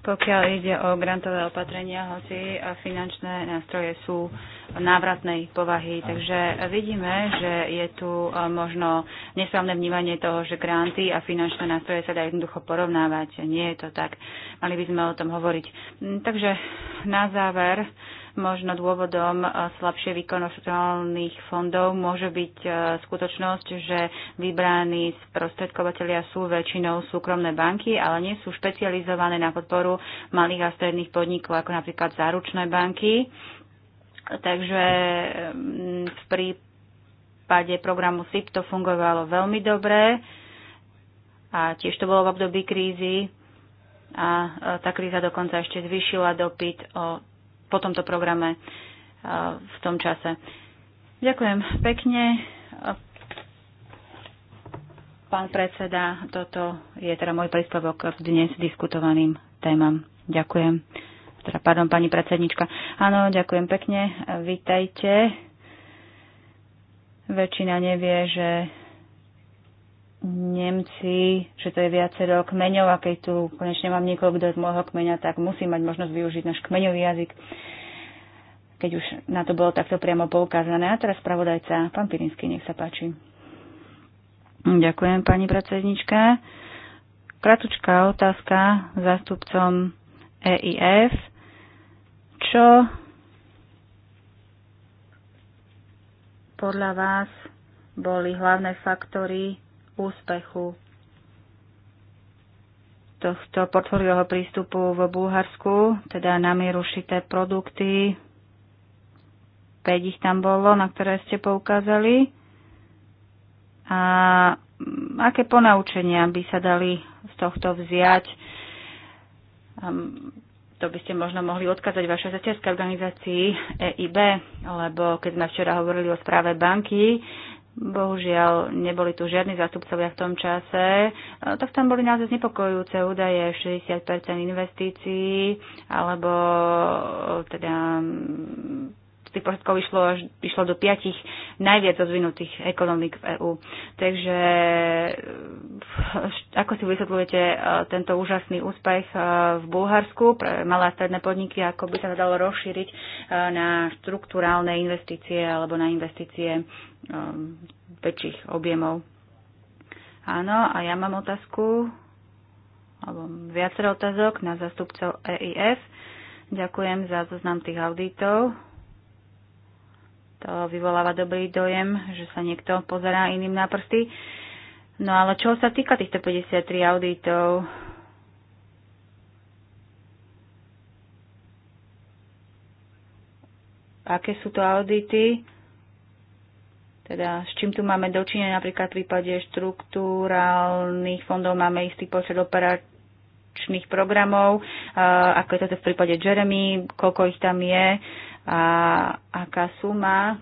pokiaľ ide o grantové opatrenia, hoci finančné nástroje sú návratnej povahy. Takže vidíme, že je tu e, možno nesprávne vnímanie toho, že granty a finančné nástroje sa dá jednoducho porovnávať. Nie je to tak. Mali by sme o tom hovoriť. Mm, takže na záver Možno dôvodom eh, slabšie výkonu fondov môže byť eh, skutočnosť, že vybraní sprostredkovateľia sú väčšinou súkromné banky, ale nie sú špecializované na podporu malých a stredných podnikov, ako napríklad záručné banky. Takže mm, v prípade programu SIP to fungovalo veľmi dobre a tiež to bolo v období krízy a eh, tá kríza dokonca ešte zvyšila dopyt o po tomto programe e, v tom čase. Ďakujem pekne. Pán predseda, toto je teda môj príspevok k dnes diskutovaným témam. Ďakujem. Teda, pardon, pani predsednička. Áno, ďakujem pekne. Vítajte. Väčšina nevie, že Nemci, že to je viacero kmeňov a keď tu konečne mám niekoho, kto je z môjho kmeňa, tak musí mať možnosť využiť náš kmeňový jazyk, keď už na to bolo takto priamo poukázané. A teraz spravodajca, pán Pirinsky, nech sa páči. Ďakujem, pani predsednička. Kratučká otázka zástupcom EIF. Čo podľa vás boli hlavné faktory úspechu tohto portfóliového prístupu v Bulharsku, teda na mieru šité produkty. 5 ich tam bolo, na ktoré ste poukázali. A aké ponaučenia by sa dali z tohto vziať? To by ste možno mohli odkázať vašej začiatskej organizácii EIB, lebo keď sme včera hovorili o správe banky, Bohužiaľ, neboli tu žiadni zástupcovia v tom čase, tak tam boli naozaj znepokojujúce údaje, 60% investícií, alebo teda z tých prostriedkov išlo, išlo do piatich najviac rozvinutých ekonomík v EÚ. Takže e, ako si vysvetľujete e, tento úžasný úspech e, v Bulharsku pre malé a stredné podniky, ako by sa dalo rozšíriť na štruktúrálne investície alebo na investície Um, väčších objemov. Áno, a ja mám otázku, alebo viacero otázok na zastupcov EIF. Ďakujem za zoznam tých auditov. To vyvoláva dobrý dojem, že sa niekto pozerá iným na prsty. No ale čo sa týka týchto 53 auditov, aké sú to audity, teda s čím tu máme dočinenia, napríklad v prípade štruktúrálnych fondov máme istý počet operačných programov, ako je to v prípade Jeremy, koľko ich tam je a aká suma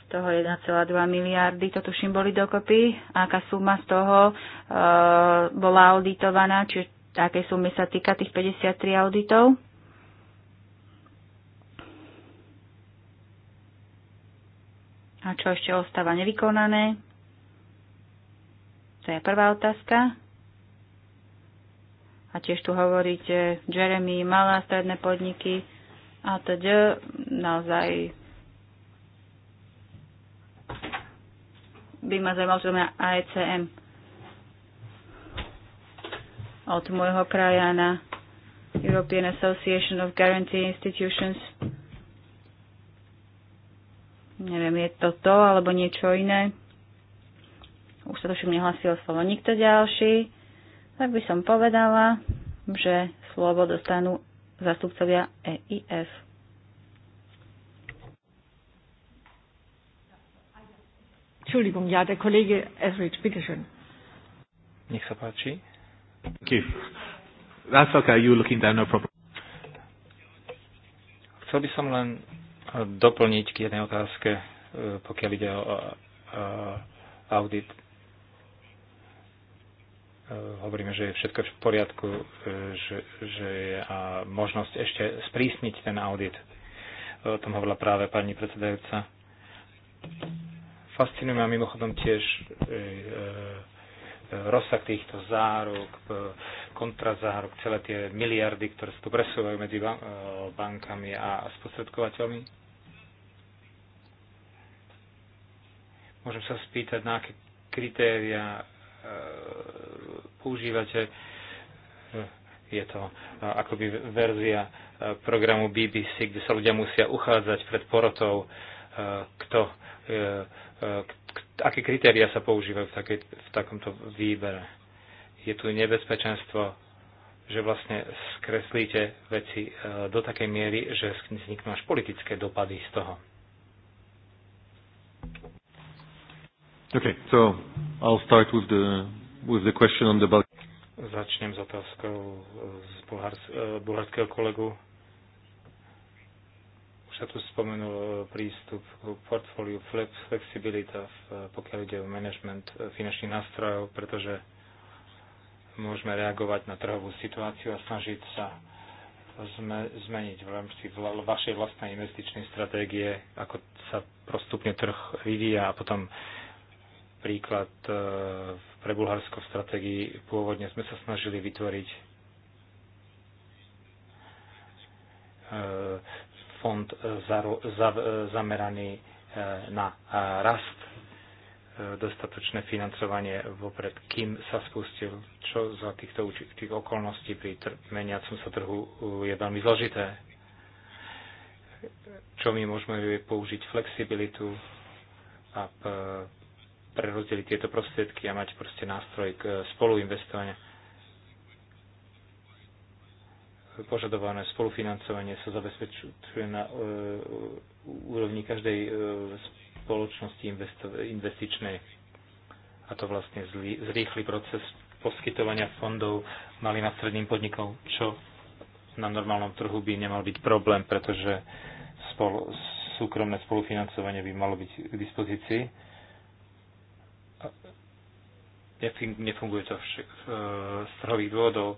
z toho 1,2 miliardy, to tuším boli dokopy, a aká suma z toho e, bola auditovaná, či aké sumy sa týka tých 53 auditov. a čo ešte ostáva nevykonané? To je prvá otázka. A tiež tu hovoríte Jeremy, malé a stredné podniky a teď naozaj by ma zaujímalo, čo znamená AECM od môjho kraja na European Association of Guarantee Institutions Neviem, je to to alebo niečo iné. Už sa to tuším nehlasil slovo nikto ďalší. Tak by som povedala, že slovo dostanú zastupcovia EIF. Entschuldigung, ja, der Kollege Etheridge, bitteschön. Nicht so páči. Thank you. That's okay, you looking down, no problem. Chcel by som len doplniť k jednej otázke, e, pokiaľ ide o audit. E, hovoríme, že je všetko v poriadku, e, že, že je možnosť ešte sprísniť ten audit. O tom hovorila práve pani predsedajúca. Fascinujú ma mimochodom tiež e, rozsah týchto záruk, e, kontrazáruk, celé tie miliardy, ktoré sa tu presúvajú medzi e, bankami a spostredkovateľmi? Môžem sa spýtať, na aké kritéria e, používate. Je to akoby verzia programu BBC, kde sa ľudia musia uchádzať pred porotou, kto aké kritéria sa používajú v, takej, v takomto výbere. Je tu nebezpečenstvo, že vlastne skreslíte veci e, do takej miery, že vzniknú až politické dopady z toho. OK, so I'll start with the, with the question on the Balkans. Začnem s otázkou z e, bulharského kolegu sa tu spomenul e, prístup k portfóliu flexibilita, e, pokiaľ ide o management e, finančných nástrojov, pretože môžeme reagovať na trhovú situáciu a snažiť sa zmeniť v rámci vašej vlastnej investičnej stratégie, ako sa postupne trh vyvíja a potom príklad pre Bulharsko v stratégii pôvodne sme sa snažili vytvoriť fond e, e, zameraný e, na rast, dostatočné financovanie vopred, kým sa spustil, čo za týchto tých okolností pri meniacom sa trhu je veľmi zložité. Čo my môžeme použiť flexibilitu a prerozdeliť tieto prostriedky a mať proste nástroj k spoluinvestovaniu. požadované spolufinancovanie sa zabezpečuje na e, úrovni každej e, spoločnosti investičnej. A to vlastne zrýchli proces poskytovania fondov malým a stredným podnikom, čo na normálnom trhu by nemal byť problém, pretože súkromné spolufinancovanie by malo byť k dispozícii. Nefunguje to však e, z trhových dôvodov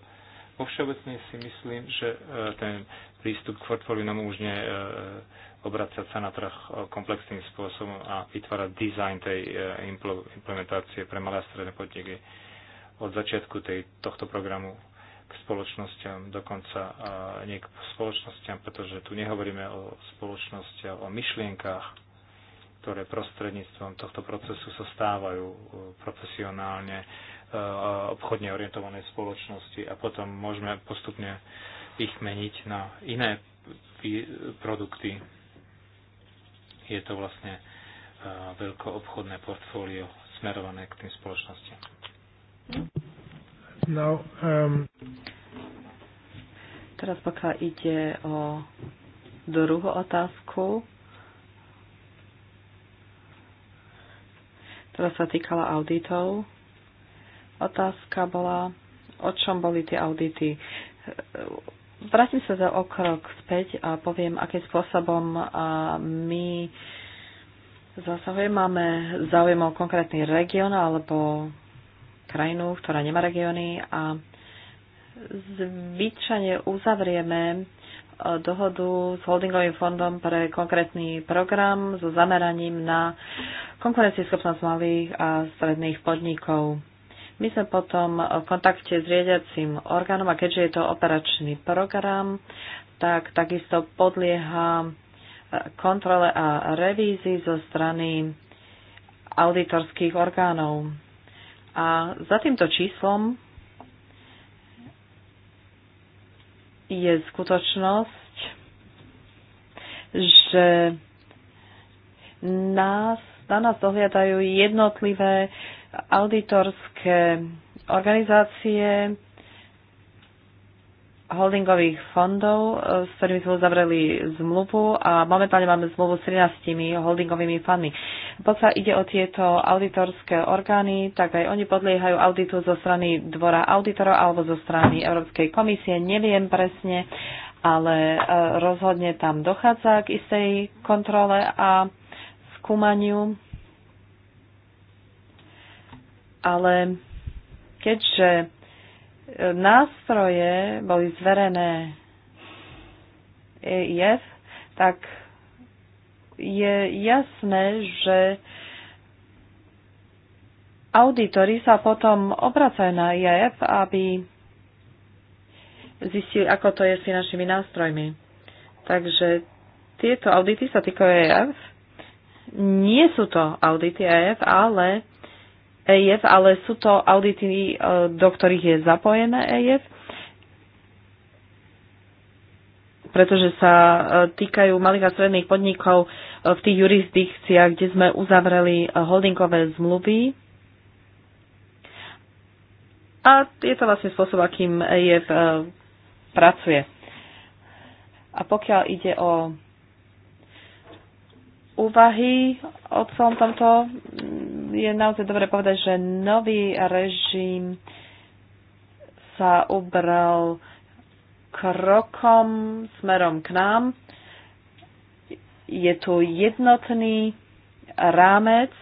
vo všeobecne si myslím, že e, ten prístup k portfóliu nám umožňuje e, obracať sa na trh e, komplexným spôsobom a vytvárať dizajn tej implementácie pre malé a stredné podniky od začiatku tej, tohto programu k spoločnosťam, dokonca nie k spoločnosťam, pretože tu nehovoríme o spoločnosťach, o myšlienkách, ktoré prostredníctvom tohto procesu sa stávajú profesionálne a obchodne orientované spoločnosti a potom môžeme postupne ich meniť na iné produkty. Je to vlastne veľko obchodné portfólio smerované k tým spoločnostiam. No, um... Teraz pokiaľ ide o druhú otázku, ktorá sa týkala auditov, Otázka bola, o čom boli tie audity. Vrátim sa za okrok späť a poviem, akým spôsobom my zasahujeme. Máme záujem o konkrétny región alebo krajinu, ktorá nemá regióny a zvyčajne uzavrieme e, dohodu s holdingovým fondom pre konkrétny program so zameraním na konkurencieschopnosť malých a stredných podnikov. My sme potom v kontakte s riadiacím orgánom a keďže je to operačný program, tak takisto podlieha eh, kontrole a revízii zo strany auditorských orgánov. A za týmto číslom je skutočnosť, že nás, na nás dohliadajú jednotlivé auditorské organizácie holdingových fondov, s ktorými sme uzavreli zmluvu a momentálne máme zmluvu s 13 holdingovými fondmi. Pokiaľ ide o tieto auditorské orgány, tak aj oni podliehajú auditu zo strany Dvora auditorov alebo zo strany Európskej komisie. Neviem presne, ale e, rozhodne tam dochádza k istej kontrole a skúmaniu ale keďže e, nástroje boli zverené EIF, tak je jasné, že auditory sa potom obracajú na e IAF, aby zistili, ako to je s finančnými nástrojmi. Takže tieto audity sa týkajú EIF. Nie sú to audity EIF, ale EIF, ale sú to audity, e, do ktorých je zapojené EIF, pretože sa e, týkajú malých a stredných podnikov e, v tých jurisdikciách, kde sme uzavreli holdingové zmluvy. A je to vlastne spôsob, akým EIF pracuje. A pokiaľ ide o úvahy o celom tomto je naozaj dobre povedať, že nový režim sa ubral krokom smerom k nám. Je tu jednotný rámec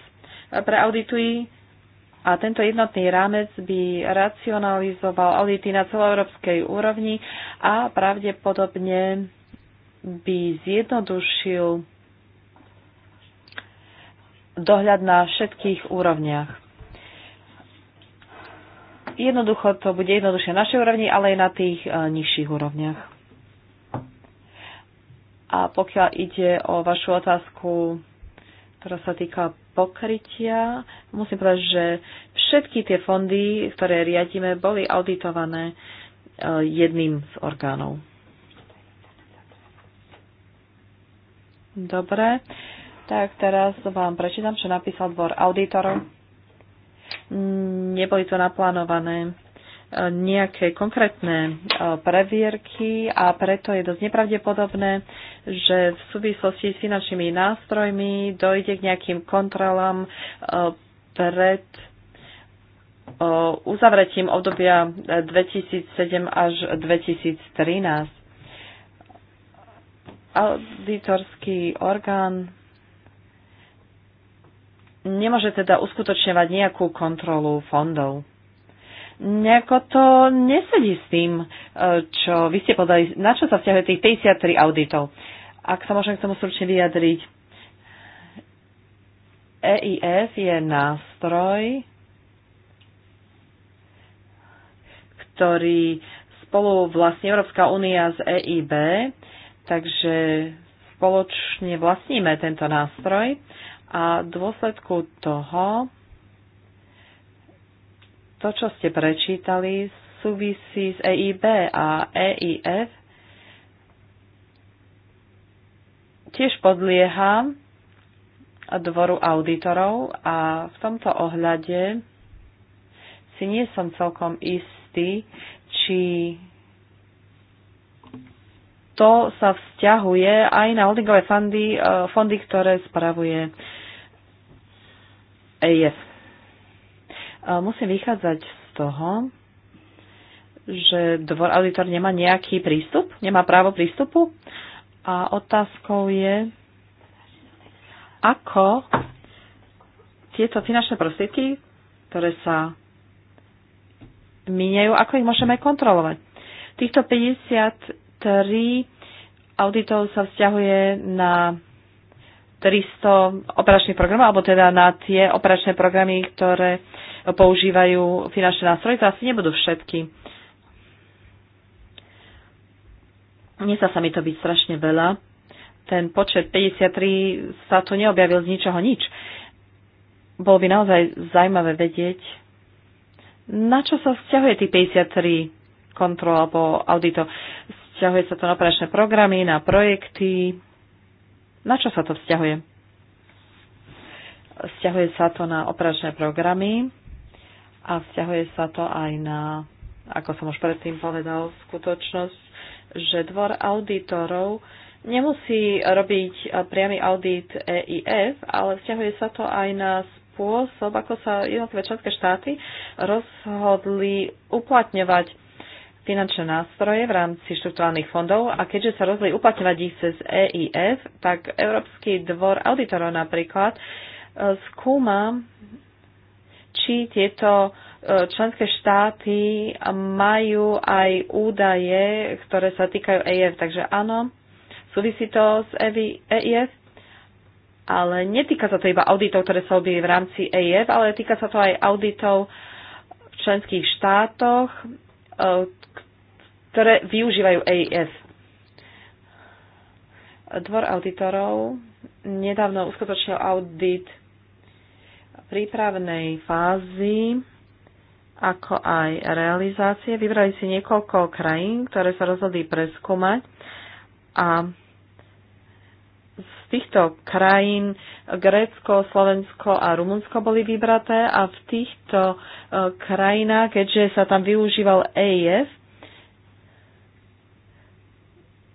pre auditu a tento jednotný rámec by racionalizoval audity na celoeurópskej úrovni a pravdepodobne by zjednodušil dohľad na všetkých úrovniach. Jednoducho to bude jednoduchšie na našej úrovni, ale aj na tých e, nižších úrovniach. A pokiaľ ide o vašu otázku, ktorá sa týka pokrytia, musím povedať, že všetky tie fondy, ktoré riadíme, boli auditované e, jedným z orgánov. Dobre. Uh, tak teraz vám prečítam, čo napísal dvor auditorov. Neboli to naplánované e, nejaké konkrétne e, previerky a preto je dosť nepravdepodobné, že v súvislosti s finančnými nástrojmi dojde k nejakým kontrolám e, pred uzavretím obdobia 2007 až 2013. Auditorský orgán nemôže teda uskutočňovať nejakú kontrolu fondov. Nejako to nesedí s tým, e, čo vy ste podali, na čo sa vzťahuje tých 53 auditov. Ak sa môžem k tomu stručne vyjadriť, EIF je nástroj, ktorý spolu vlastní Európska únia z EIB, takže spoločne vlastníme tento nástroj a dôsledku toho to, čo ste prečítali, súvisí s EIB a EIF tiež podlieha dvoru auditorov a v tomto ohľade si nie som celkom istý, či to sa vzťahuje aj na holdingové fondy, eh, fondy ktoré spravuje Yes. Musím vychádzať z toho, že dvor auditor nemá nejaký prístup, nemá právo prístupu a otázkou je, ako tieto finančné prostriedky, ktoré sa míňajú, ako ich môžeme kontrolovať. Týchto 53 auditov sa vzťahuje na 300 operačných programov, alebo teda na tie operačné programy, ktoré používajú finančné nástroje. To asi nebudú všetky. Nesá sa mi to byť strašne veľa. Ten počet 53 sa tu neobjavil z ničoho nič. Bolo by naozaj zaujímavé vedieť, na čo sa vzťahuje tých 53 kontrol alebo auditov. Vzťahuje sa to na operačné programy, na projekty, na čo sa to vzťahuje? Vzťahuje sa to na operačné programy a vzťahuje sa to aj na, ako som už predtým povedal, skutočnosť, že dvor auditorov nemusí robiť priamy audit EIF, ale vzťahuje sa to aj na spôsob, ako sa jednotlivé členské štáty rozhodli uplatňovať finančné nástroje v rámci štruktúrnych fondov a keďže sa rozli uplatňovať ich cez EIF, tak Európsky dvor auditorov napríklad e, skúma, či tieto e, členské štáty majú aj údaje, ktoré sa týkajú EIF. Takže áno, súvisí to s EIF, e ale netýka sa to iba auditov, ktoré sa robí v rámci EIF, ale týka sa to aj auditov v členských štátoch, ktoré využívajú AIS. E Dvor auditorov nedávno uskutočnil audit prípravnej fázy ako aj realizácie. Vybrali si niekoľko krajín, ktoré sa rozhodli preskúmať a z týchto krajín Grécko, Slovensko a Rumunsko boli vybraté a v týchto e, krajinách, keďže sa tam využíval EIF,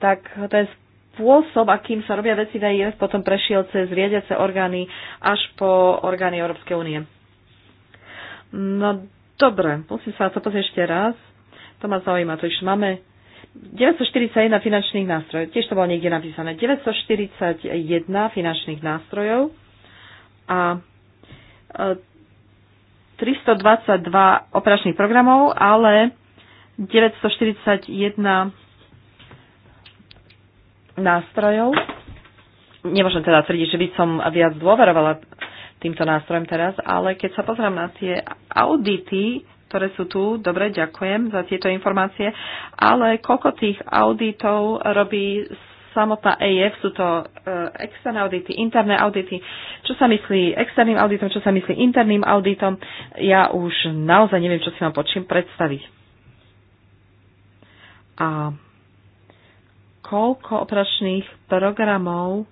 tak ten spôsob, akým sa robia veci v EIF, potom prešiel cez riadiace orgány až po orgány Európskej únie. No dobre, musím sa na to pozrieť ešte raz. To ma zaujíma, to ešte máme 941 finančných nástrojov, tiež to bolo niekde napísané, 941 finančných nástrojov a 322 e, operačných programov, ale 941 nástrojov. Nemôžem teda tvrdiť, že by som viac dôverovala týmto nástrojom teraz, ale keď sa pozriem na tie audity, ktoré sú tu, dobre, ďakujem za tieto informácie, ale koľko tých auditov robí samotná EF, sú to eh, externé audity, interné audity. Čo sa myslí externým auditom, čo sa myslí interným auditom, ja už naozaj neviem, čo si mám počím, predstaviť. A koľko operačných programov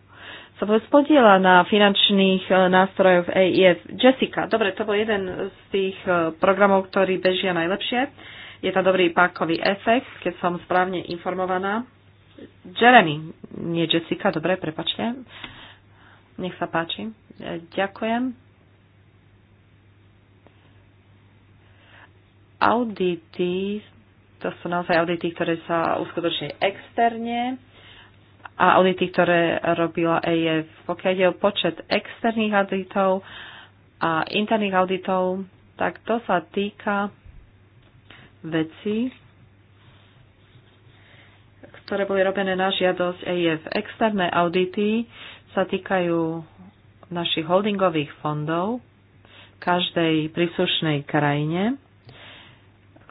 sa podiela na finančných e, nástrojoch AES? Jessica, dobre, to bol jeden z tých e, programov, ktorý bežia najlepšie. Je tam dobrý pákový efekt, keď som správne informovaná. Jeremy, nie Jessica, dobre, prepačte. Nech sa páči. E, ďakujem. Audity to sú naozaj audity, ktoré sa uskutočne externe a audity, ktoré robila EIF. Pokiaľ ide o počet externých auditov a interných auditov, tak to sa týka veci, ktoré boli robené na žiadosť EIF. Externé audity sa týkajú našich holdingových fondov každej príslušnej krajine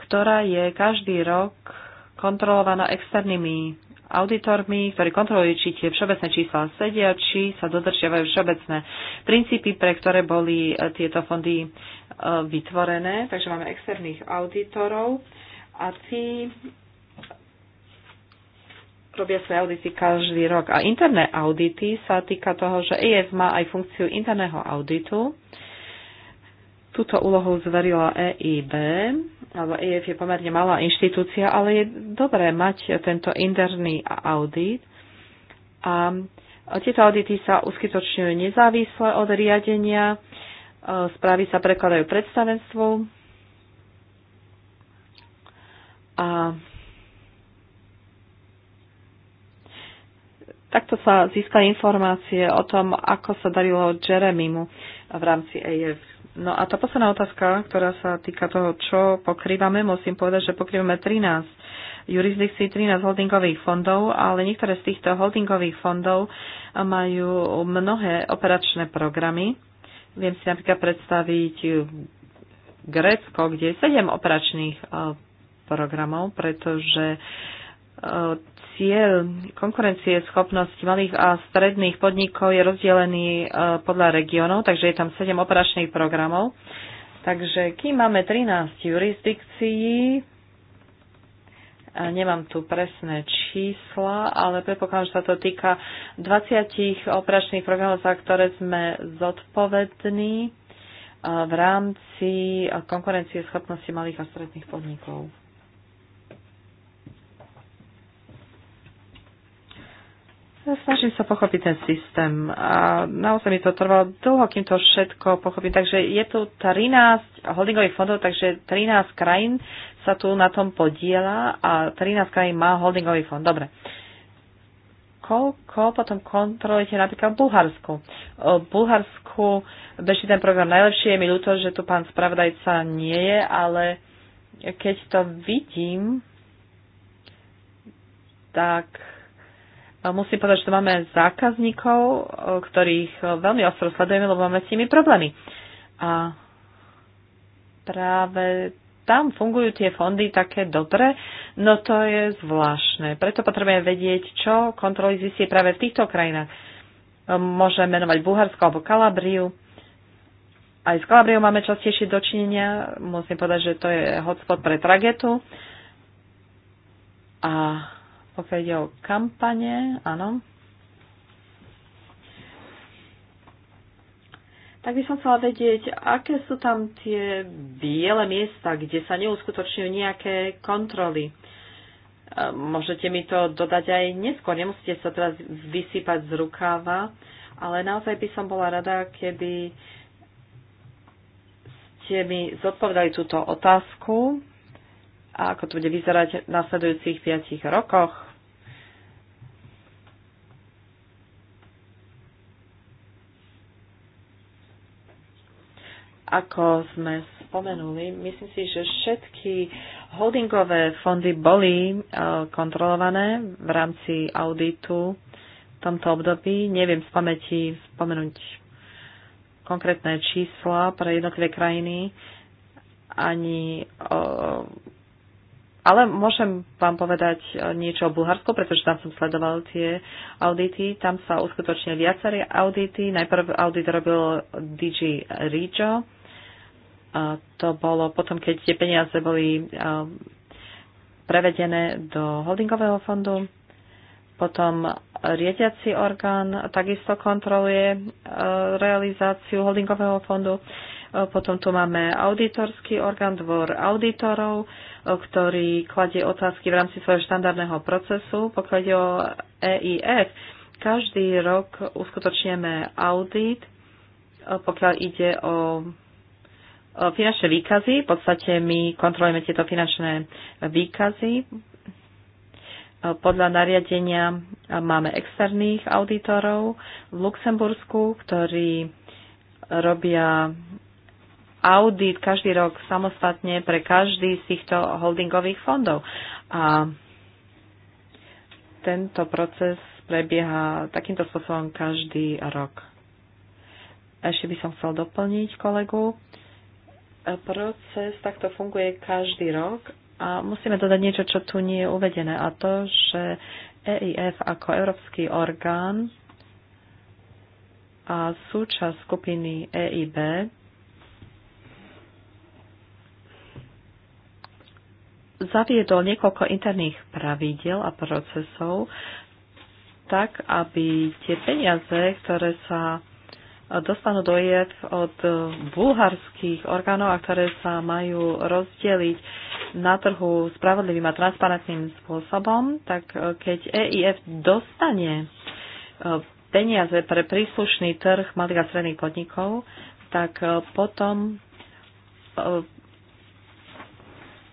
ktorá je každý rok kontrolovaná externými auditormi, ktorí kontrolujú, či tie všeobecné čísla sedia, či sa dodržiavajú všeobecné princípy, pre ktoré boli e, tieto fondy e, vytvorené. Takže máme externých auditorov a tí robia svoje audity každý rok. A interné audity sa týka toho, že EF má aj funkciu interného auditu Túto úlohu zverila EIB, alebo EIF je pomerne malá inštitúcia, ale je dobré mať tento interný audit. A tieto audity sa uskutočňujú nezávisle od riadenia, e, správy sa prekladajú predstavenstvu a Takto sa získali informácie o tom, ako sa darilo Jeremimu v rámci AF. E No a tá posledná otázka, ktorá sa týka toho, čo pokrývame, musím povedať, že pokrývame 13 jurisdikcií, 13 holdingových fondov, ale niektoré z týchto holdingových fondov majú mnohé operačné programy. Viem si napríklad predstaviť Grécko, kde je 7 operačných eh, programov, pretože eh, cieľ konkurencie schopnosť malých a stredných podnikov je rozdelený e, podľa regiónov, takže je tam 7 operačných programov. Takže kým máme 13 jurisdikcií, a nemám tu presné čísla, ale predpokladám, že sa to týka 20 operačných programov, za ktoré sme zodpovední e, v rámci konkurencie schopnosti malých a stredných podnikov. Snažím sa pochopiť ten systém a naozaj mi to trvalo dlho, kým to všetko pochopím. Takže je tu 13 holdingových fondov, takže 13 krajín sa tu na tom podiela a 13 krajín má holdingový fond. Dobre. Koľko potom kontrolujete napríklad v Bulharsku? O Bulharsku beží ten program najlepšie. Je mi ľúto, že tu pán spravodajca nie je, ale keď to vidím, tak musím povedať, že tu máme zákazníkov, e, ktorých e, veľmi ostro sledujeme, lebo máme s nimi problémy. A práve tam fungujú tie fondy také dobre, no to je zvláštne. Preto potrebujeme vedieť, čo kontroly zistie práve v týchto krajinách. E, môžeme menovať Bulharsko alebo Kalabriu. Aj s Kalabriou máme častejšie dočinenia. Musím povedať, že to je hotspot pre tragetu. A pokiaľ ide o kampane, áno. Tak by som chcela vedieť, aké sú tam tie biele miesta, kde sa neuskutočňujú nejaké kontroly. E, môžete mi to dodať aj neskôr, nemusíte sa teraz vysypať z rukáva, ale naozaj by som bola rada, keby ste mi zodpovedali túto otázku a ako to bude vyzerať v nasledujúcich 5 rokoch. Ako sme spomenuli, myslím si, že všetky holdingové fondy boli e, kontrolované v rámci auditu v tomto období. Neviem z pamäti spomenúť konkrétne čísla pre jednotlivé krajiny, ani e, ale môžem vám povedať e, niečo o Bulharsku, pretože tam som sledoval tie audity. Tam sa uskutočnili viaceré audity. Najprv audit robil DG Rijo, to bolo potom, keď tie peniaze boli prevedené do holdingového fondu. Potom riadiaci orgán takisto kontroluje realizáciu holdingového fondu. Potom tu máme auditorský orgán, dvor auditorov, ktorý kladie otázky v rámci svojho štandardného procesu. Pokiaľ ide o EIF, každý rok uskutočneme audit, pokiaľ ide o Eh, finančné výkazy. V podstate my kontrolujeme tieto finančné výkazy. Eh, podľa nariadenia máme externých auditorov v Luxembursku, ktorí robia audit každý rok samostatne pre každý z týchto holdingových fondov. A tento proces prebieha takýmto spôsobom každý rok. Ešte by som chcel doplniť kolegu, Proces takto funguje každý rok a musíme dodať niečo, čo tu nie je uvedené a to, že EIF ako európsky orgán a súčasť skupiny EIB zaviedol niekoľko interných pravidel a procesov, tak aby tie peniaze, ktoré sa dostanú dojev od e, bulharských orgánov a ktoré sa majú rozdeliť na trhu spravodlivým a transparentným spôsobom, tak e, keď EIF dostane e, peniaze pre príslušný trh malých a stredných podnikov, tak potom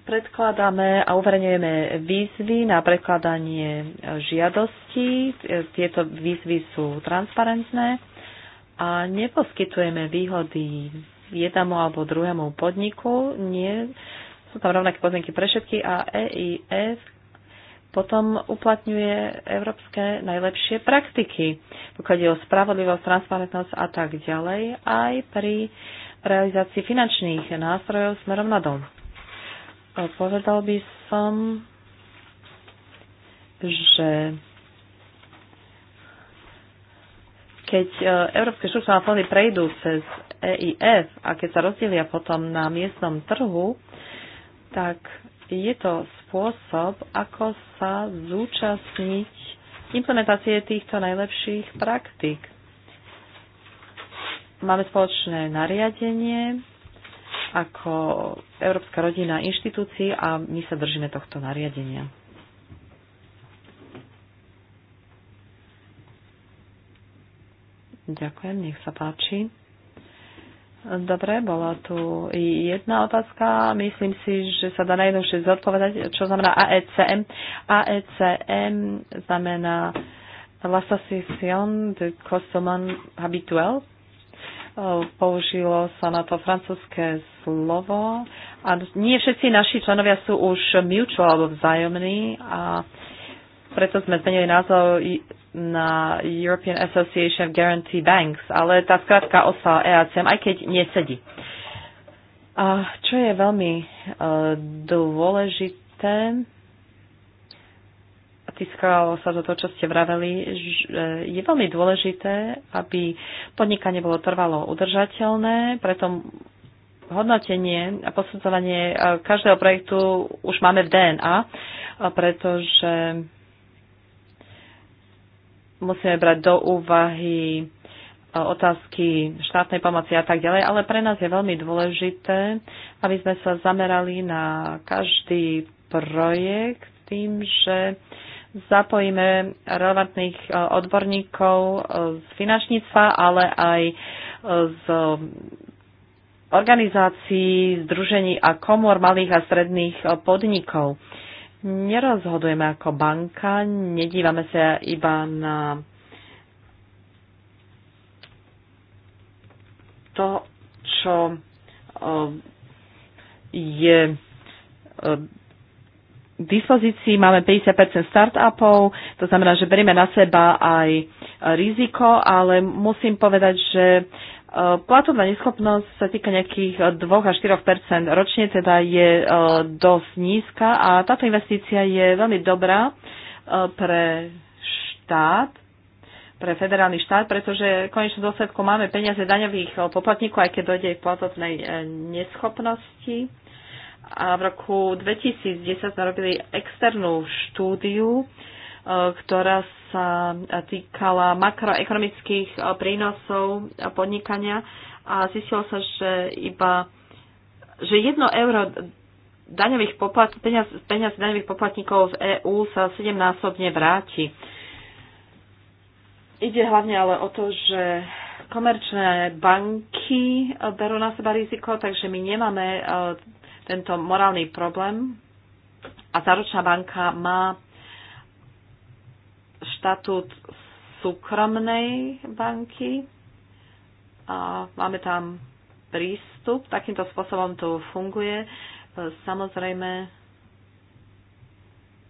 predkladáme a uverejňujeme výzvy na prekladanie žiadostí. Tieto výzvy sú transparentné a neposkytujeme výhody jednému alebo druhému podniku. Nie, sú tam rovnaké podmienky pre všetky a EIF potom uplatňuje európske najlepšie praktiky, pokiaľ je o spravodlivosť, transparentnosť a tak ďalej, aj pri realizácii finančných nástrojov smerom na dom. Povedal by som, že Keď e, európske štruktúrne fondy prejdú cez EIF a keď sa rozdielia potom na miestnom trhu, tak je to spôsob, ako sa zúčastniť implementácie týchto najlepších praktik. Máme spoločné nariadenie ako Európska rodina inštitúcií a my sa držíme tohto nariadenia. Ďakujem, nech sa páči. Dobre, bola tu jedna otázka. Myslím si, že sa dá najjednoduchšie zodpovedať, čo znamená AECM. AECM znamená L'Association de Costumans Habituel. Použilo sa na to francúzske slovo. A nie všetci naši členovia sú už mutual alebo vzájomní a preto sme zmenili názov na European Association of Guarantee Banks, ale tá skrátka ostala EACM, aj keď nesedí. A čo je veľmi uh, dôležité, týskalo sa do toho, čo ste vraveli, že je veľmi dôležité, aby podnikanie bolo trvalo udržateľné, preto hodnotenie a posudzovanie e, každého projektu už máme v DNA, pretože musíme brať do úvahy e, otázky štátnej pomoci a tak ďalej, ale pre nás je veľmi dôležité, aby sme sa zamerali na každý projekt tým, že zapojíme relevantných e, odborníkov e, z finančníctva, ale aj z organizácií, združení a komor malých a stredných podnikov nerozhodujeme ako banka, nedívame sa iba na to, čo eh, je k eh, dispozícii, máme 50% startupov, to znamená, že berieme na seba aj riziko, ale musím povedať, že Platobná neschopnosť sa týka nejakých 2 až 4 ročne, teda je e, dosť nízka a táto investícia je veľmi dobrá e, pre štát, pre federálny štát, pretože v konečnom dôsledku máme peniaze daňových e, poplatníkov, aj keď dojde k platobnej neschopnosti. A v roku 2010 sme robili externú štúdiu, ktorá sa týkala makroekonomických eh, prínosov podnikania a zistilo sa, že iba že jedno euro daňových poplat, peniaz, peniaz daňových poplatníkov v EÚ sa sedemnásobne vráti. Ide hlavne ale o to, že komerčné banky eh, berú na seba riziko, takže my nemáme eh, tento morálny problém a záručná banka má štatút súkromnej banky a máme tam prístup. Takýmto spôsobom to funguje. E, samozrejme,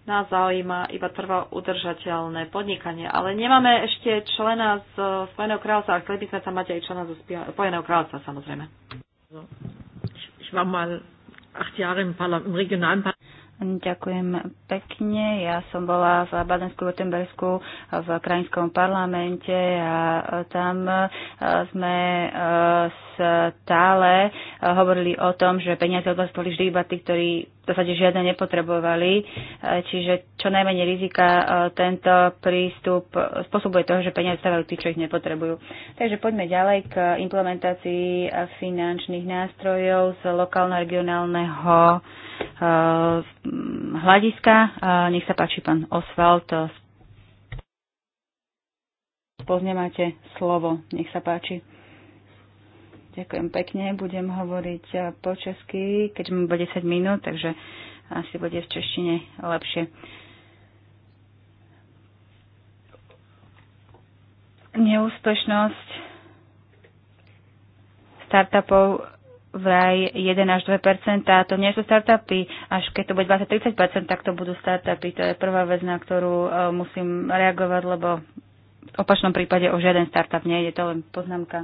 nás zaujíma iba trvá udržateľné podnikanie, ale nemáme ešte člena z Spojeného kráľovstva, a chceli by sme tam mať aj člena zo Spojeného kráľovstva, samozrejme. Ich war mal acht Jahre im, im regionalen Parlament. Ďakujem pekne. Ja som bola v Badensku-Württembersku v krajinskom parlamente a tam e, sme e, stále e, hovorili o tom, že peniaze od vás boli vždy iba tí, ktorí v zásade žiadne nepotrebovali, e, čiže čo najmenej rizika e, tento prístup spôsobuje toho, že peniaze stávajú tí, čo ich nepotrebujú. Takže poďme ďalej k implementácii finančných nástrojov z lokálno-regionálneho e, hľadiska. Nech sa páči pán Osvald z máte slovo. Nech sa páči. Ďakujem pekne, budem hovoriť eh, po česky, keď mám 10 minút, takže asi bude v češtine lepšie. Neúspešnosť startupov vraj 1 až 2 to nie sú startupy, až keď to bude 20-30 tak to budú startupy. To je prvá vec, na ktorú eh, musím reagovať, lebo v opačnom prípade o žiaden startup nejde, to len poznámka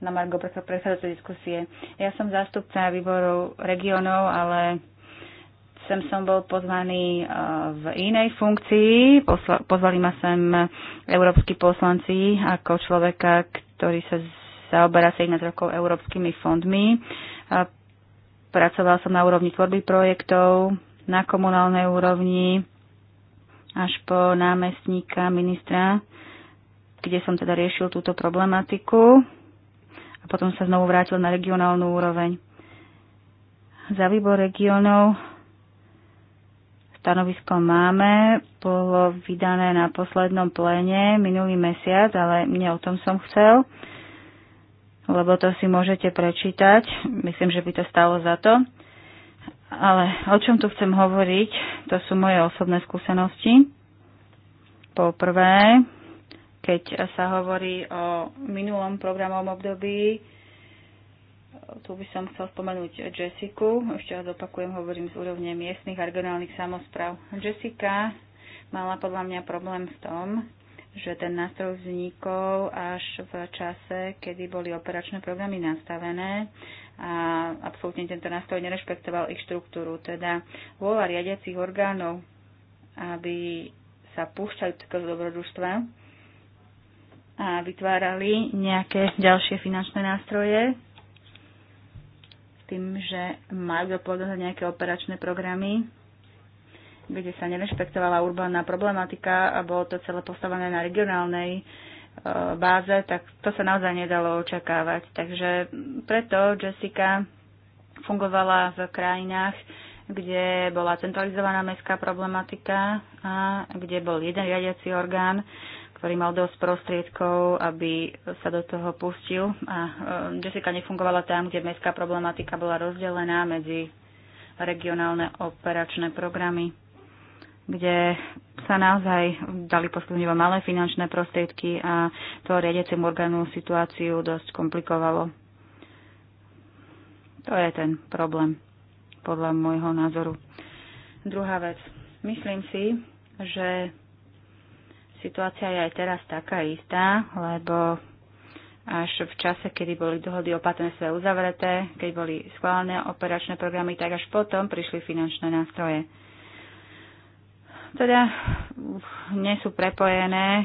na Margo presadzujúce diskusie. Ja som zástupca výboru regionov, ale sem som bol pozvaný eh, v inej funkcii. pozvali ma sem európsky poslanci ako človeka, ktorý sa zaoberá 17 rokov európskymi fondmi. Pracoval som na úrovni tvorby projektov, na komunálnej úrovni, až po námestníka ministra, kde som teda riešil túto problematiku a potom sa znovu vrátil na regionálnu úroveň. Za výbor regionov stanovisko máme, bolo vydané na poslednom pléne minulý mesiac, ale nie o tom som chcel, lebo to si môžete prečítať. Myslím, že by to stalo za to. Ale o čom tu chcem hovoriť, to sú moje osobné skúsenosti. Po prvé, keď sa hovorí o minulom programovom období, tu by som chcel spomenúť Jessiku. Ešte raz opakujem, hovorím z úrovne miestnych a regionálnych samozpráv. Jessica mala podľa mňa problém v tom, že ten nástroj vznikol až v čase, kedy boli operačné programy nastavené a absolútne tento nástroj nerešpektoval ich štruktúru. Teda vôľa riadiacich orgánov, aby sa púšťali do dobrodružstva, a vytvárali nejaké ďalšie finančné nástroje s tým, že majú dopovedať nejaké operačné programy, kde sa nerešpektovala urbánna problematika a bolo to celé postavené na regionálnej e, báze, tak to sa naozaj nedalo očakávať. Takže preto Jessica fungovala v krajinách, kde bola centralizovaná mestská problematika a kde bol jeden riadiaci orgán ktorý mal dosť prostriedkov, aby sa do toho pustil. A e, Jessica nefungovala tam, kde mestská problematika bola rozdelená medzi regionálne operačné programy, kde sa naozaj dali postupne malé finančné prostriedky a to riadiacemu orgánu situáciu dosť komplikovalo. To je ten problém, podľa môjho názoru. Druhá vec. Myslím si, že Situácia je aj teraz taká istá, lebo až v čase, kedy boli dohody o partnerstve uzavreté, keď boli schválené operačné programy, tak až potom prišli finančné nástroje. Teda nie sú prepojené e,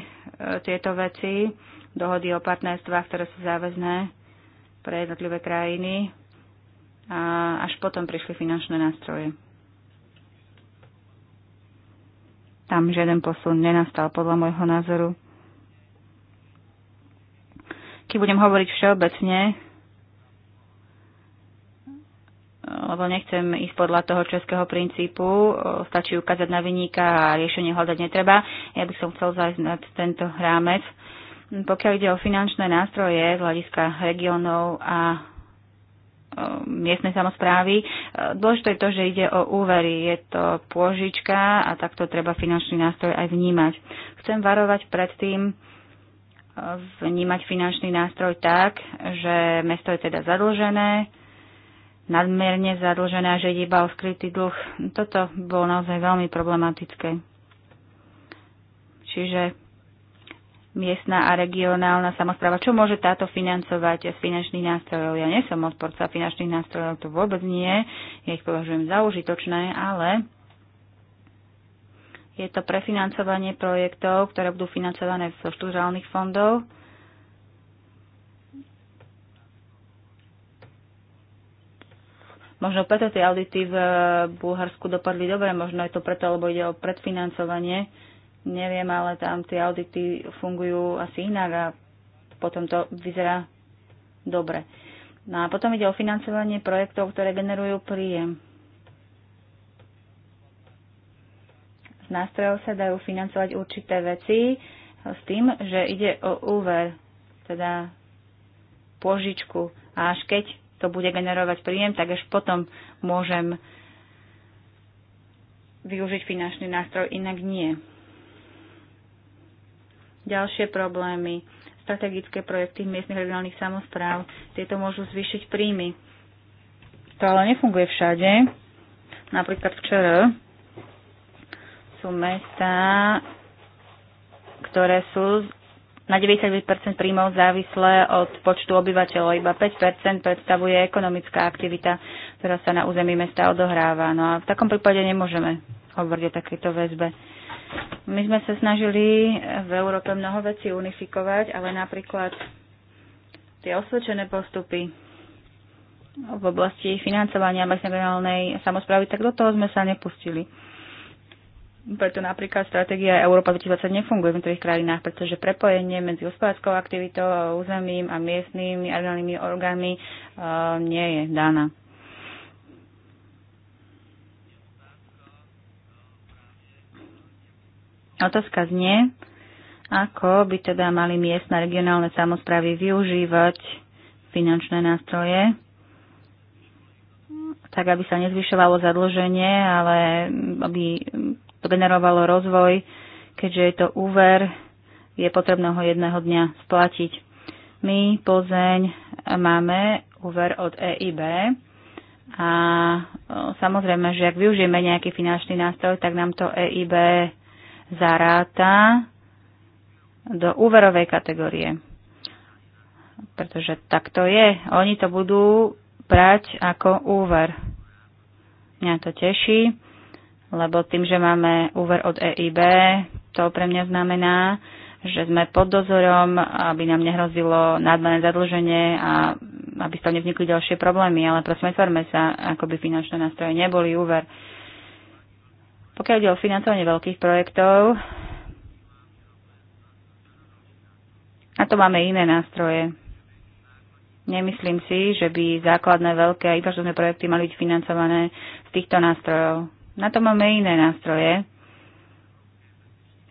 tieto veci, dohody o partnerstvách, ktoré sú záväzné pre jednotlivé krajiny a až potom prišli finančné nástroje. Tam žiaden posun nenastal podľa môjho názoru. Keď budem hovoriť všeobecne, lebo nechcem ísť podľa toho českého princípu, stačí ukázať na vyníka a riešenie hľadať netreba. Ja by som chcel zájsť nad tento rámec. Pokiaľ ide o finančné nástroje z hľadiska regionov a Um, miestnej samozprávy. Uh, dôležité je to, že ide o úvery. Je to pôžička a takto treba finančný nástroj aj vnímať. Chcem varovať pred tým, uh, vnímať finančný nástroj tak, že mesto je teda zadlžené, nadmerne zadlžené a že ide iba o skrytý dlh. Toto bolo naozaj veľmi problematické. Čiže miestna a regionálna samozpráva. Čo môže táto financovať z finančných nástrojov? Ja nie som odporca finančných nástrojov, to vôbec nie. Ja ich považujem za užitočné, ale je to prefinancovanie projektov, ktoré budú financované zo štúžalných fondov. Možno preto tie audity v Bulharsku dopadli dobre, možno je to preto, lebo ide o predfinancovanie. Neviem, ale tam tie audity fungujú asi inak a potom to vyzerá dobre. No a potom ide o financovanie projektov, ktoré generujú príjem. Z nástrojov sa dajú financovať určité veci s tým, že ide o úver, teda požičku. A až keď to bude generovať príjem, tak až potom môžem využiť finančný nástroj, inak nie. Ďalšie problémy, strategické projekty v miestnych regionálnych samozpráv, tieto môžu zvýšiť príjmy. To ale nefunguje všade. Napríklad včera sú mesta, ktoré sú na 95% príjmov závislé od počtu obyvateľov. Iba 5% predstavuje ekonomická aktivita, ktorá sa na území mesta odohráva. No a v takom prípade nemôžeme hovoriť o takejto väzbe. My sme sa snažili v Európe mnoho vecí unifikovať, ale napríklad tie osvedčené postupy v oblasti financovania mesnevenálnej samozprávy, tak do toho sme sa nepustili. Preto napríklad stratégia Európa 2020 nefunguje v niektorých krajinách, pretože prepojenie medzi hospodárskou aktivitou, územím a miestnymi a orgánmi uh, nie je dána. Otázka znie, ako by teda mali miestne regionálne samozprávy využívať finančné nástroje, tak aby sa nezvyšovalo zadlženie, ale aby to generovalo rozvoj, keďže je to úver, je potrebné ho jedného dňa splatiť. My Plzeň máme úver od EIB a samozrejme, že ak využijeme nejaký finančný nástroj, tak nám to EIB zaráta do úverovej kategórie. Pretože tak to je. Oni to budú brať ako úver. Mňa to teší, lebo tým, že máme úver od EIB, to pre mňa znamená, že sme pod dozorom, aby nám nehrozilo nadmerné zadlženie a aby z toho nevznikli ďalšie problémy. Ale prosím, netvorme sa, ako by finančné nástroje neboli úver. Pokiaľ ide o financovanie veľkých projektov, na to máme iné nástroje. Nemyslím si, že by základné veľké a infraštruktúrne projekty mali byť financované z týchto nástrojov. Na to máme iné nástroje.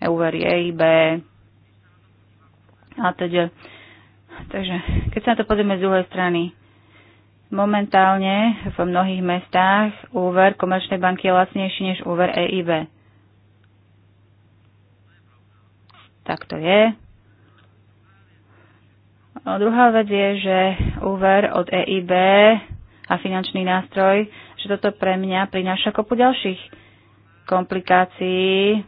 Euvery, EIB a teda. Takže keď sa na to pozrieme z druhej strany, Momentálne v mnohých mestách úver komerčnej banky je lacnejší než úver EIB. Tak to je. A no, druhá vec je, že úver od EIB a finančný nástroj, že toto pre mňa prináša kopu ďalších komplikácií,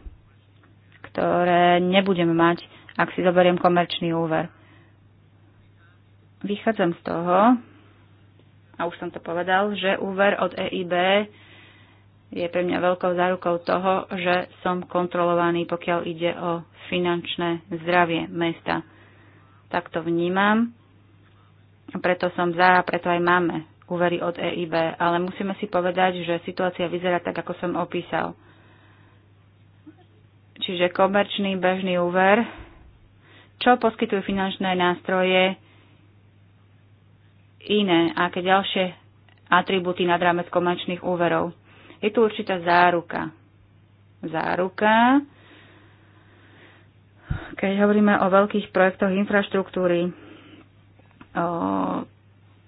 ktoré nebudem mať, ak si zoberiem komerčný úver. Vychádzam z toho, a už som to povedal, že úver od EIB je pre mňa veľkou zárukou toho, že som kontrolovaný, pokiaľ ide o finančné zdravie mesta. Tak to vnímam, preto som za a preto aj máme úvery od EIB, ale musíme si povedať, že situácia vyzerá tak, ako som opísal. Čiže komerčný bežný úver, čo poskytujú finančné nástroje, iné, aké ďalšie atribúty nad rámec komerčných úverov. Je tu určitá záruka. Záruka, keď hovoríme o veľkých projektoch infraštruktúry, o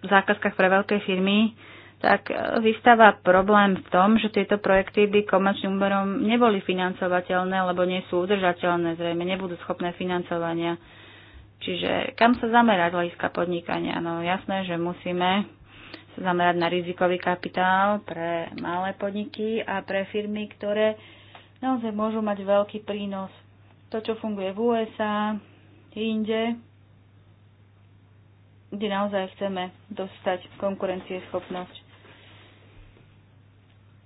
zákazkách pre veľké firmy, tak e, vystáva problém v tom, že tieto projekty by komerčným úverom neboli financovateľné, lebo nie sú udržateľné, zrejme nebudú schopné financovania. Čiže kam sa zamerať hľadiska podnikania? No jasné, že musíme sa zamerať na rizikový kapitál pre malé podniky a pre firmy, ktoré naozaj môžu mať veľký prínos. To, čo funguje v USA, inde, kde naozaj chceme dostať konkurencieschopnosť.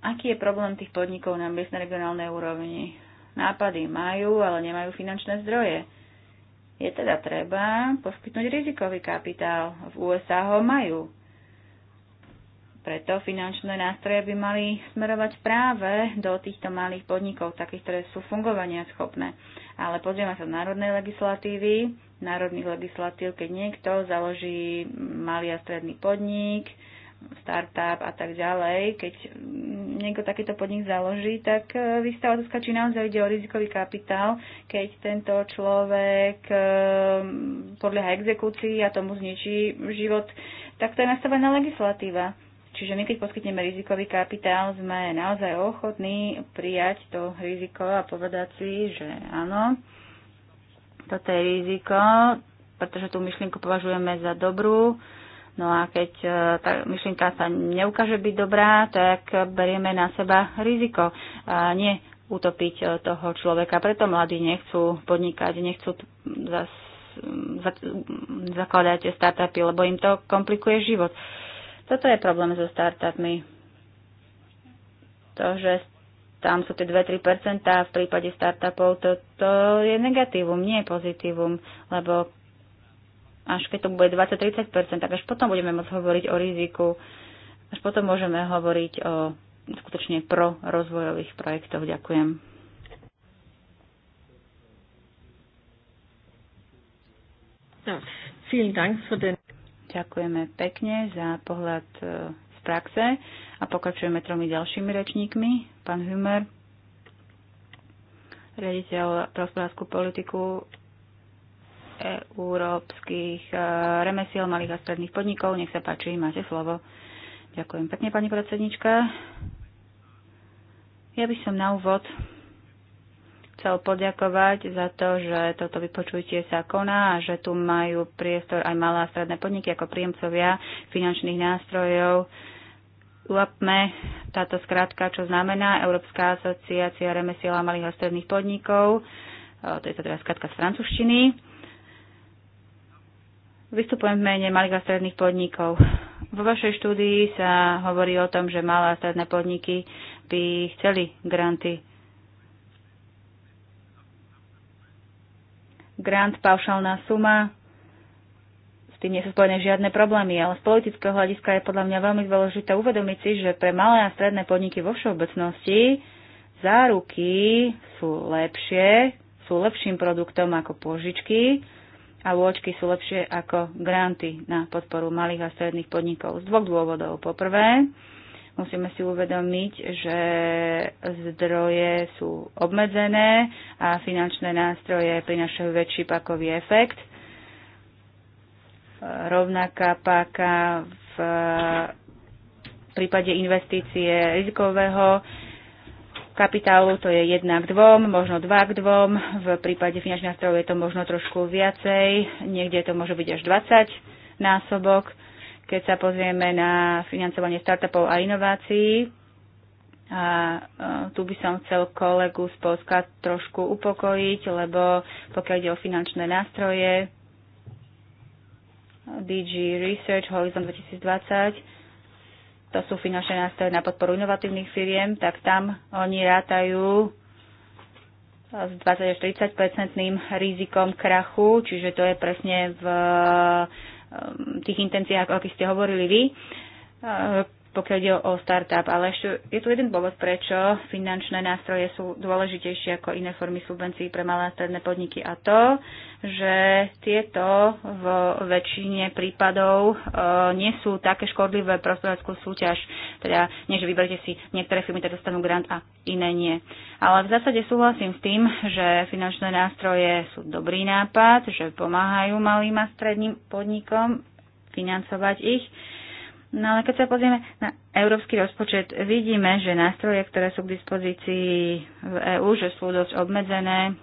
Aký je problém tých podnikov na miestnej regionálnej úrovni? Nápady majú, ale nemajú finančné zdroje je teda treba poskytnúť rizikový kapitál. V USA ho majú. Preto finančné nástroje by mali smerovať práve do týchto malých podnikov, takých, ktoré sú fungovania schopné. Ale pozrieme sa z národnej legislatívy, národných legislatív, keď niekto založí malý a stredný podnik, startup a tak ďalej, keď niekto takýto podnik založí, tak e, vystáva otázka, či naozaj ide o rizikový kapitál, keď tento človek e, podľa exekúcii a tomu zničí život, tak to je nastavená legislatíva. Čiže my, keď poskytneme rizikový kapitál, sme naozaj ochotní prijať to riziko a povedať si, že áno, toto je riziko, pretože tú myšlienku považujeme za dobrú, No a keď e, tá myšlienka sa neukáže byť dobrá, tak berieme na seba riziko. A nie utopiť e, toho človeka. Preto mladí nechcú podnikať, nechcú zas, zakladať startupy, lebo im to komplikuje život. Toto je problém so startupmi. To, že tam sú tie 2-3% v prípade startupov, to, to je negatívum, nie je pozitívum, lebo až keď to bude 20-30%, tak až potom budeme môcť hovoriť o riziku, až potom môžeme hovoriť o skutočne pro rozvojových projektoch. Ďakujem. Ďakujeme pekne za pohľad e, z praxe a pokračujeme tromi ďalšími rečníkmi. Pán Humer, riaditeľ pre hospodárskú politiku európskych eh, remesiel malých a stredných podnikov. Nech sa páči, máte slovo. Ďakujem pekne, pani predsednička. Ja by som na úvod chcel poďakovať za to, že toto vypočutie sa koná a že tu majú priestor aj malé a stredné podniky ako príjemcovia finančných nástrojov. UAPME, táto skratka, čo znamená Európska asociácia remesiel a malých a stredných podnikov, eh, to je to teda skratka z francúzštiny Vystupujem v mene malých a stredných podnikov. Vo vašej štúdii sa hovorí o tom, že malé a stredné podniky by chceli granty. Grant, paušálna suma, s tým nie sú spojené žiadne problémy, ale z politického hľadiska je podľa mňa veľmi dôležité uvedomiť si, že pre malé a stredné podniky vo všeobecnosti záruky sú lepšie, sú lepším produktom ako požičky a lôčky sú lepšie ako granty na podporu malých a stredných podnikov. Z dvoch dôvodov. Poprvé, musíme si uvedomiť, že zdroje sú obmedzené a finančné nástroje prinašajú väčší pakový efekt. Rovnaká páka v prípade investície rizikového kapitálu to je 1 k dvom, možno 2 k dvom, v prípade finančných nástrojov je to možno trošku viacej, niekde to môže byť až 20 násobok. Keď sa pozrieme na financovanie startupov a inovácií, a e, tu by som chcel kolegu z Polska trošku upokojiť, lebo pokiaľ ide o finančné nástroje, DG Research Horizon 2020, to sú finančné nástroje na podporu inovatívnych firiem, tak tam oni rátajú s 20 až 30 percentným rizikom krachu, čiže to je presne v eh, tých intenciách, o akých ste hovorili vy. Eh, pokiaľ ide o startup. Ale ešte je tu jeden dôvod, prečo finančné nástroje sú dôležitejšie ako iné formy subvencií pre malé a stredné podniky. A to, že tieto v väčšine prípadov e, nie sú také škodlivé pre hospodárskú súťaž. Teda nie, že vyberte si niektoré firmy, ktoré dostanú grant a iné nie. Ale v zásade súhlasím s tým, že finančné nástroje sú dobrý nápad, že pomáhajú malým a stredným podnikom financovať ich No ale keď sa pozrieme na európsky rozpočet, vidíme, že nástroje, ktoré sú k dispozícii v EÚ, že sú dosť obmedzené.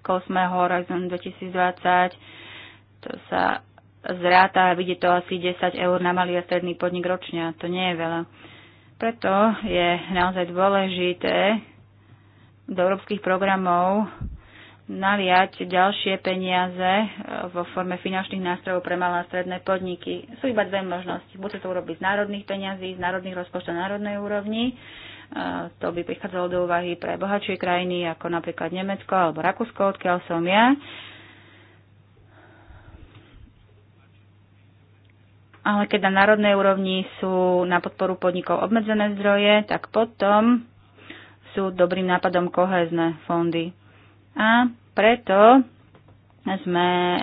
Kosme Horizon 2020, to sa zráta, a vidie to asi 10 eur na malý a stredný podnik ročne, a to nie je veľa. Preto je naozaj dôležité do európskych programov naliať ďalšie peniaze e, vo forme finančných nástrojov pre malé a stredné podniky. Sú iba dve možnosti. Buď sa to urobiť z národných peňazí, z národných rozpočtov na národnej úrovni, e, to by prichádzalo do úvahy pre bohatšie krajiny ako napríklad Nemecko alebo Rakúsko, odkiaľ som ja. ale keď na národnej úrovni sú na podporu podnikov obmedzené zdroje, tak potom sú dobrým nápadom kohézne fondy. A preto sme e,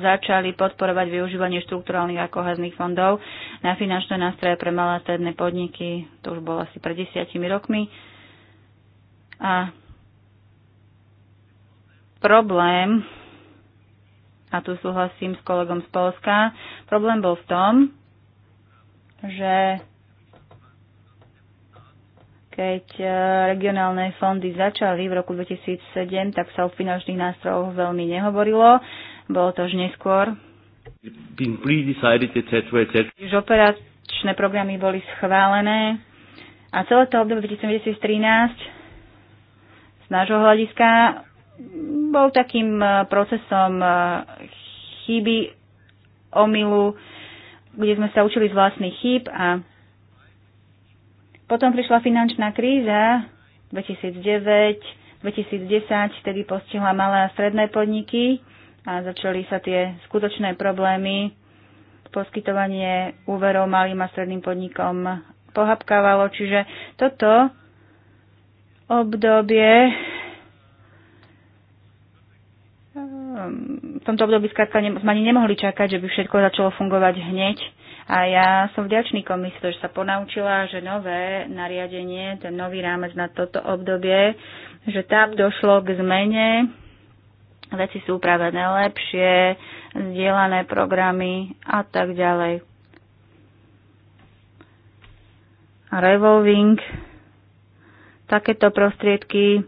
začali podporovať využívanie štruktúrálnych a kohezných fondov na finančné nástroje pre malé a stredné podniky. To už bolo asi pred desiatimi rokmi. A problém, a tu súhlasím s kolegom z Polska, problém bol v tom, že keď e, regionálne fondy začali v roku 2007, tak sa o finančných nástrojoch veľmi nehovorilo. Bolo to už neskôr. Už operačné programy boli schválené a celé to obdobie 2013 z nášho hľadiska bol takým e, procesom e, chyby, omylu, kde sme sa učili z vlastných chýb a potom prišla finančná kríza 2009, 2010, vtedy postihla malé a stredné podniky a začali sa tie skutočné problémy. Poskytovanie úverov malým a stredným podnikom pohapkávalo, čiže toto obdobie ehm, v tomto období skrátka sme ani nemohli čakať, že by všetko začalo fungovať hneď a ja som vďačný komisiu, že sa ponaučila, že nové nariadenie, ten nový rámec na toto obdobie, že tam došlo k zmene, veci sú upravené lepšie, zdieľané programy a tak ďalej. Revolving, takéto prostriedky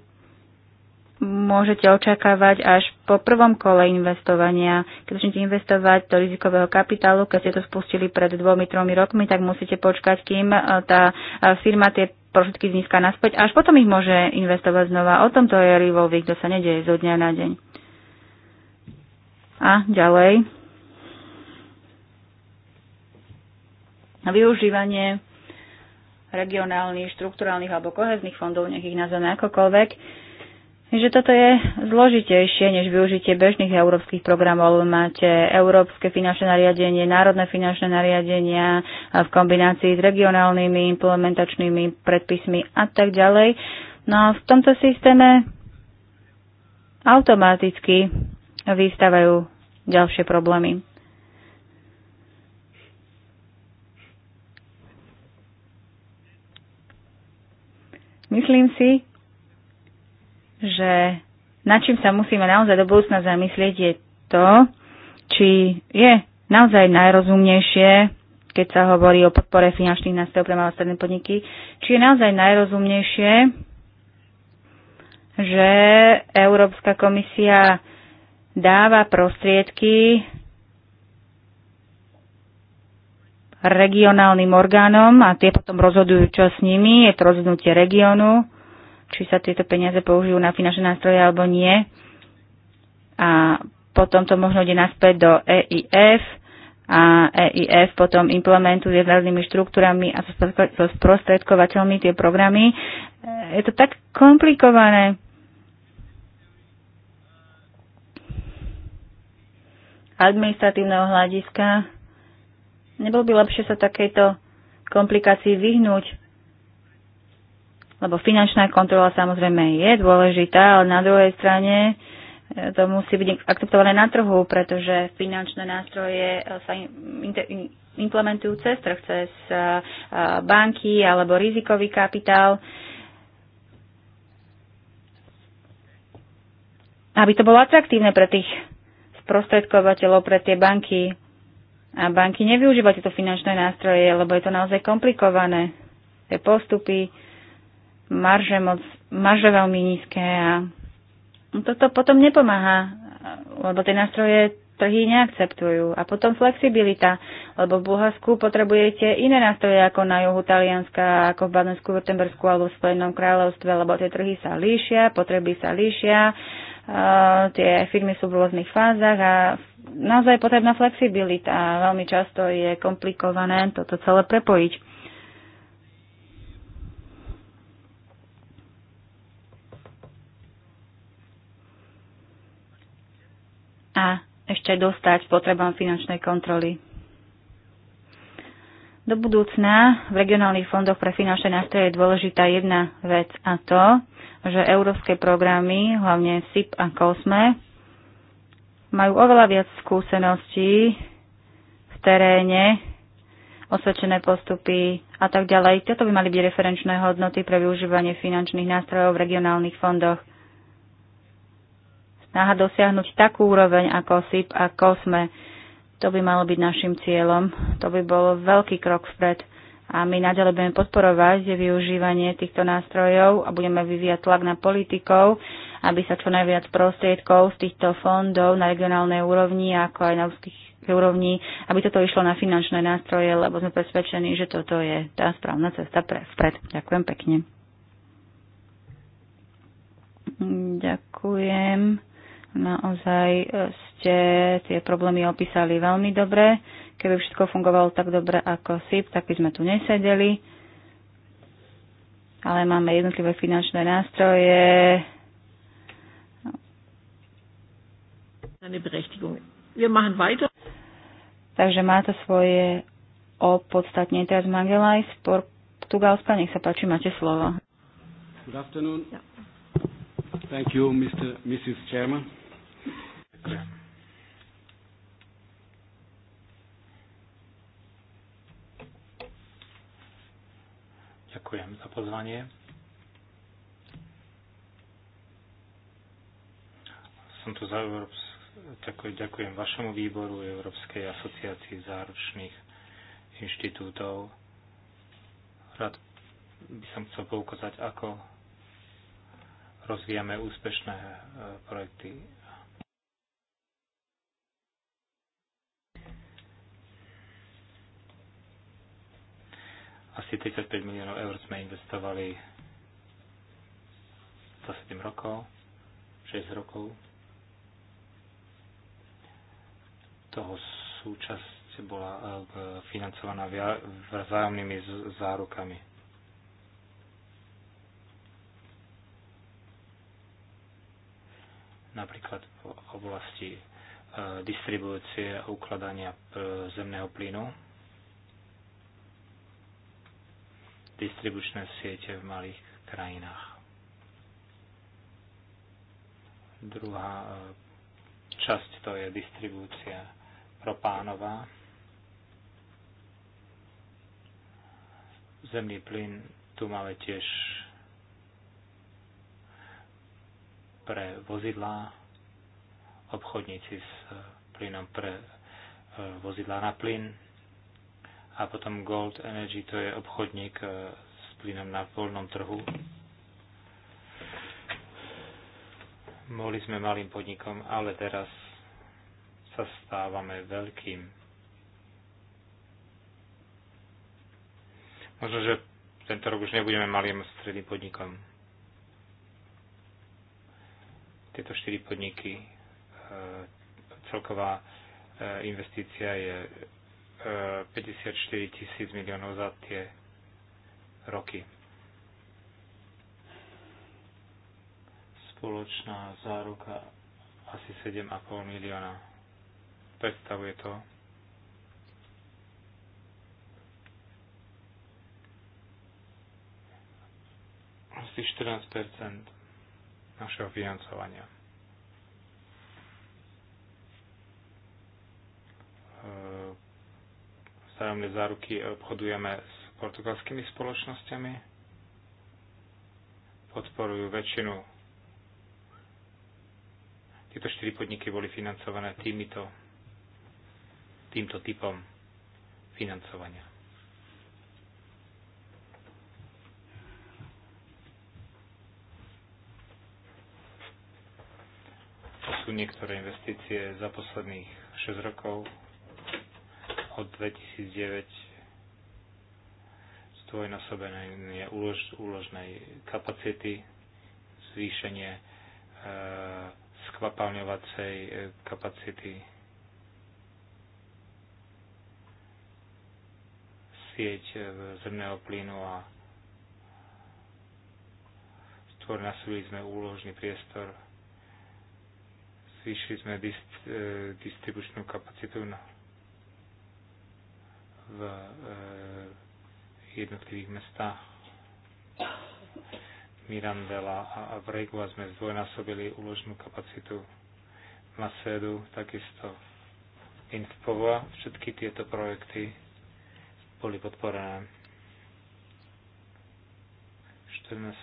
môžete očakávať až po prvom kole investovania. Keď začnete investovať do rizikového kapitálu, keď ste to spustili pred dvomi, tromi rokmi, tak musíte počkať, kým e, tá e, firma tie prostriedky získa naspäť, až potom ich môže investovať znova. O tomto je revolving, to sa nedieje zo dňa na deň. A ďalej. Využívanie regionálnych, štrukturálnych alebo kohezných fondov, nech ich nazveme akokoľvek, Takže toto je zložitejšie než využitie bežných európskych programov. Máte európske finančné nariadenie, národné finančné nariadenia v kombinácii s regionálnymi implementačnými predpismi a tak ďalej. No a v tomto systéme automaticky vystávajú ďalšie problémy. Myslím si, že nad čím sa musíme naozaj do budúcna zamyslieť je to, či je naozaj najrozumnejšie, keď sa hovorí o podpore finančných nástrojov pre malé stredné podniky, či je naozaj najrozumnejšie, že Európska komisia dáva prostriedky regionálnym orgánom a tie potom rozhodujú, čo s nimi. Je to rozhodnutie regiónu či sa tieto peniaze použijú na finančné nástroje alebo nie. A potom to možno ide naspäť do EIF a EIF potom implementuje s rôznymi štruktúrami a so sprostredkovateľmi tie programy. E, je to tak komplikované. administratívneho hľadiska. Nebol by lepšie sa takejto komplikácii vyhnúť? lebo finančná kontrola samozrejme je dôležitá, ale na druhej strane e, to musí byť akceptované na trhu, pretože finančné nástroje e, sa implementujú cez trh, cez e, banky alebo rizikový kapitál. Aby to bolo atraktívne pre tých sprostredkovateľov, pre tie banky. A banky nevyužívajú tieto finančné nástroje, lebo je to naozaj komplikované. Tie postupy, marže, moc, marže veľmi nízke a toto potom nepomáha, lebo tie nástroje trhy neakceptujú. A potom flexibilita, lebo v Bulharsku potrebujete iné nástroje ako na juhu Talianska, ako v Badensku, Württembersku alebo v Spojenom kráľovstve, lebo tie trhy sa líšia, potreby sa líšia, uh, tie firmy sú v rôznych fázach a naozaj potrebná flexibilita. Veľmi často je komplikované toto celé prepojiť. a ešte dostať potrebám finančnej kontroly. Do budúcna v regionálnych fondoch pre finančné nástroje je dôležitá jedna vec a to, že európske programy, hlavne SIP a COSME, majú oveľa viac skúseností v teréne, osvedčené postupy a tak ďalej. Toto by mali byť referenčné hodnoty pre využívanie finančných nástrojov v regionálnych fondoch – snaha dosiahnuť takú úroveň ako SIP a COSME. To by malo byť našim cieľom. To by bol veľký krok vpred. A my naďalej budeme podporovať využívanie týchto nástrojov a budeme vyvíjať tlak na politikov, aby sa čo najviac prostriedkov z týchto fondov na regionálnej úrovni, ako aj na úzkých úrovni, aby toto išlo na finančné nástroje, lebo sme presvedčení, že toto je tá správna cesta pre vpred. Ďakujem pekne. Ďakujem. Naozaj e, ste tie problémy opísali veľmi dobre. Keby všetko fungovalo tak dobre ako SIP, tak by sme tu nesedeli. Ale máme jednotlivé finančné nástroje. Takže má to svoje opodstatnenie. Teraz Mangelaj z Portugalska, nech sa páči, máte slovo. Good afternoon. Thank you, Mr. Mrs. Chairman. Ďakujem za pozvanie. Som tu za Európs... Ďakujem vašemu výboru Európskej asociácii záručných inštitútov. Rád by som chcel poukázať, ako rozvíjame úspešné e, projekty Asi 35 miliónov eur sme investovali za 7 rokov, 6 rokov. Toho súčasť bola e, financovaná vzájomnými zárukami. Napríklad v oblasti e, distribúcie a ukladania e, zemného plynu distribučné siete v malých krajinách. Druhá e, časť to je distribúcia propánová. Zemný plyn tu máme tiež pre vozidlá, obchodníci s plynom pre e, vozidlá na plyn, a potom Gold Energy, to je obchodník e, s plynom na voľnom trhu. Boli sme malým podnikom, ale teraz sa stávame veľkým. Možno, že tento rok už nebudeme malým stredným podnikom. Tieto štyri podniky, e, celková e, investícia je 54 tisíc miliónov za tie roky. Spoločná záruka asi 7,5 milióna. Predstavuje to asi 14 našeho financovania. vzájomné záruky obchodujeme s portugalskými spoločnosťami. Podporujú väčšinu. Tieto štyri podniky boli financované týmito, týmto typom financovania. To sú niektoré investície za posledných 6 rokov od 2009 zdvojnásobenej ulož, úložnej kapacity, zvýšenie e, skvapalňovacej e, kapacity, sieť zrného e, zemného plynu a stvornásobili sme úložný priestor, zvýšili sme dist, e, distribučnú kapacitu na v eh, jednotlivých mestách. Mirandela a v Regua sme zdvojnásobili úložnú kapacitu Masedu, takisto Infpova. Všetky tieto projekty boli podporené. 14,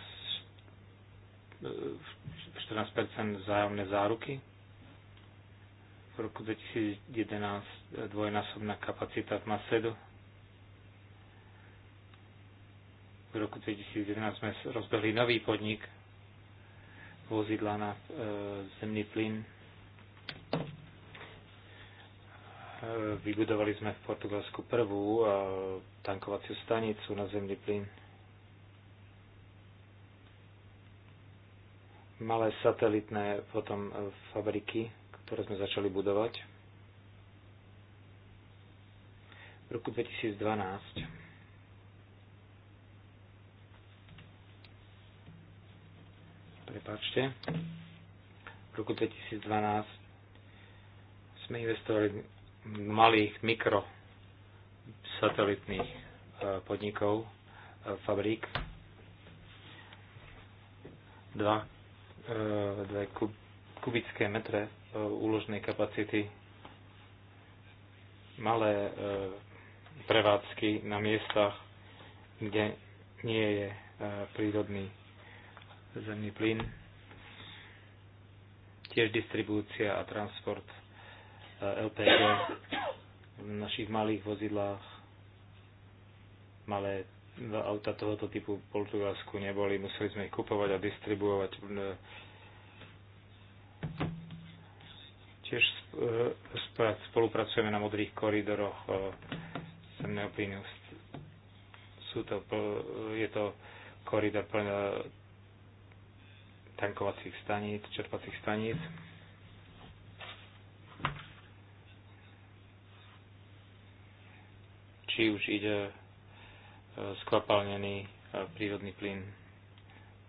14% eh, vzájomné záruky v roku 2011 dvojnásobná kapacita v Masedu. V roku 2011 sme rozbehli nový podnik vozidla na e, zemný plyn. E, vybudovali sme v Portugalsku prvú e, tankovaciu stanicu na zemný plyn. Malé satelitné potom e, fabriky ktoré sme začali budovať v roku 2012. Prepáčte. V roku 2012 sme investovali malých mikro satelitných e, podnikov, e, fabrík, dva, e, dve kubické metre e, úložnej kapacity, malé e, prevádzky na miestach, kde nie je e, prírodný zemný plyn, tiež distribúcia a transport LPG v našich malých vozidlách, malé auta tohoto typu v Portugalsku neboli, museli sme ich kupovať a distribuovať Tiež e, spolupracujeme na modrých koridoroch e, zemného plynu. Sú to, je to koridor tankovacích staníc, čerpacích staníc. Či už ide e, skvapalnený prírodný plyn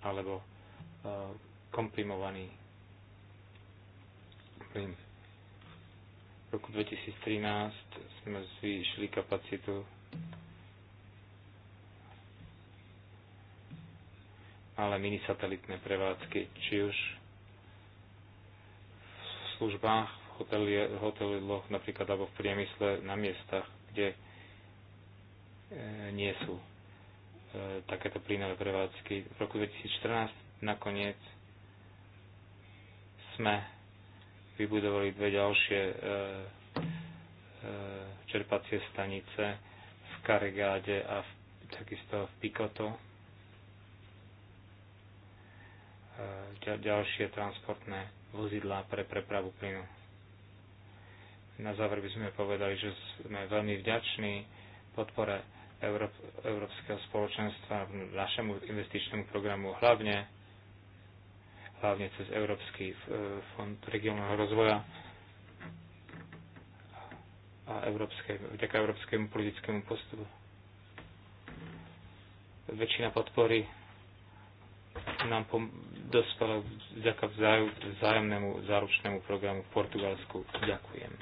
alebo komprimovaný plyn. V roku 2013 sme zvýšili kapacitu ale minisatelitné prevádzky, či už v službách, v hoteloch napríklad, alebo v priemysle na miestach, kde e, nie sú e, takéto plynové prevádzky. V roku 2014 nakoniec sme vybudovali dve ďalšie e, e, čerpacie stanice v Karegáde a v, takisto v Pikoto. E, ďalšie transportné vozidlá pre prepravu plynu. Na záver by sme povedali, že sme veľmi vďační podpore Európskeho spoločenstva našemu investičnému programu hlavne hlavne cez Európsky e, fond regionálneho rozvoja a európske, vďaka európskemu politickému postupu. Väčšina podpory nám pom- dospela vďaka vzáj- vzájomnému záručnému programu v Portugalsku. Ďakujem.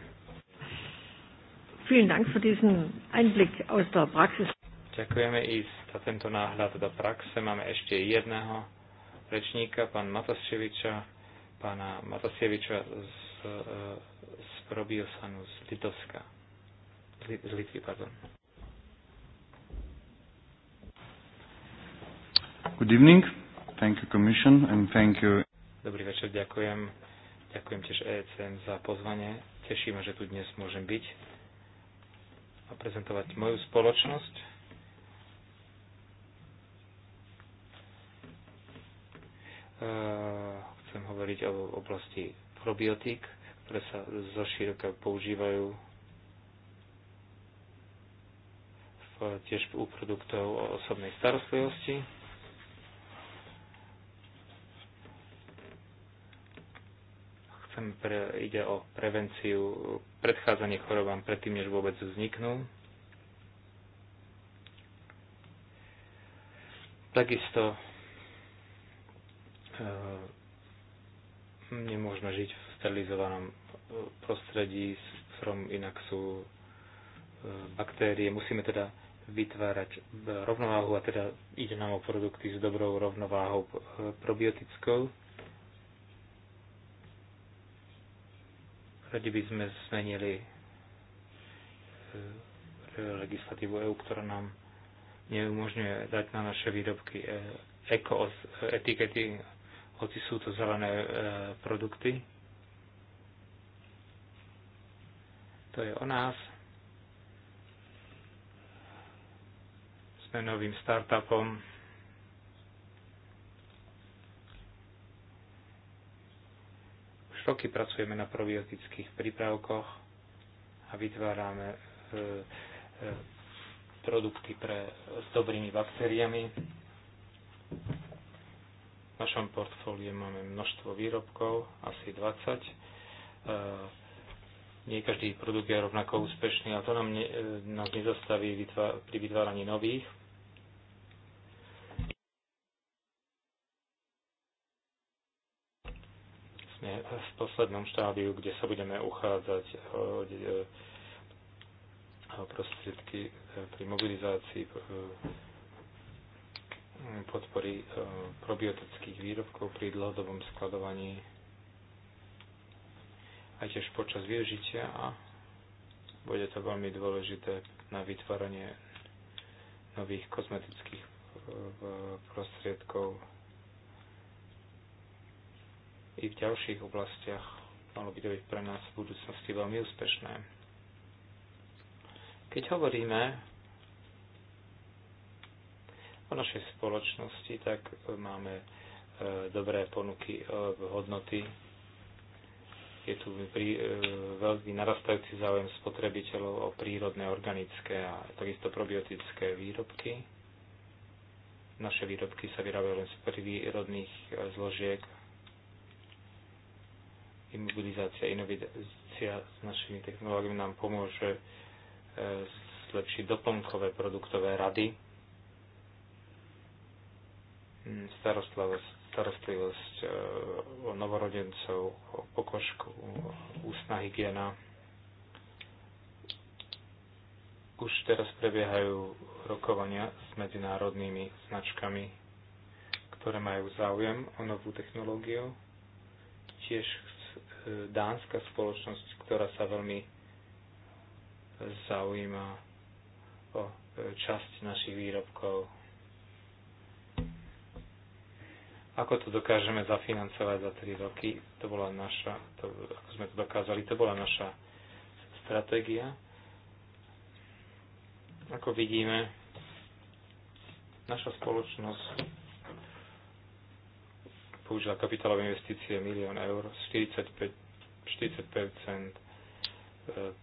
Vielen Dank für diesen Einblick aus der Praxis. Ďakujeme i za tento náhľad do praxe. Máme ešte jedného rečníka, pán Matasieviča, pána Matasieviča z, eh, z Probiosanu z Litovska. Z Litvy, pardon. Good evening. Thank you, Commission, and thank you. Dobrý večer, ďakujem. Ďakujem tiež ECN za pozvanie. Teším, že tu dnes môžem byť a prezentovať moju spoločnosť E, chcem hovoriť o oblasti probiotík, ktoré sa zoširoka používajú v, tiež u produktov o osobnej starostlivosti. Chcem pre, ide o prevenciu, predchádzanie chorobám predtým, než vôbec vzniknú. Takisto Eh, nemôžeme žiť v sterilizovanom eh, prostredí, v ktorom inak sú eh, baktérie. Musíme teda vytvárať rovnováhu a teda ide nám o produkty s dobrou rovnováhou probiotickou. Radi by sme zmenili legislatívu EU, ktorá nám neumožňuje dať na naše výrobky eko etikety hoci sú to zelené e, produkty. To je o nás. Sme novým startupom. Už roky pracujeme na probiotických prípravkoch a vytvárame e, e, produkty pre, s dobrými baktériami našom portfóliu máme množstvo výrobkov, asi 20 e, nie každý produkt je rovnako úspešný a to nám ne, e, nás nezastaví pri vytváraní nových. Sme v poslednom štádiu, kde sa budeme uchádzať o, e, o prostriedky pri mobilizácii podpory e, probiotických výrobkov pri dlhodobom skladovaní aj tiež počas využitia a bude to veľmi dôležité na vytváranie nových kozmetických e, prostriedkov i v ďalších oblastiach malo by to byť pre nás v budúcnosti veľmi úspešné. Keď hovoríme o našej spoločnosti, tak e, máme e, dobré ponuky e, hodnoty. Je tu pri, veľký narastajúci záujem spotrebiteľov o prírodné, organické a takisto probiotické výrobky. Naše výrobky sa vyrábajú len z prírodných zložiek. Imobilizácia, inovácia s našimi technológiami nám pomôže zlepšiť doplnkové produktové rady Mm, starostlivosť e, o novorodencov, o pokožku, ústna hygiena. Už teraz prebiehajú rokovania s medzinárodnými značkami, ktoré majú záujem o novú technológiu. Tiež e, dánska spoločnosť, ktorá sa veľmi zaujíma o e, časť našich výrobkov Ako to dokážeme zafinancovať za 3 roky? To bola naša, to, ako sme to dokázali, to bola naša stratégia. Ako vidíme, naša spoločnosť použila kapitálové investície milión eur, 45, 40 e,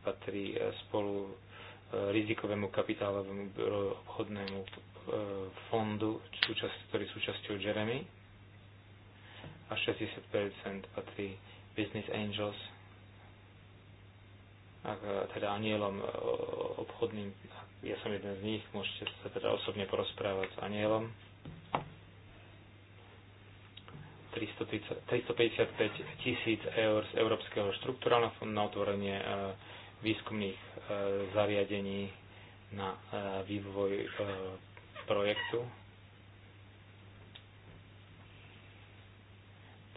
patrí e, spolu e, rizikovému kapitálovému obchodnému fondu, ktorý súčasťou Jeremy a 60% patrí Business Angels, ak, e, teda anielom e, obchodným. Ja som jeden z nich, môžete sa teda osobne porozprávať s anielom. 355 tisíc eur z Európskeho štruktúrálneho fondu na otvorenie e, výskumných zariadení na vývoj projektu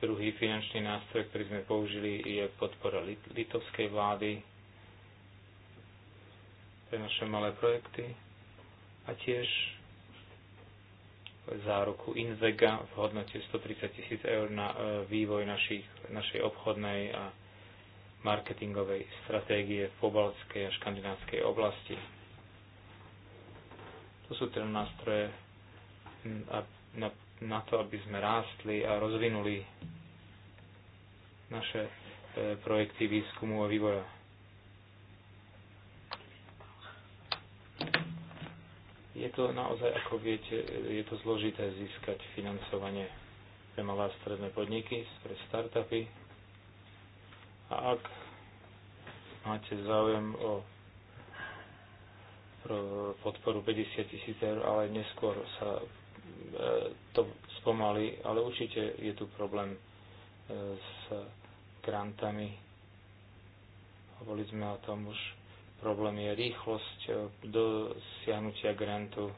Druhý finančný nástroj, ktorý sme použili, je podpora litovskej vlády pre naše malé projekty a tiež záruku Invega v hodnote 130 tisíc eur na e, vývoj našich, našej obchodnej a marketingovej stratégie v pobalskej a škandinávskej oblasti. To sú teda nástroje na na to, aby sme rástli a rozvinuli naše e, projekty výskumu a vývoja. Je to naozaj, ako viete, je to zložité získať financovanie pre malé a stredné podniky, pre startupy. A ak máte záujem o podporu 50 tisíc eur, ale neskôr sa E, to spomalí, ale určite je tu problém e, s grantami. Hovorili sme o tom už. Problém je rýchlosť e, dosiahnutia grantu.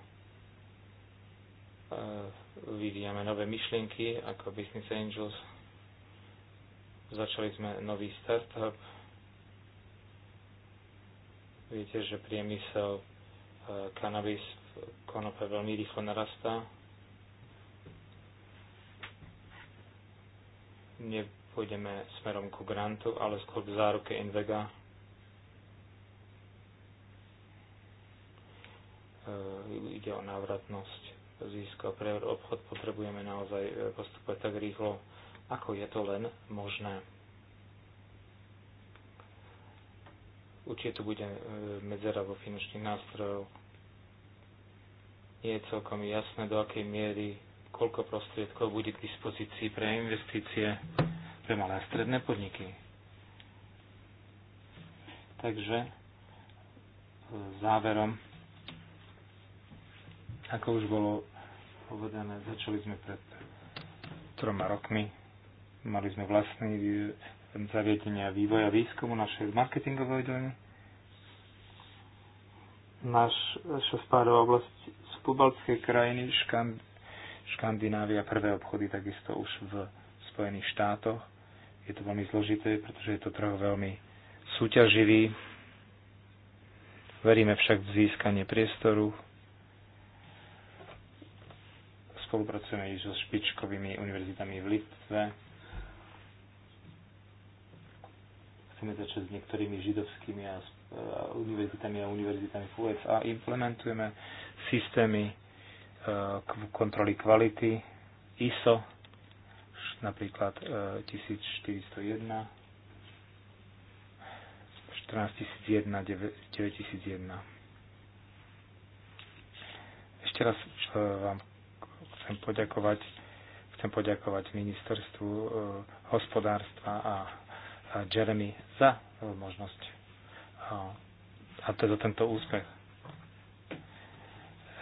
Vyvíjame nové myšlienky ako Business Angels. Začali sme nový startup. Viete, že priemysel kanabis konope veľmi rýchlo narastá. Nepôjdeme smerom ku grantu, ale skôr k záruke Invega. E, ide o návratnosť získa pre obchod. Potrebujeme naozaj e, postupovať tak rýchlo, ako je to len možné. Určite tu bude e, medzera vo finančných nástrojoch nie je celkom jasné, do akej miery koľko prostriedkov bude k dispozícii pre investície pre malé a stredné podniky. Takže e, záverom, ako už bolo povedané, začali sme pred troma rokmi. Mali sme vlastný zaviedenia vývoja výskumu našej marketingovej dojmy. Naša spárová oblasť pobaltské krajiny, Škand- Škandinávia, prvé obchody takisto už v Spojených štátoch. Je to veľmi zložité, pretože je to trh veľmi súťaživý. Veríme však v získanie priestoru. Spolupracujeme i so špičkovými univerzitami v Litve. Chceme začať s niektorými židovskými a, univerzitami a univerzitami v USA. E Implementujeme systémy e, kontroly kvality, ISO, napríklad 1401, 14001, 9001. Ešte raz e, vám chcem poďakovať chcem poďakovať ministerstvu e, hospodárstva a Jeremy za možnosť a teda tento úspech.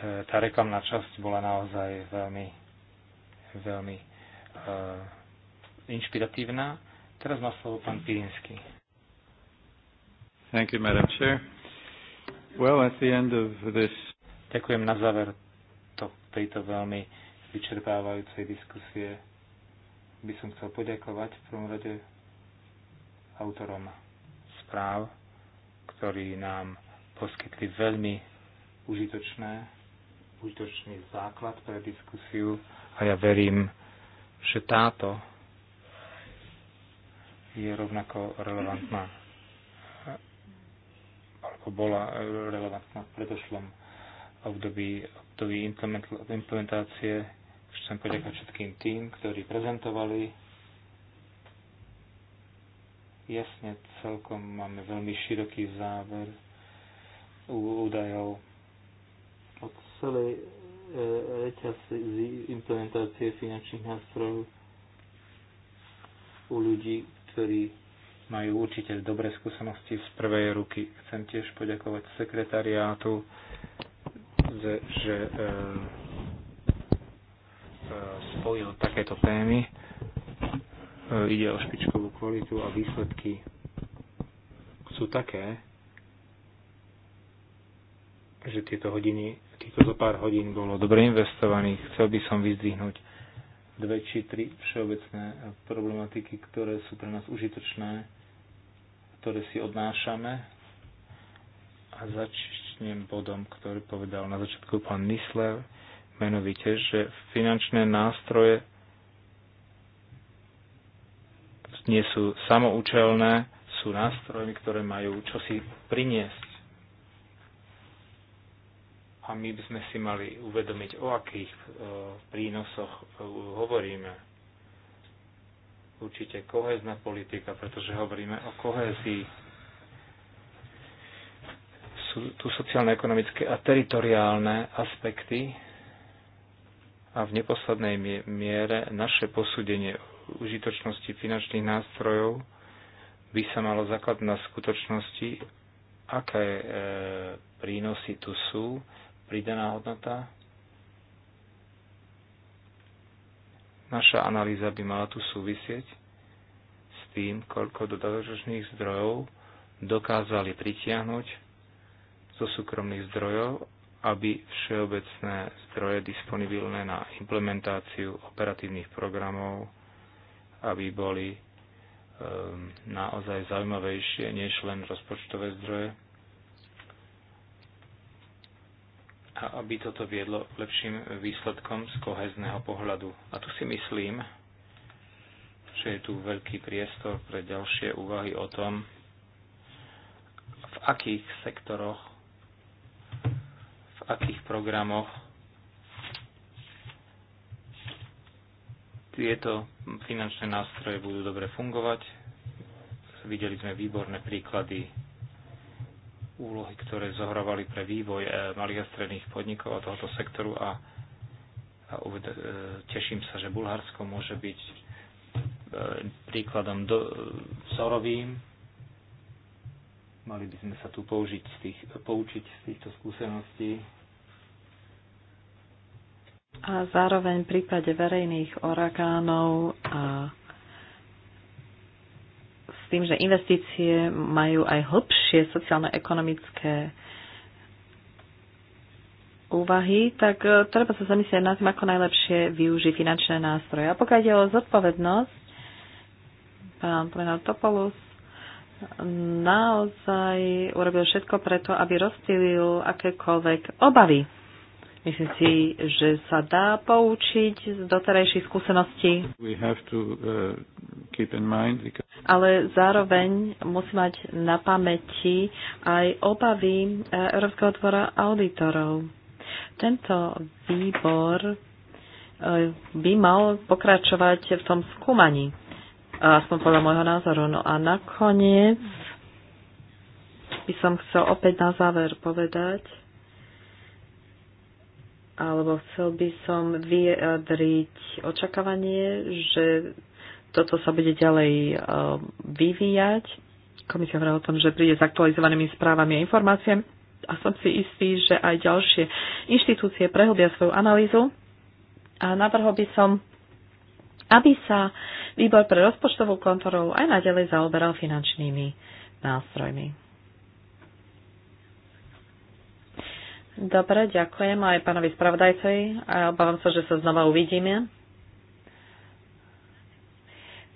E, tá reklamná časť bola naozaj veľmi, veľmi e, inšpiratívna. Teraz má slovo pán Pirinsky. Thank you, Madam Chair. Well, at the end of this... Ďakujem na záver to, tejto veľmi vyčerpávajúcej diskusie. By som chcel poďakovať v prvom rade autorom správ, ktorí nám poskytli veľmi užitočné užitočný základ pre diskusiu a ja verím, že táto je rovnako relevantná alebo bola relevantná v predošlom období, období implementácie. Chcem poďakovať všetkým tým, ktorí prezentovali. Jasne, celkom máme veľmi široký záver údajov od celej e, reťazí implementácie finančných nástrojov u ľudí, ktorí majú určite dobré skúsenosti z prvej ruky. Chcem tiež poďakovať sekretariátu, že, že e, e, spojil takéto témy. E, ide o špičkovú kvalitu a výsledky sú také, že tieto hodiny, týchto zo pár hodín bolo dobre investovaných. Chcel by som vyzdvihnúť dve či tri všeobecné problematiky, ktoré sú pre nás užitočné, ktoré si odnášame. A začnem bodom, ktorý povedal na začiatku pán Nisler, menovite, že finančné nástroje nie sú samoučelné, sú nástrojmi, ktoré majú čosi priniesť a my by sme si mali uvedomiť, o akých e, prínosoch e, hovoríme. Určite kohezná politika, pretože hovoríme o kohézii. Sú tu sociálne-ekonomické a teritoriálne aspekty a v neposlednej miere naše posúdenie užitočnosti finančných nástrojov by sa malo zakladať na skutočnosti, aké e, prínosy tu sú pridaná hodnota. Naša analýza by mala tu súvisieť s tým, koľko dodatočných zdrojov dokázali pritiahnuť zo súkromných zdrojov, aby všeobecné zdroje disponibilné na implementáciu operatívnych programov, aby boli ehm, naozaj zaujímavejšie než len rozpočtové zdroje. a aby toto viedlo k lepším výsledkom z kohezného pohľadu. A tu si myslím, že je tu veľký priestor pre ďalšie úvahy o tom, v akých sektoroch, v akých programoch tieto finančné nástroje budú dobre fungovať. Videli sme výborné príklady úlohy, ktoré zohrávali pre vývoj eh, malých a stredných podnikov a tohoto sektoru a, a eh, teším sa, že Bulharsko môže byť eh, príkladom do, vzorovým. Mali by sme sa tu použiť z tých, poučiť z týchto skúseností. A zároveň v prípade verejných orakánov a tým, že investície majú aj hlbšie sociálno ekonomické úvahy, tak e, treba sa zamyslieť nad tým, ako najlepšie využiť finančné nástroje. A pokiaľ ide o zodpovednosť, pán Plenár Topolus naozaj urobil všetko preto, aby rozstýlil akékoľvek obavy Myslím si, že sa dá poučiť z doterajších skúseností. To, uh, mind, because... Ale zároveň musí mať na pamäti aj obavy e, Európskeho dvora auditorov. Tento výbor e, by mal pokračovať v tom skúmaní, aspoň podľa môjho názoru. No a nakoniec by som chcel opäť na záver povedať, alebo chcel by som vyjadriť očakávanie, že toto sa bude ďalej e, vyvíjať. Komisia hovorila o tom, že príde s aktualizovanými správami a informáciami a som si istý, že aj ďalšie inštitúcie prehlbia svoju analýzu a navrhol by som, aby sa výbor pre rozpočtovú kontrolu aj naďalej zaoberal finančnými nástrojmi. Dobre, ďakujem aj pánovi spravodajcovi a obávam sa, že sa znova uvidíme.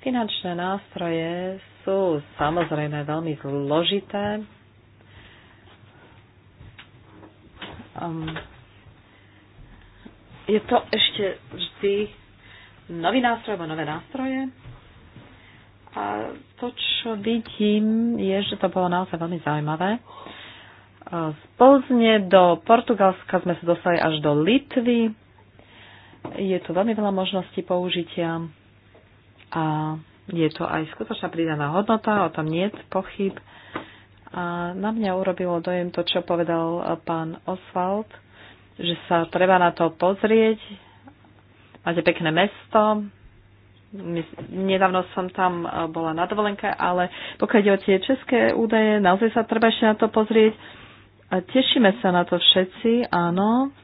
Finančné nástroje sú samozrejme veľmi zložité. Um, je to ešte vždy nový nástroj alebo nové nástroje. A to, čo vidím, je, že to bolo naozaj veľmi zaujímavé z Plzne do Portugalska sme sa dostali až do Litvy. Je tu veľmi veľa možností použitia a je to aj skutočná pridaná hodnota, o tom nie je pochyb. A na mňa urobilo dojem to, čo povedal pán Oswald, že sa treba na to pozrieť. Máte pekné mesto, nedávno som tam e, bola na dovolenke, ale pokiaľ ide o tie české údaje, naozaj sa treba ešte na to pozrieť. A tešíme sa na to všetci, áno.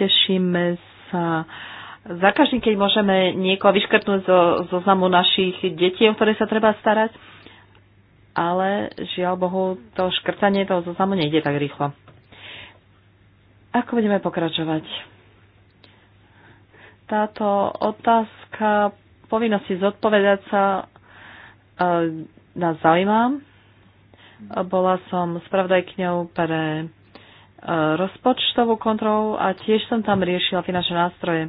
Tešíme sa za každým, keď môžeme niekoho vyškrtnúť zo zoznamu našich detí, o ktoré sa treba starať. Ale žiaľ Bohu, to škrtanie toho zoznamu nejde tak rýchlo. Ako budeme pokračovať? Táto otázka povinnosti zodpovedať sa e, nás zaujíma bola som spravodajkňou pre e, rozpočtovú kontrolu a tiež som tam riešila finančné nástroje.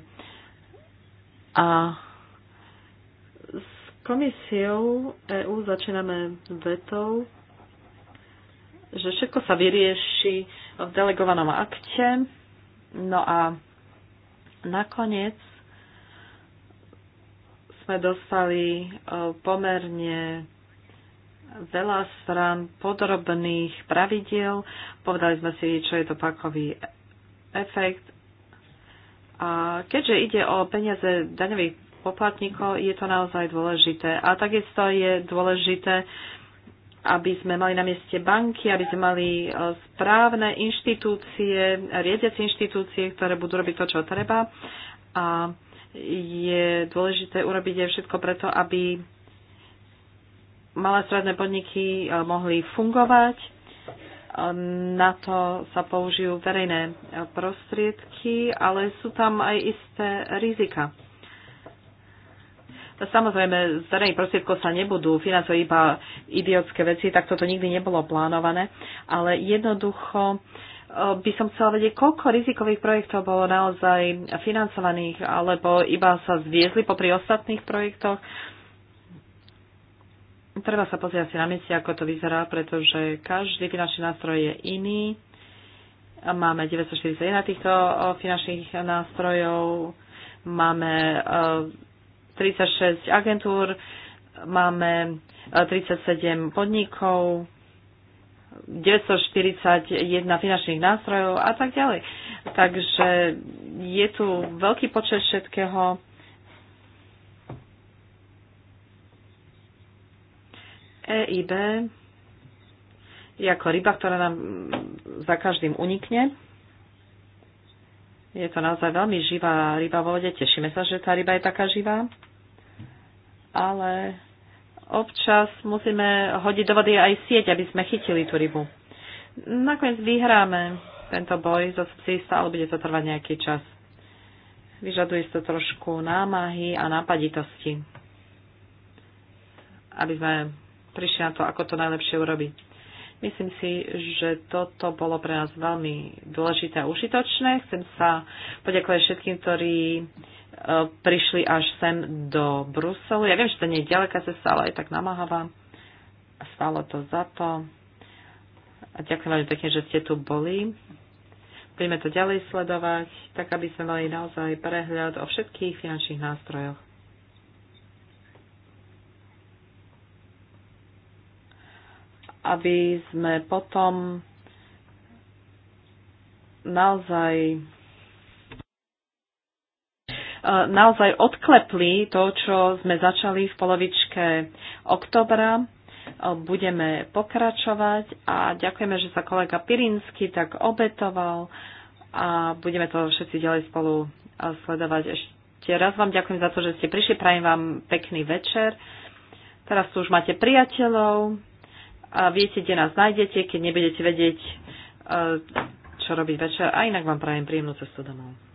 A s komisiou EÚ začíname vetou, že všetko sa vyrieši v delegovanom akte. No a nakoniec sme dostali e, pomerne veľa strán podrobných pravidiel. Povedali sme si, čo je to pakový efekt. A keďže ide o peniaze daňových poplatníkov, je to naozaj dôležité. A takisto je dôležité, aby sme mali na mieste banky, aby sme mali e, správne inštitúcie, riadiace inštitúcie, ktoré budú robiť to, čo treba. A je dôležité urobiť aj všetko preto, aby malé stredné podniky eh, mohli fungovať. Ehm, na to sa použijú verejné eh, prostriedky, ale sú tam aj isté rizika. Samozrejme, z verejných prostriedkov sa nebudú financovať iba idiotské veci, tak toto nikdy nebolo plánované, ale jednoducho eh, by som chcela vedieť, koľko rizikových projektov bolo naozaj financovaných, alebo iba sa zviezli popri ostatných projektoch treba sa pozrieť si na mieste, ako to vyzerá, pretože každý finančný nástroj je iný. Máme 941 týchto finančných nástrojov, máme 36 e, agentúr, máme 37 e, podnikov, 941 finančných nástrojov a tak ďalej. Takže je tu veľký počet všetkého E B je ako ryba, ktorá nám za každým unikne. Je to naozaj veľmi živá ryba vo vode. Tešíme sa, že tá ryba je taká živá. Ale občas musíme hodiť do vody aj sieť, aby sme chytili tú rybu. Nakoniec vyhráme tento boj so psista, ale bude to trvať nejaký čas. Vyžaduje to trošku námahy a nápaditosti, aby sme prišli na to, ako to najlepšie urobiť. Myslím si, že toto bolo pre nás veľmi dôležité a užitočné. Chcem sa poďakovať všetkým, ktorí e, prišli až sem do Bruselu. Ja viem, že to nie je ďaleká cesta, ale aj tak namáhavá. Stálo to za to. A ďakujem veľmi pekne, že ste tu boli. Budeme to ďalej sledovať, tak aby sme mali naozaj prehľad o všetkých finančných nástrojoch. aby sme potom naozaj e, naozaj odklepli to, čo sme začali v polovičke oktobra. E, budeme pokračovať a ďakujeme, že sa kolega Pirinsky tak obetoval a budeme to všetci ďalej spolu e, sledovať. Ešte raz vám ďakujem za to, že ste prišli, prajem vám pekný večer. Teraz tu už máte priateľov, a viete, kde nás nájdete, keď nebudete vedieť, e, čo robiť večer. A inak vám prajem príjemnú cestu domov.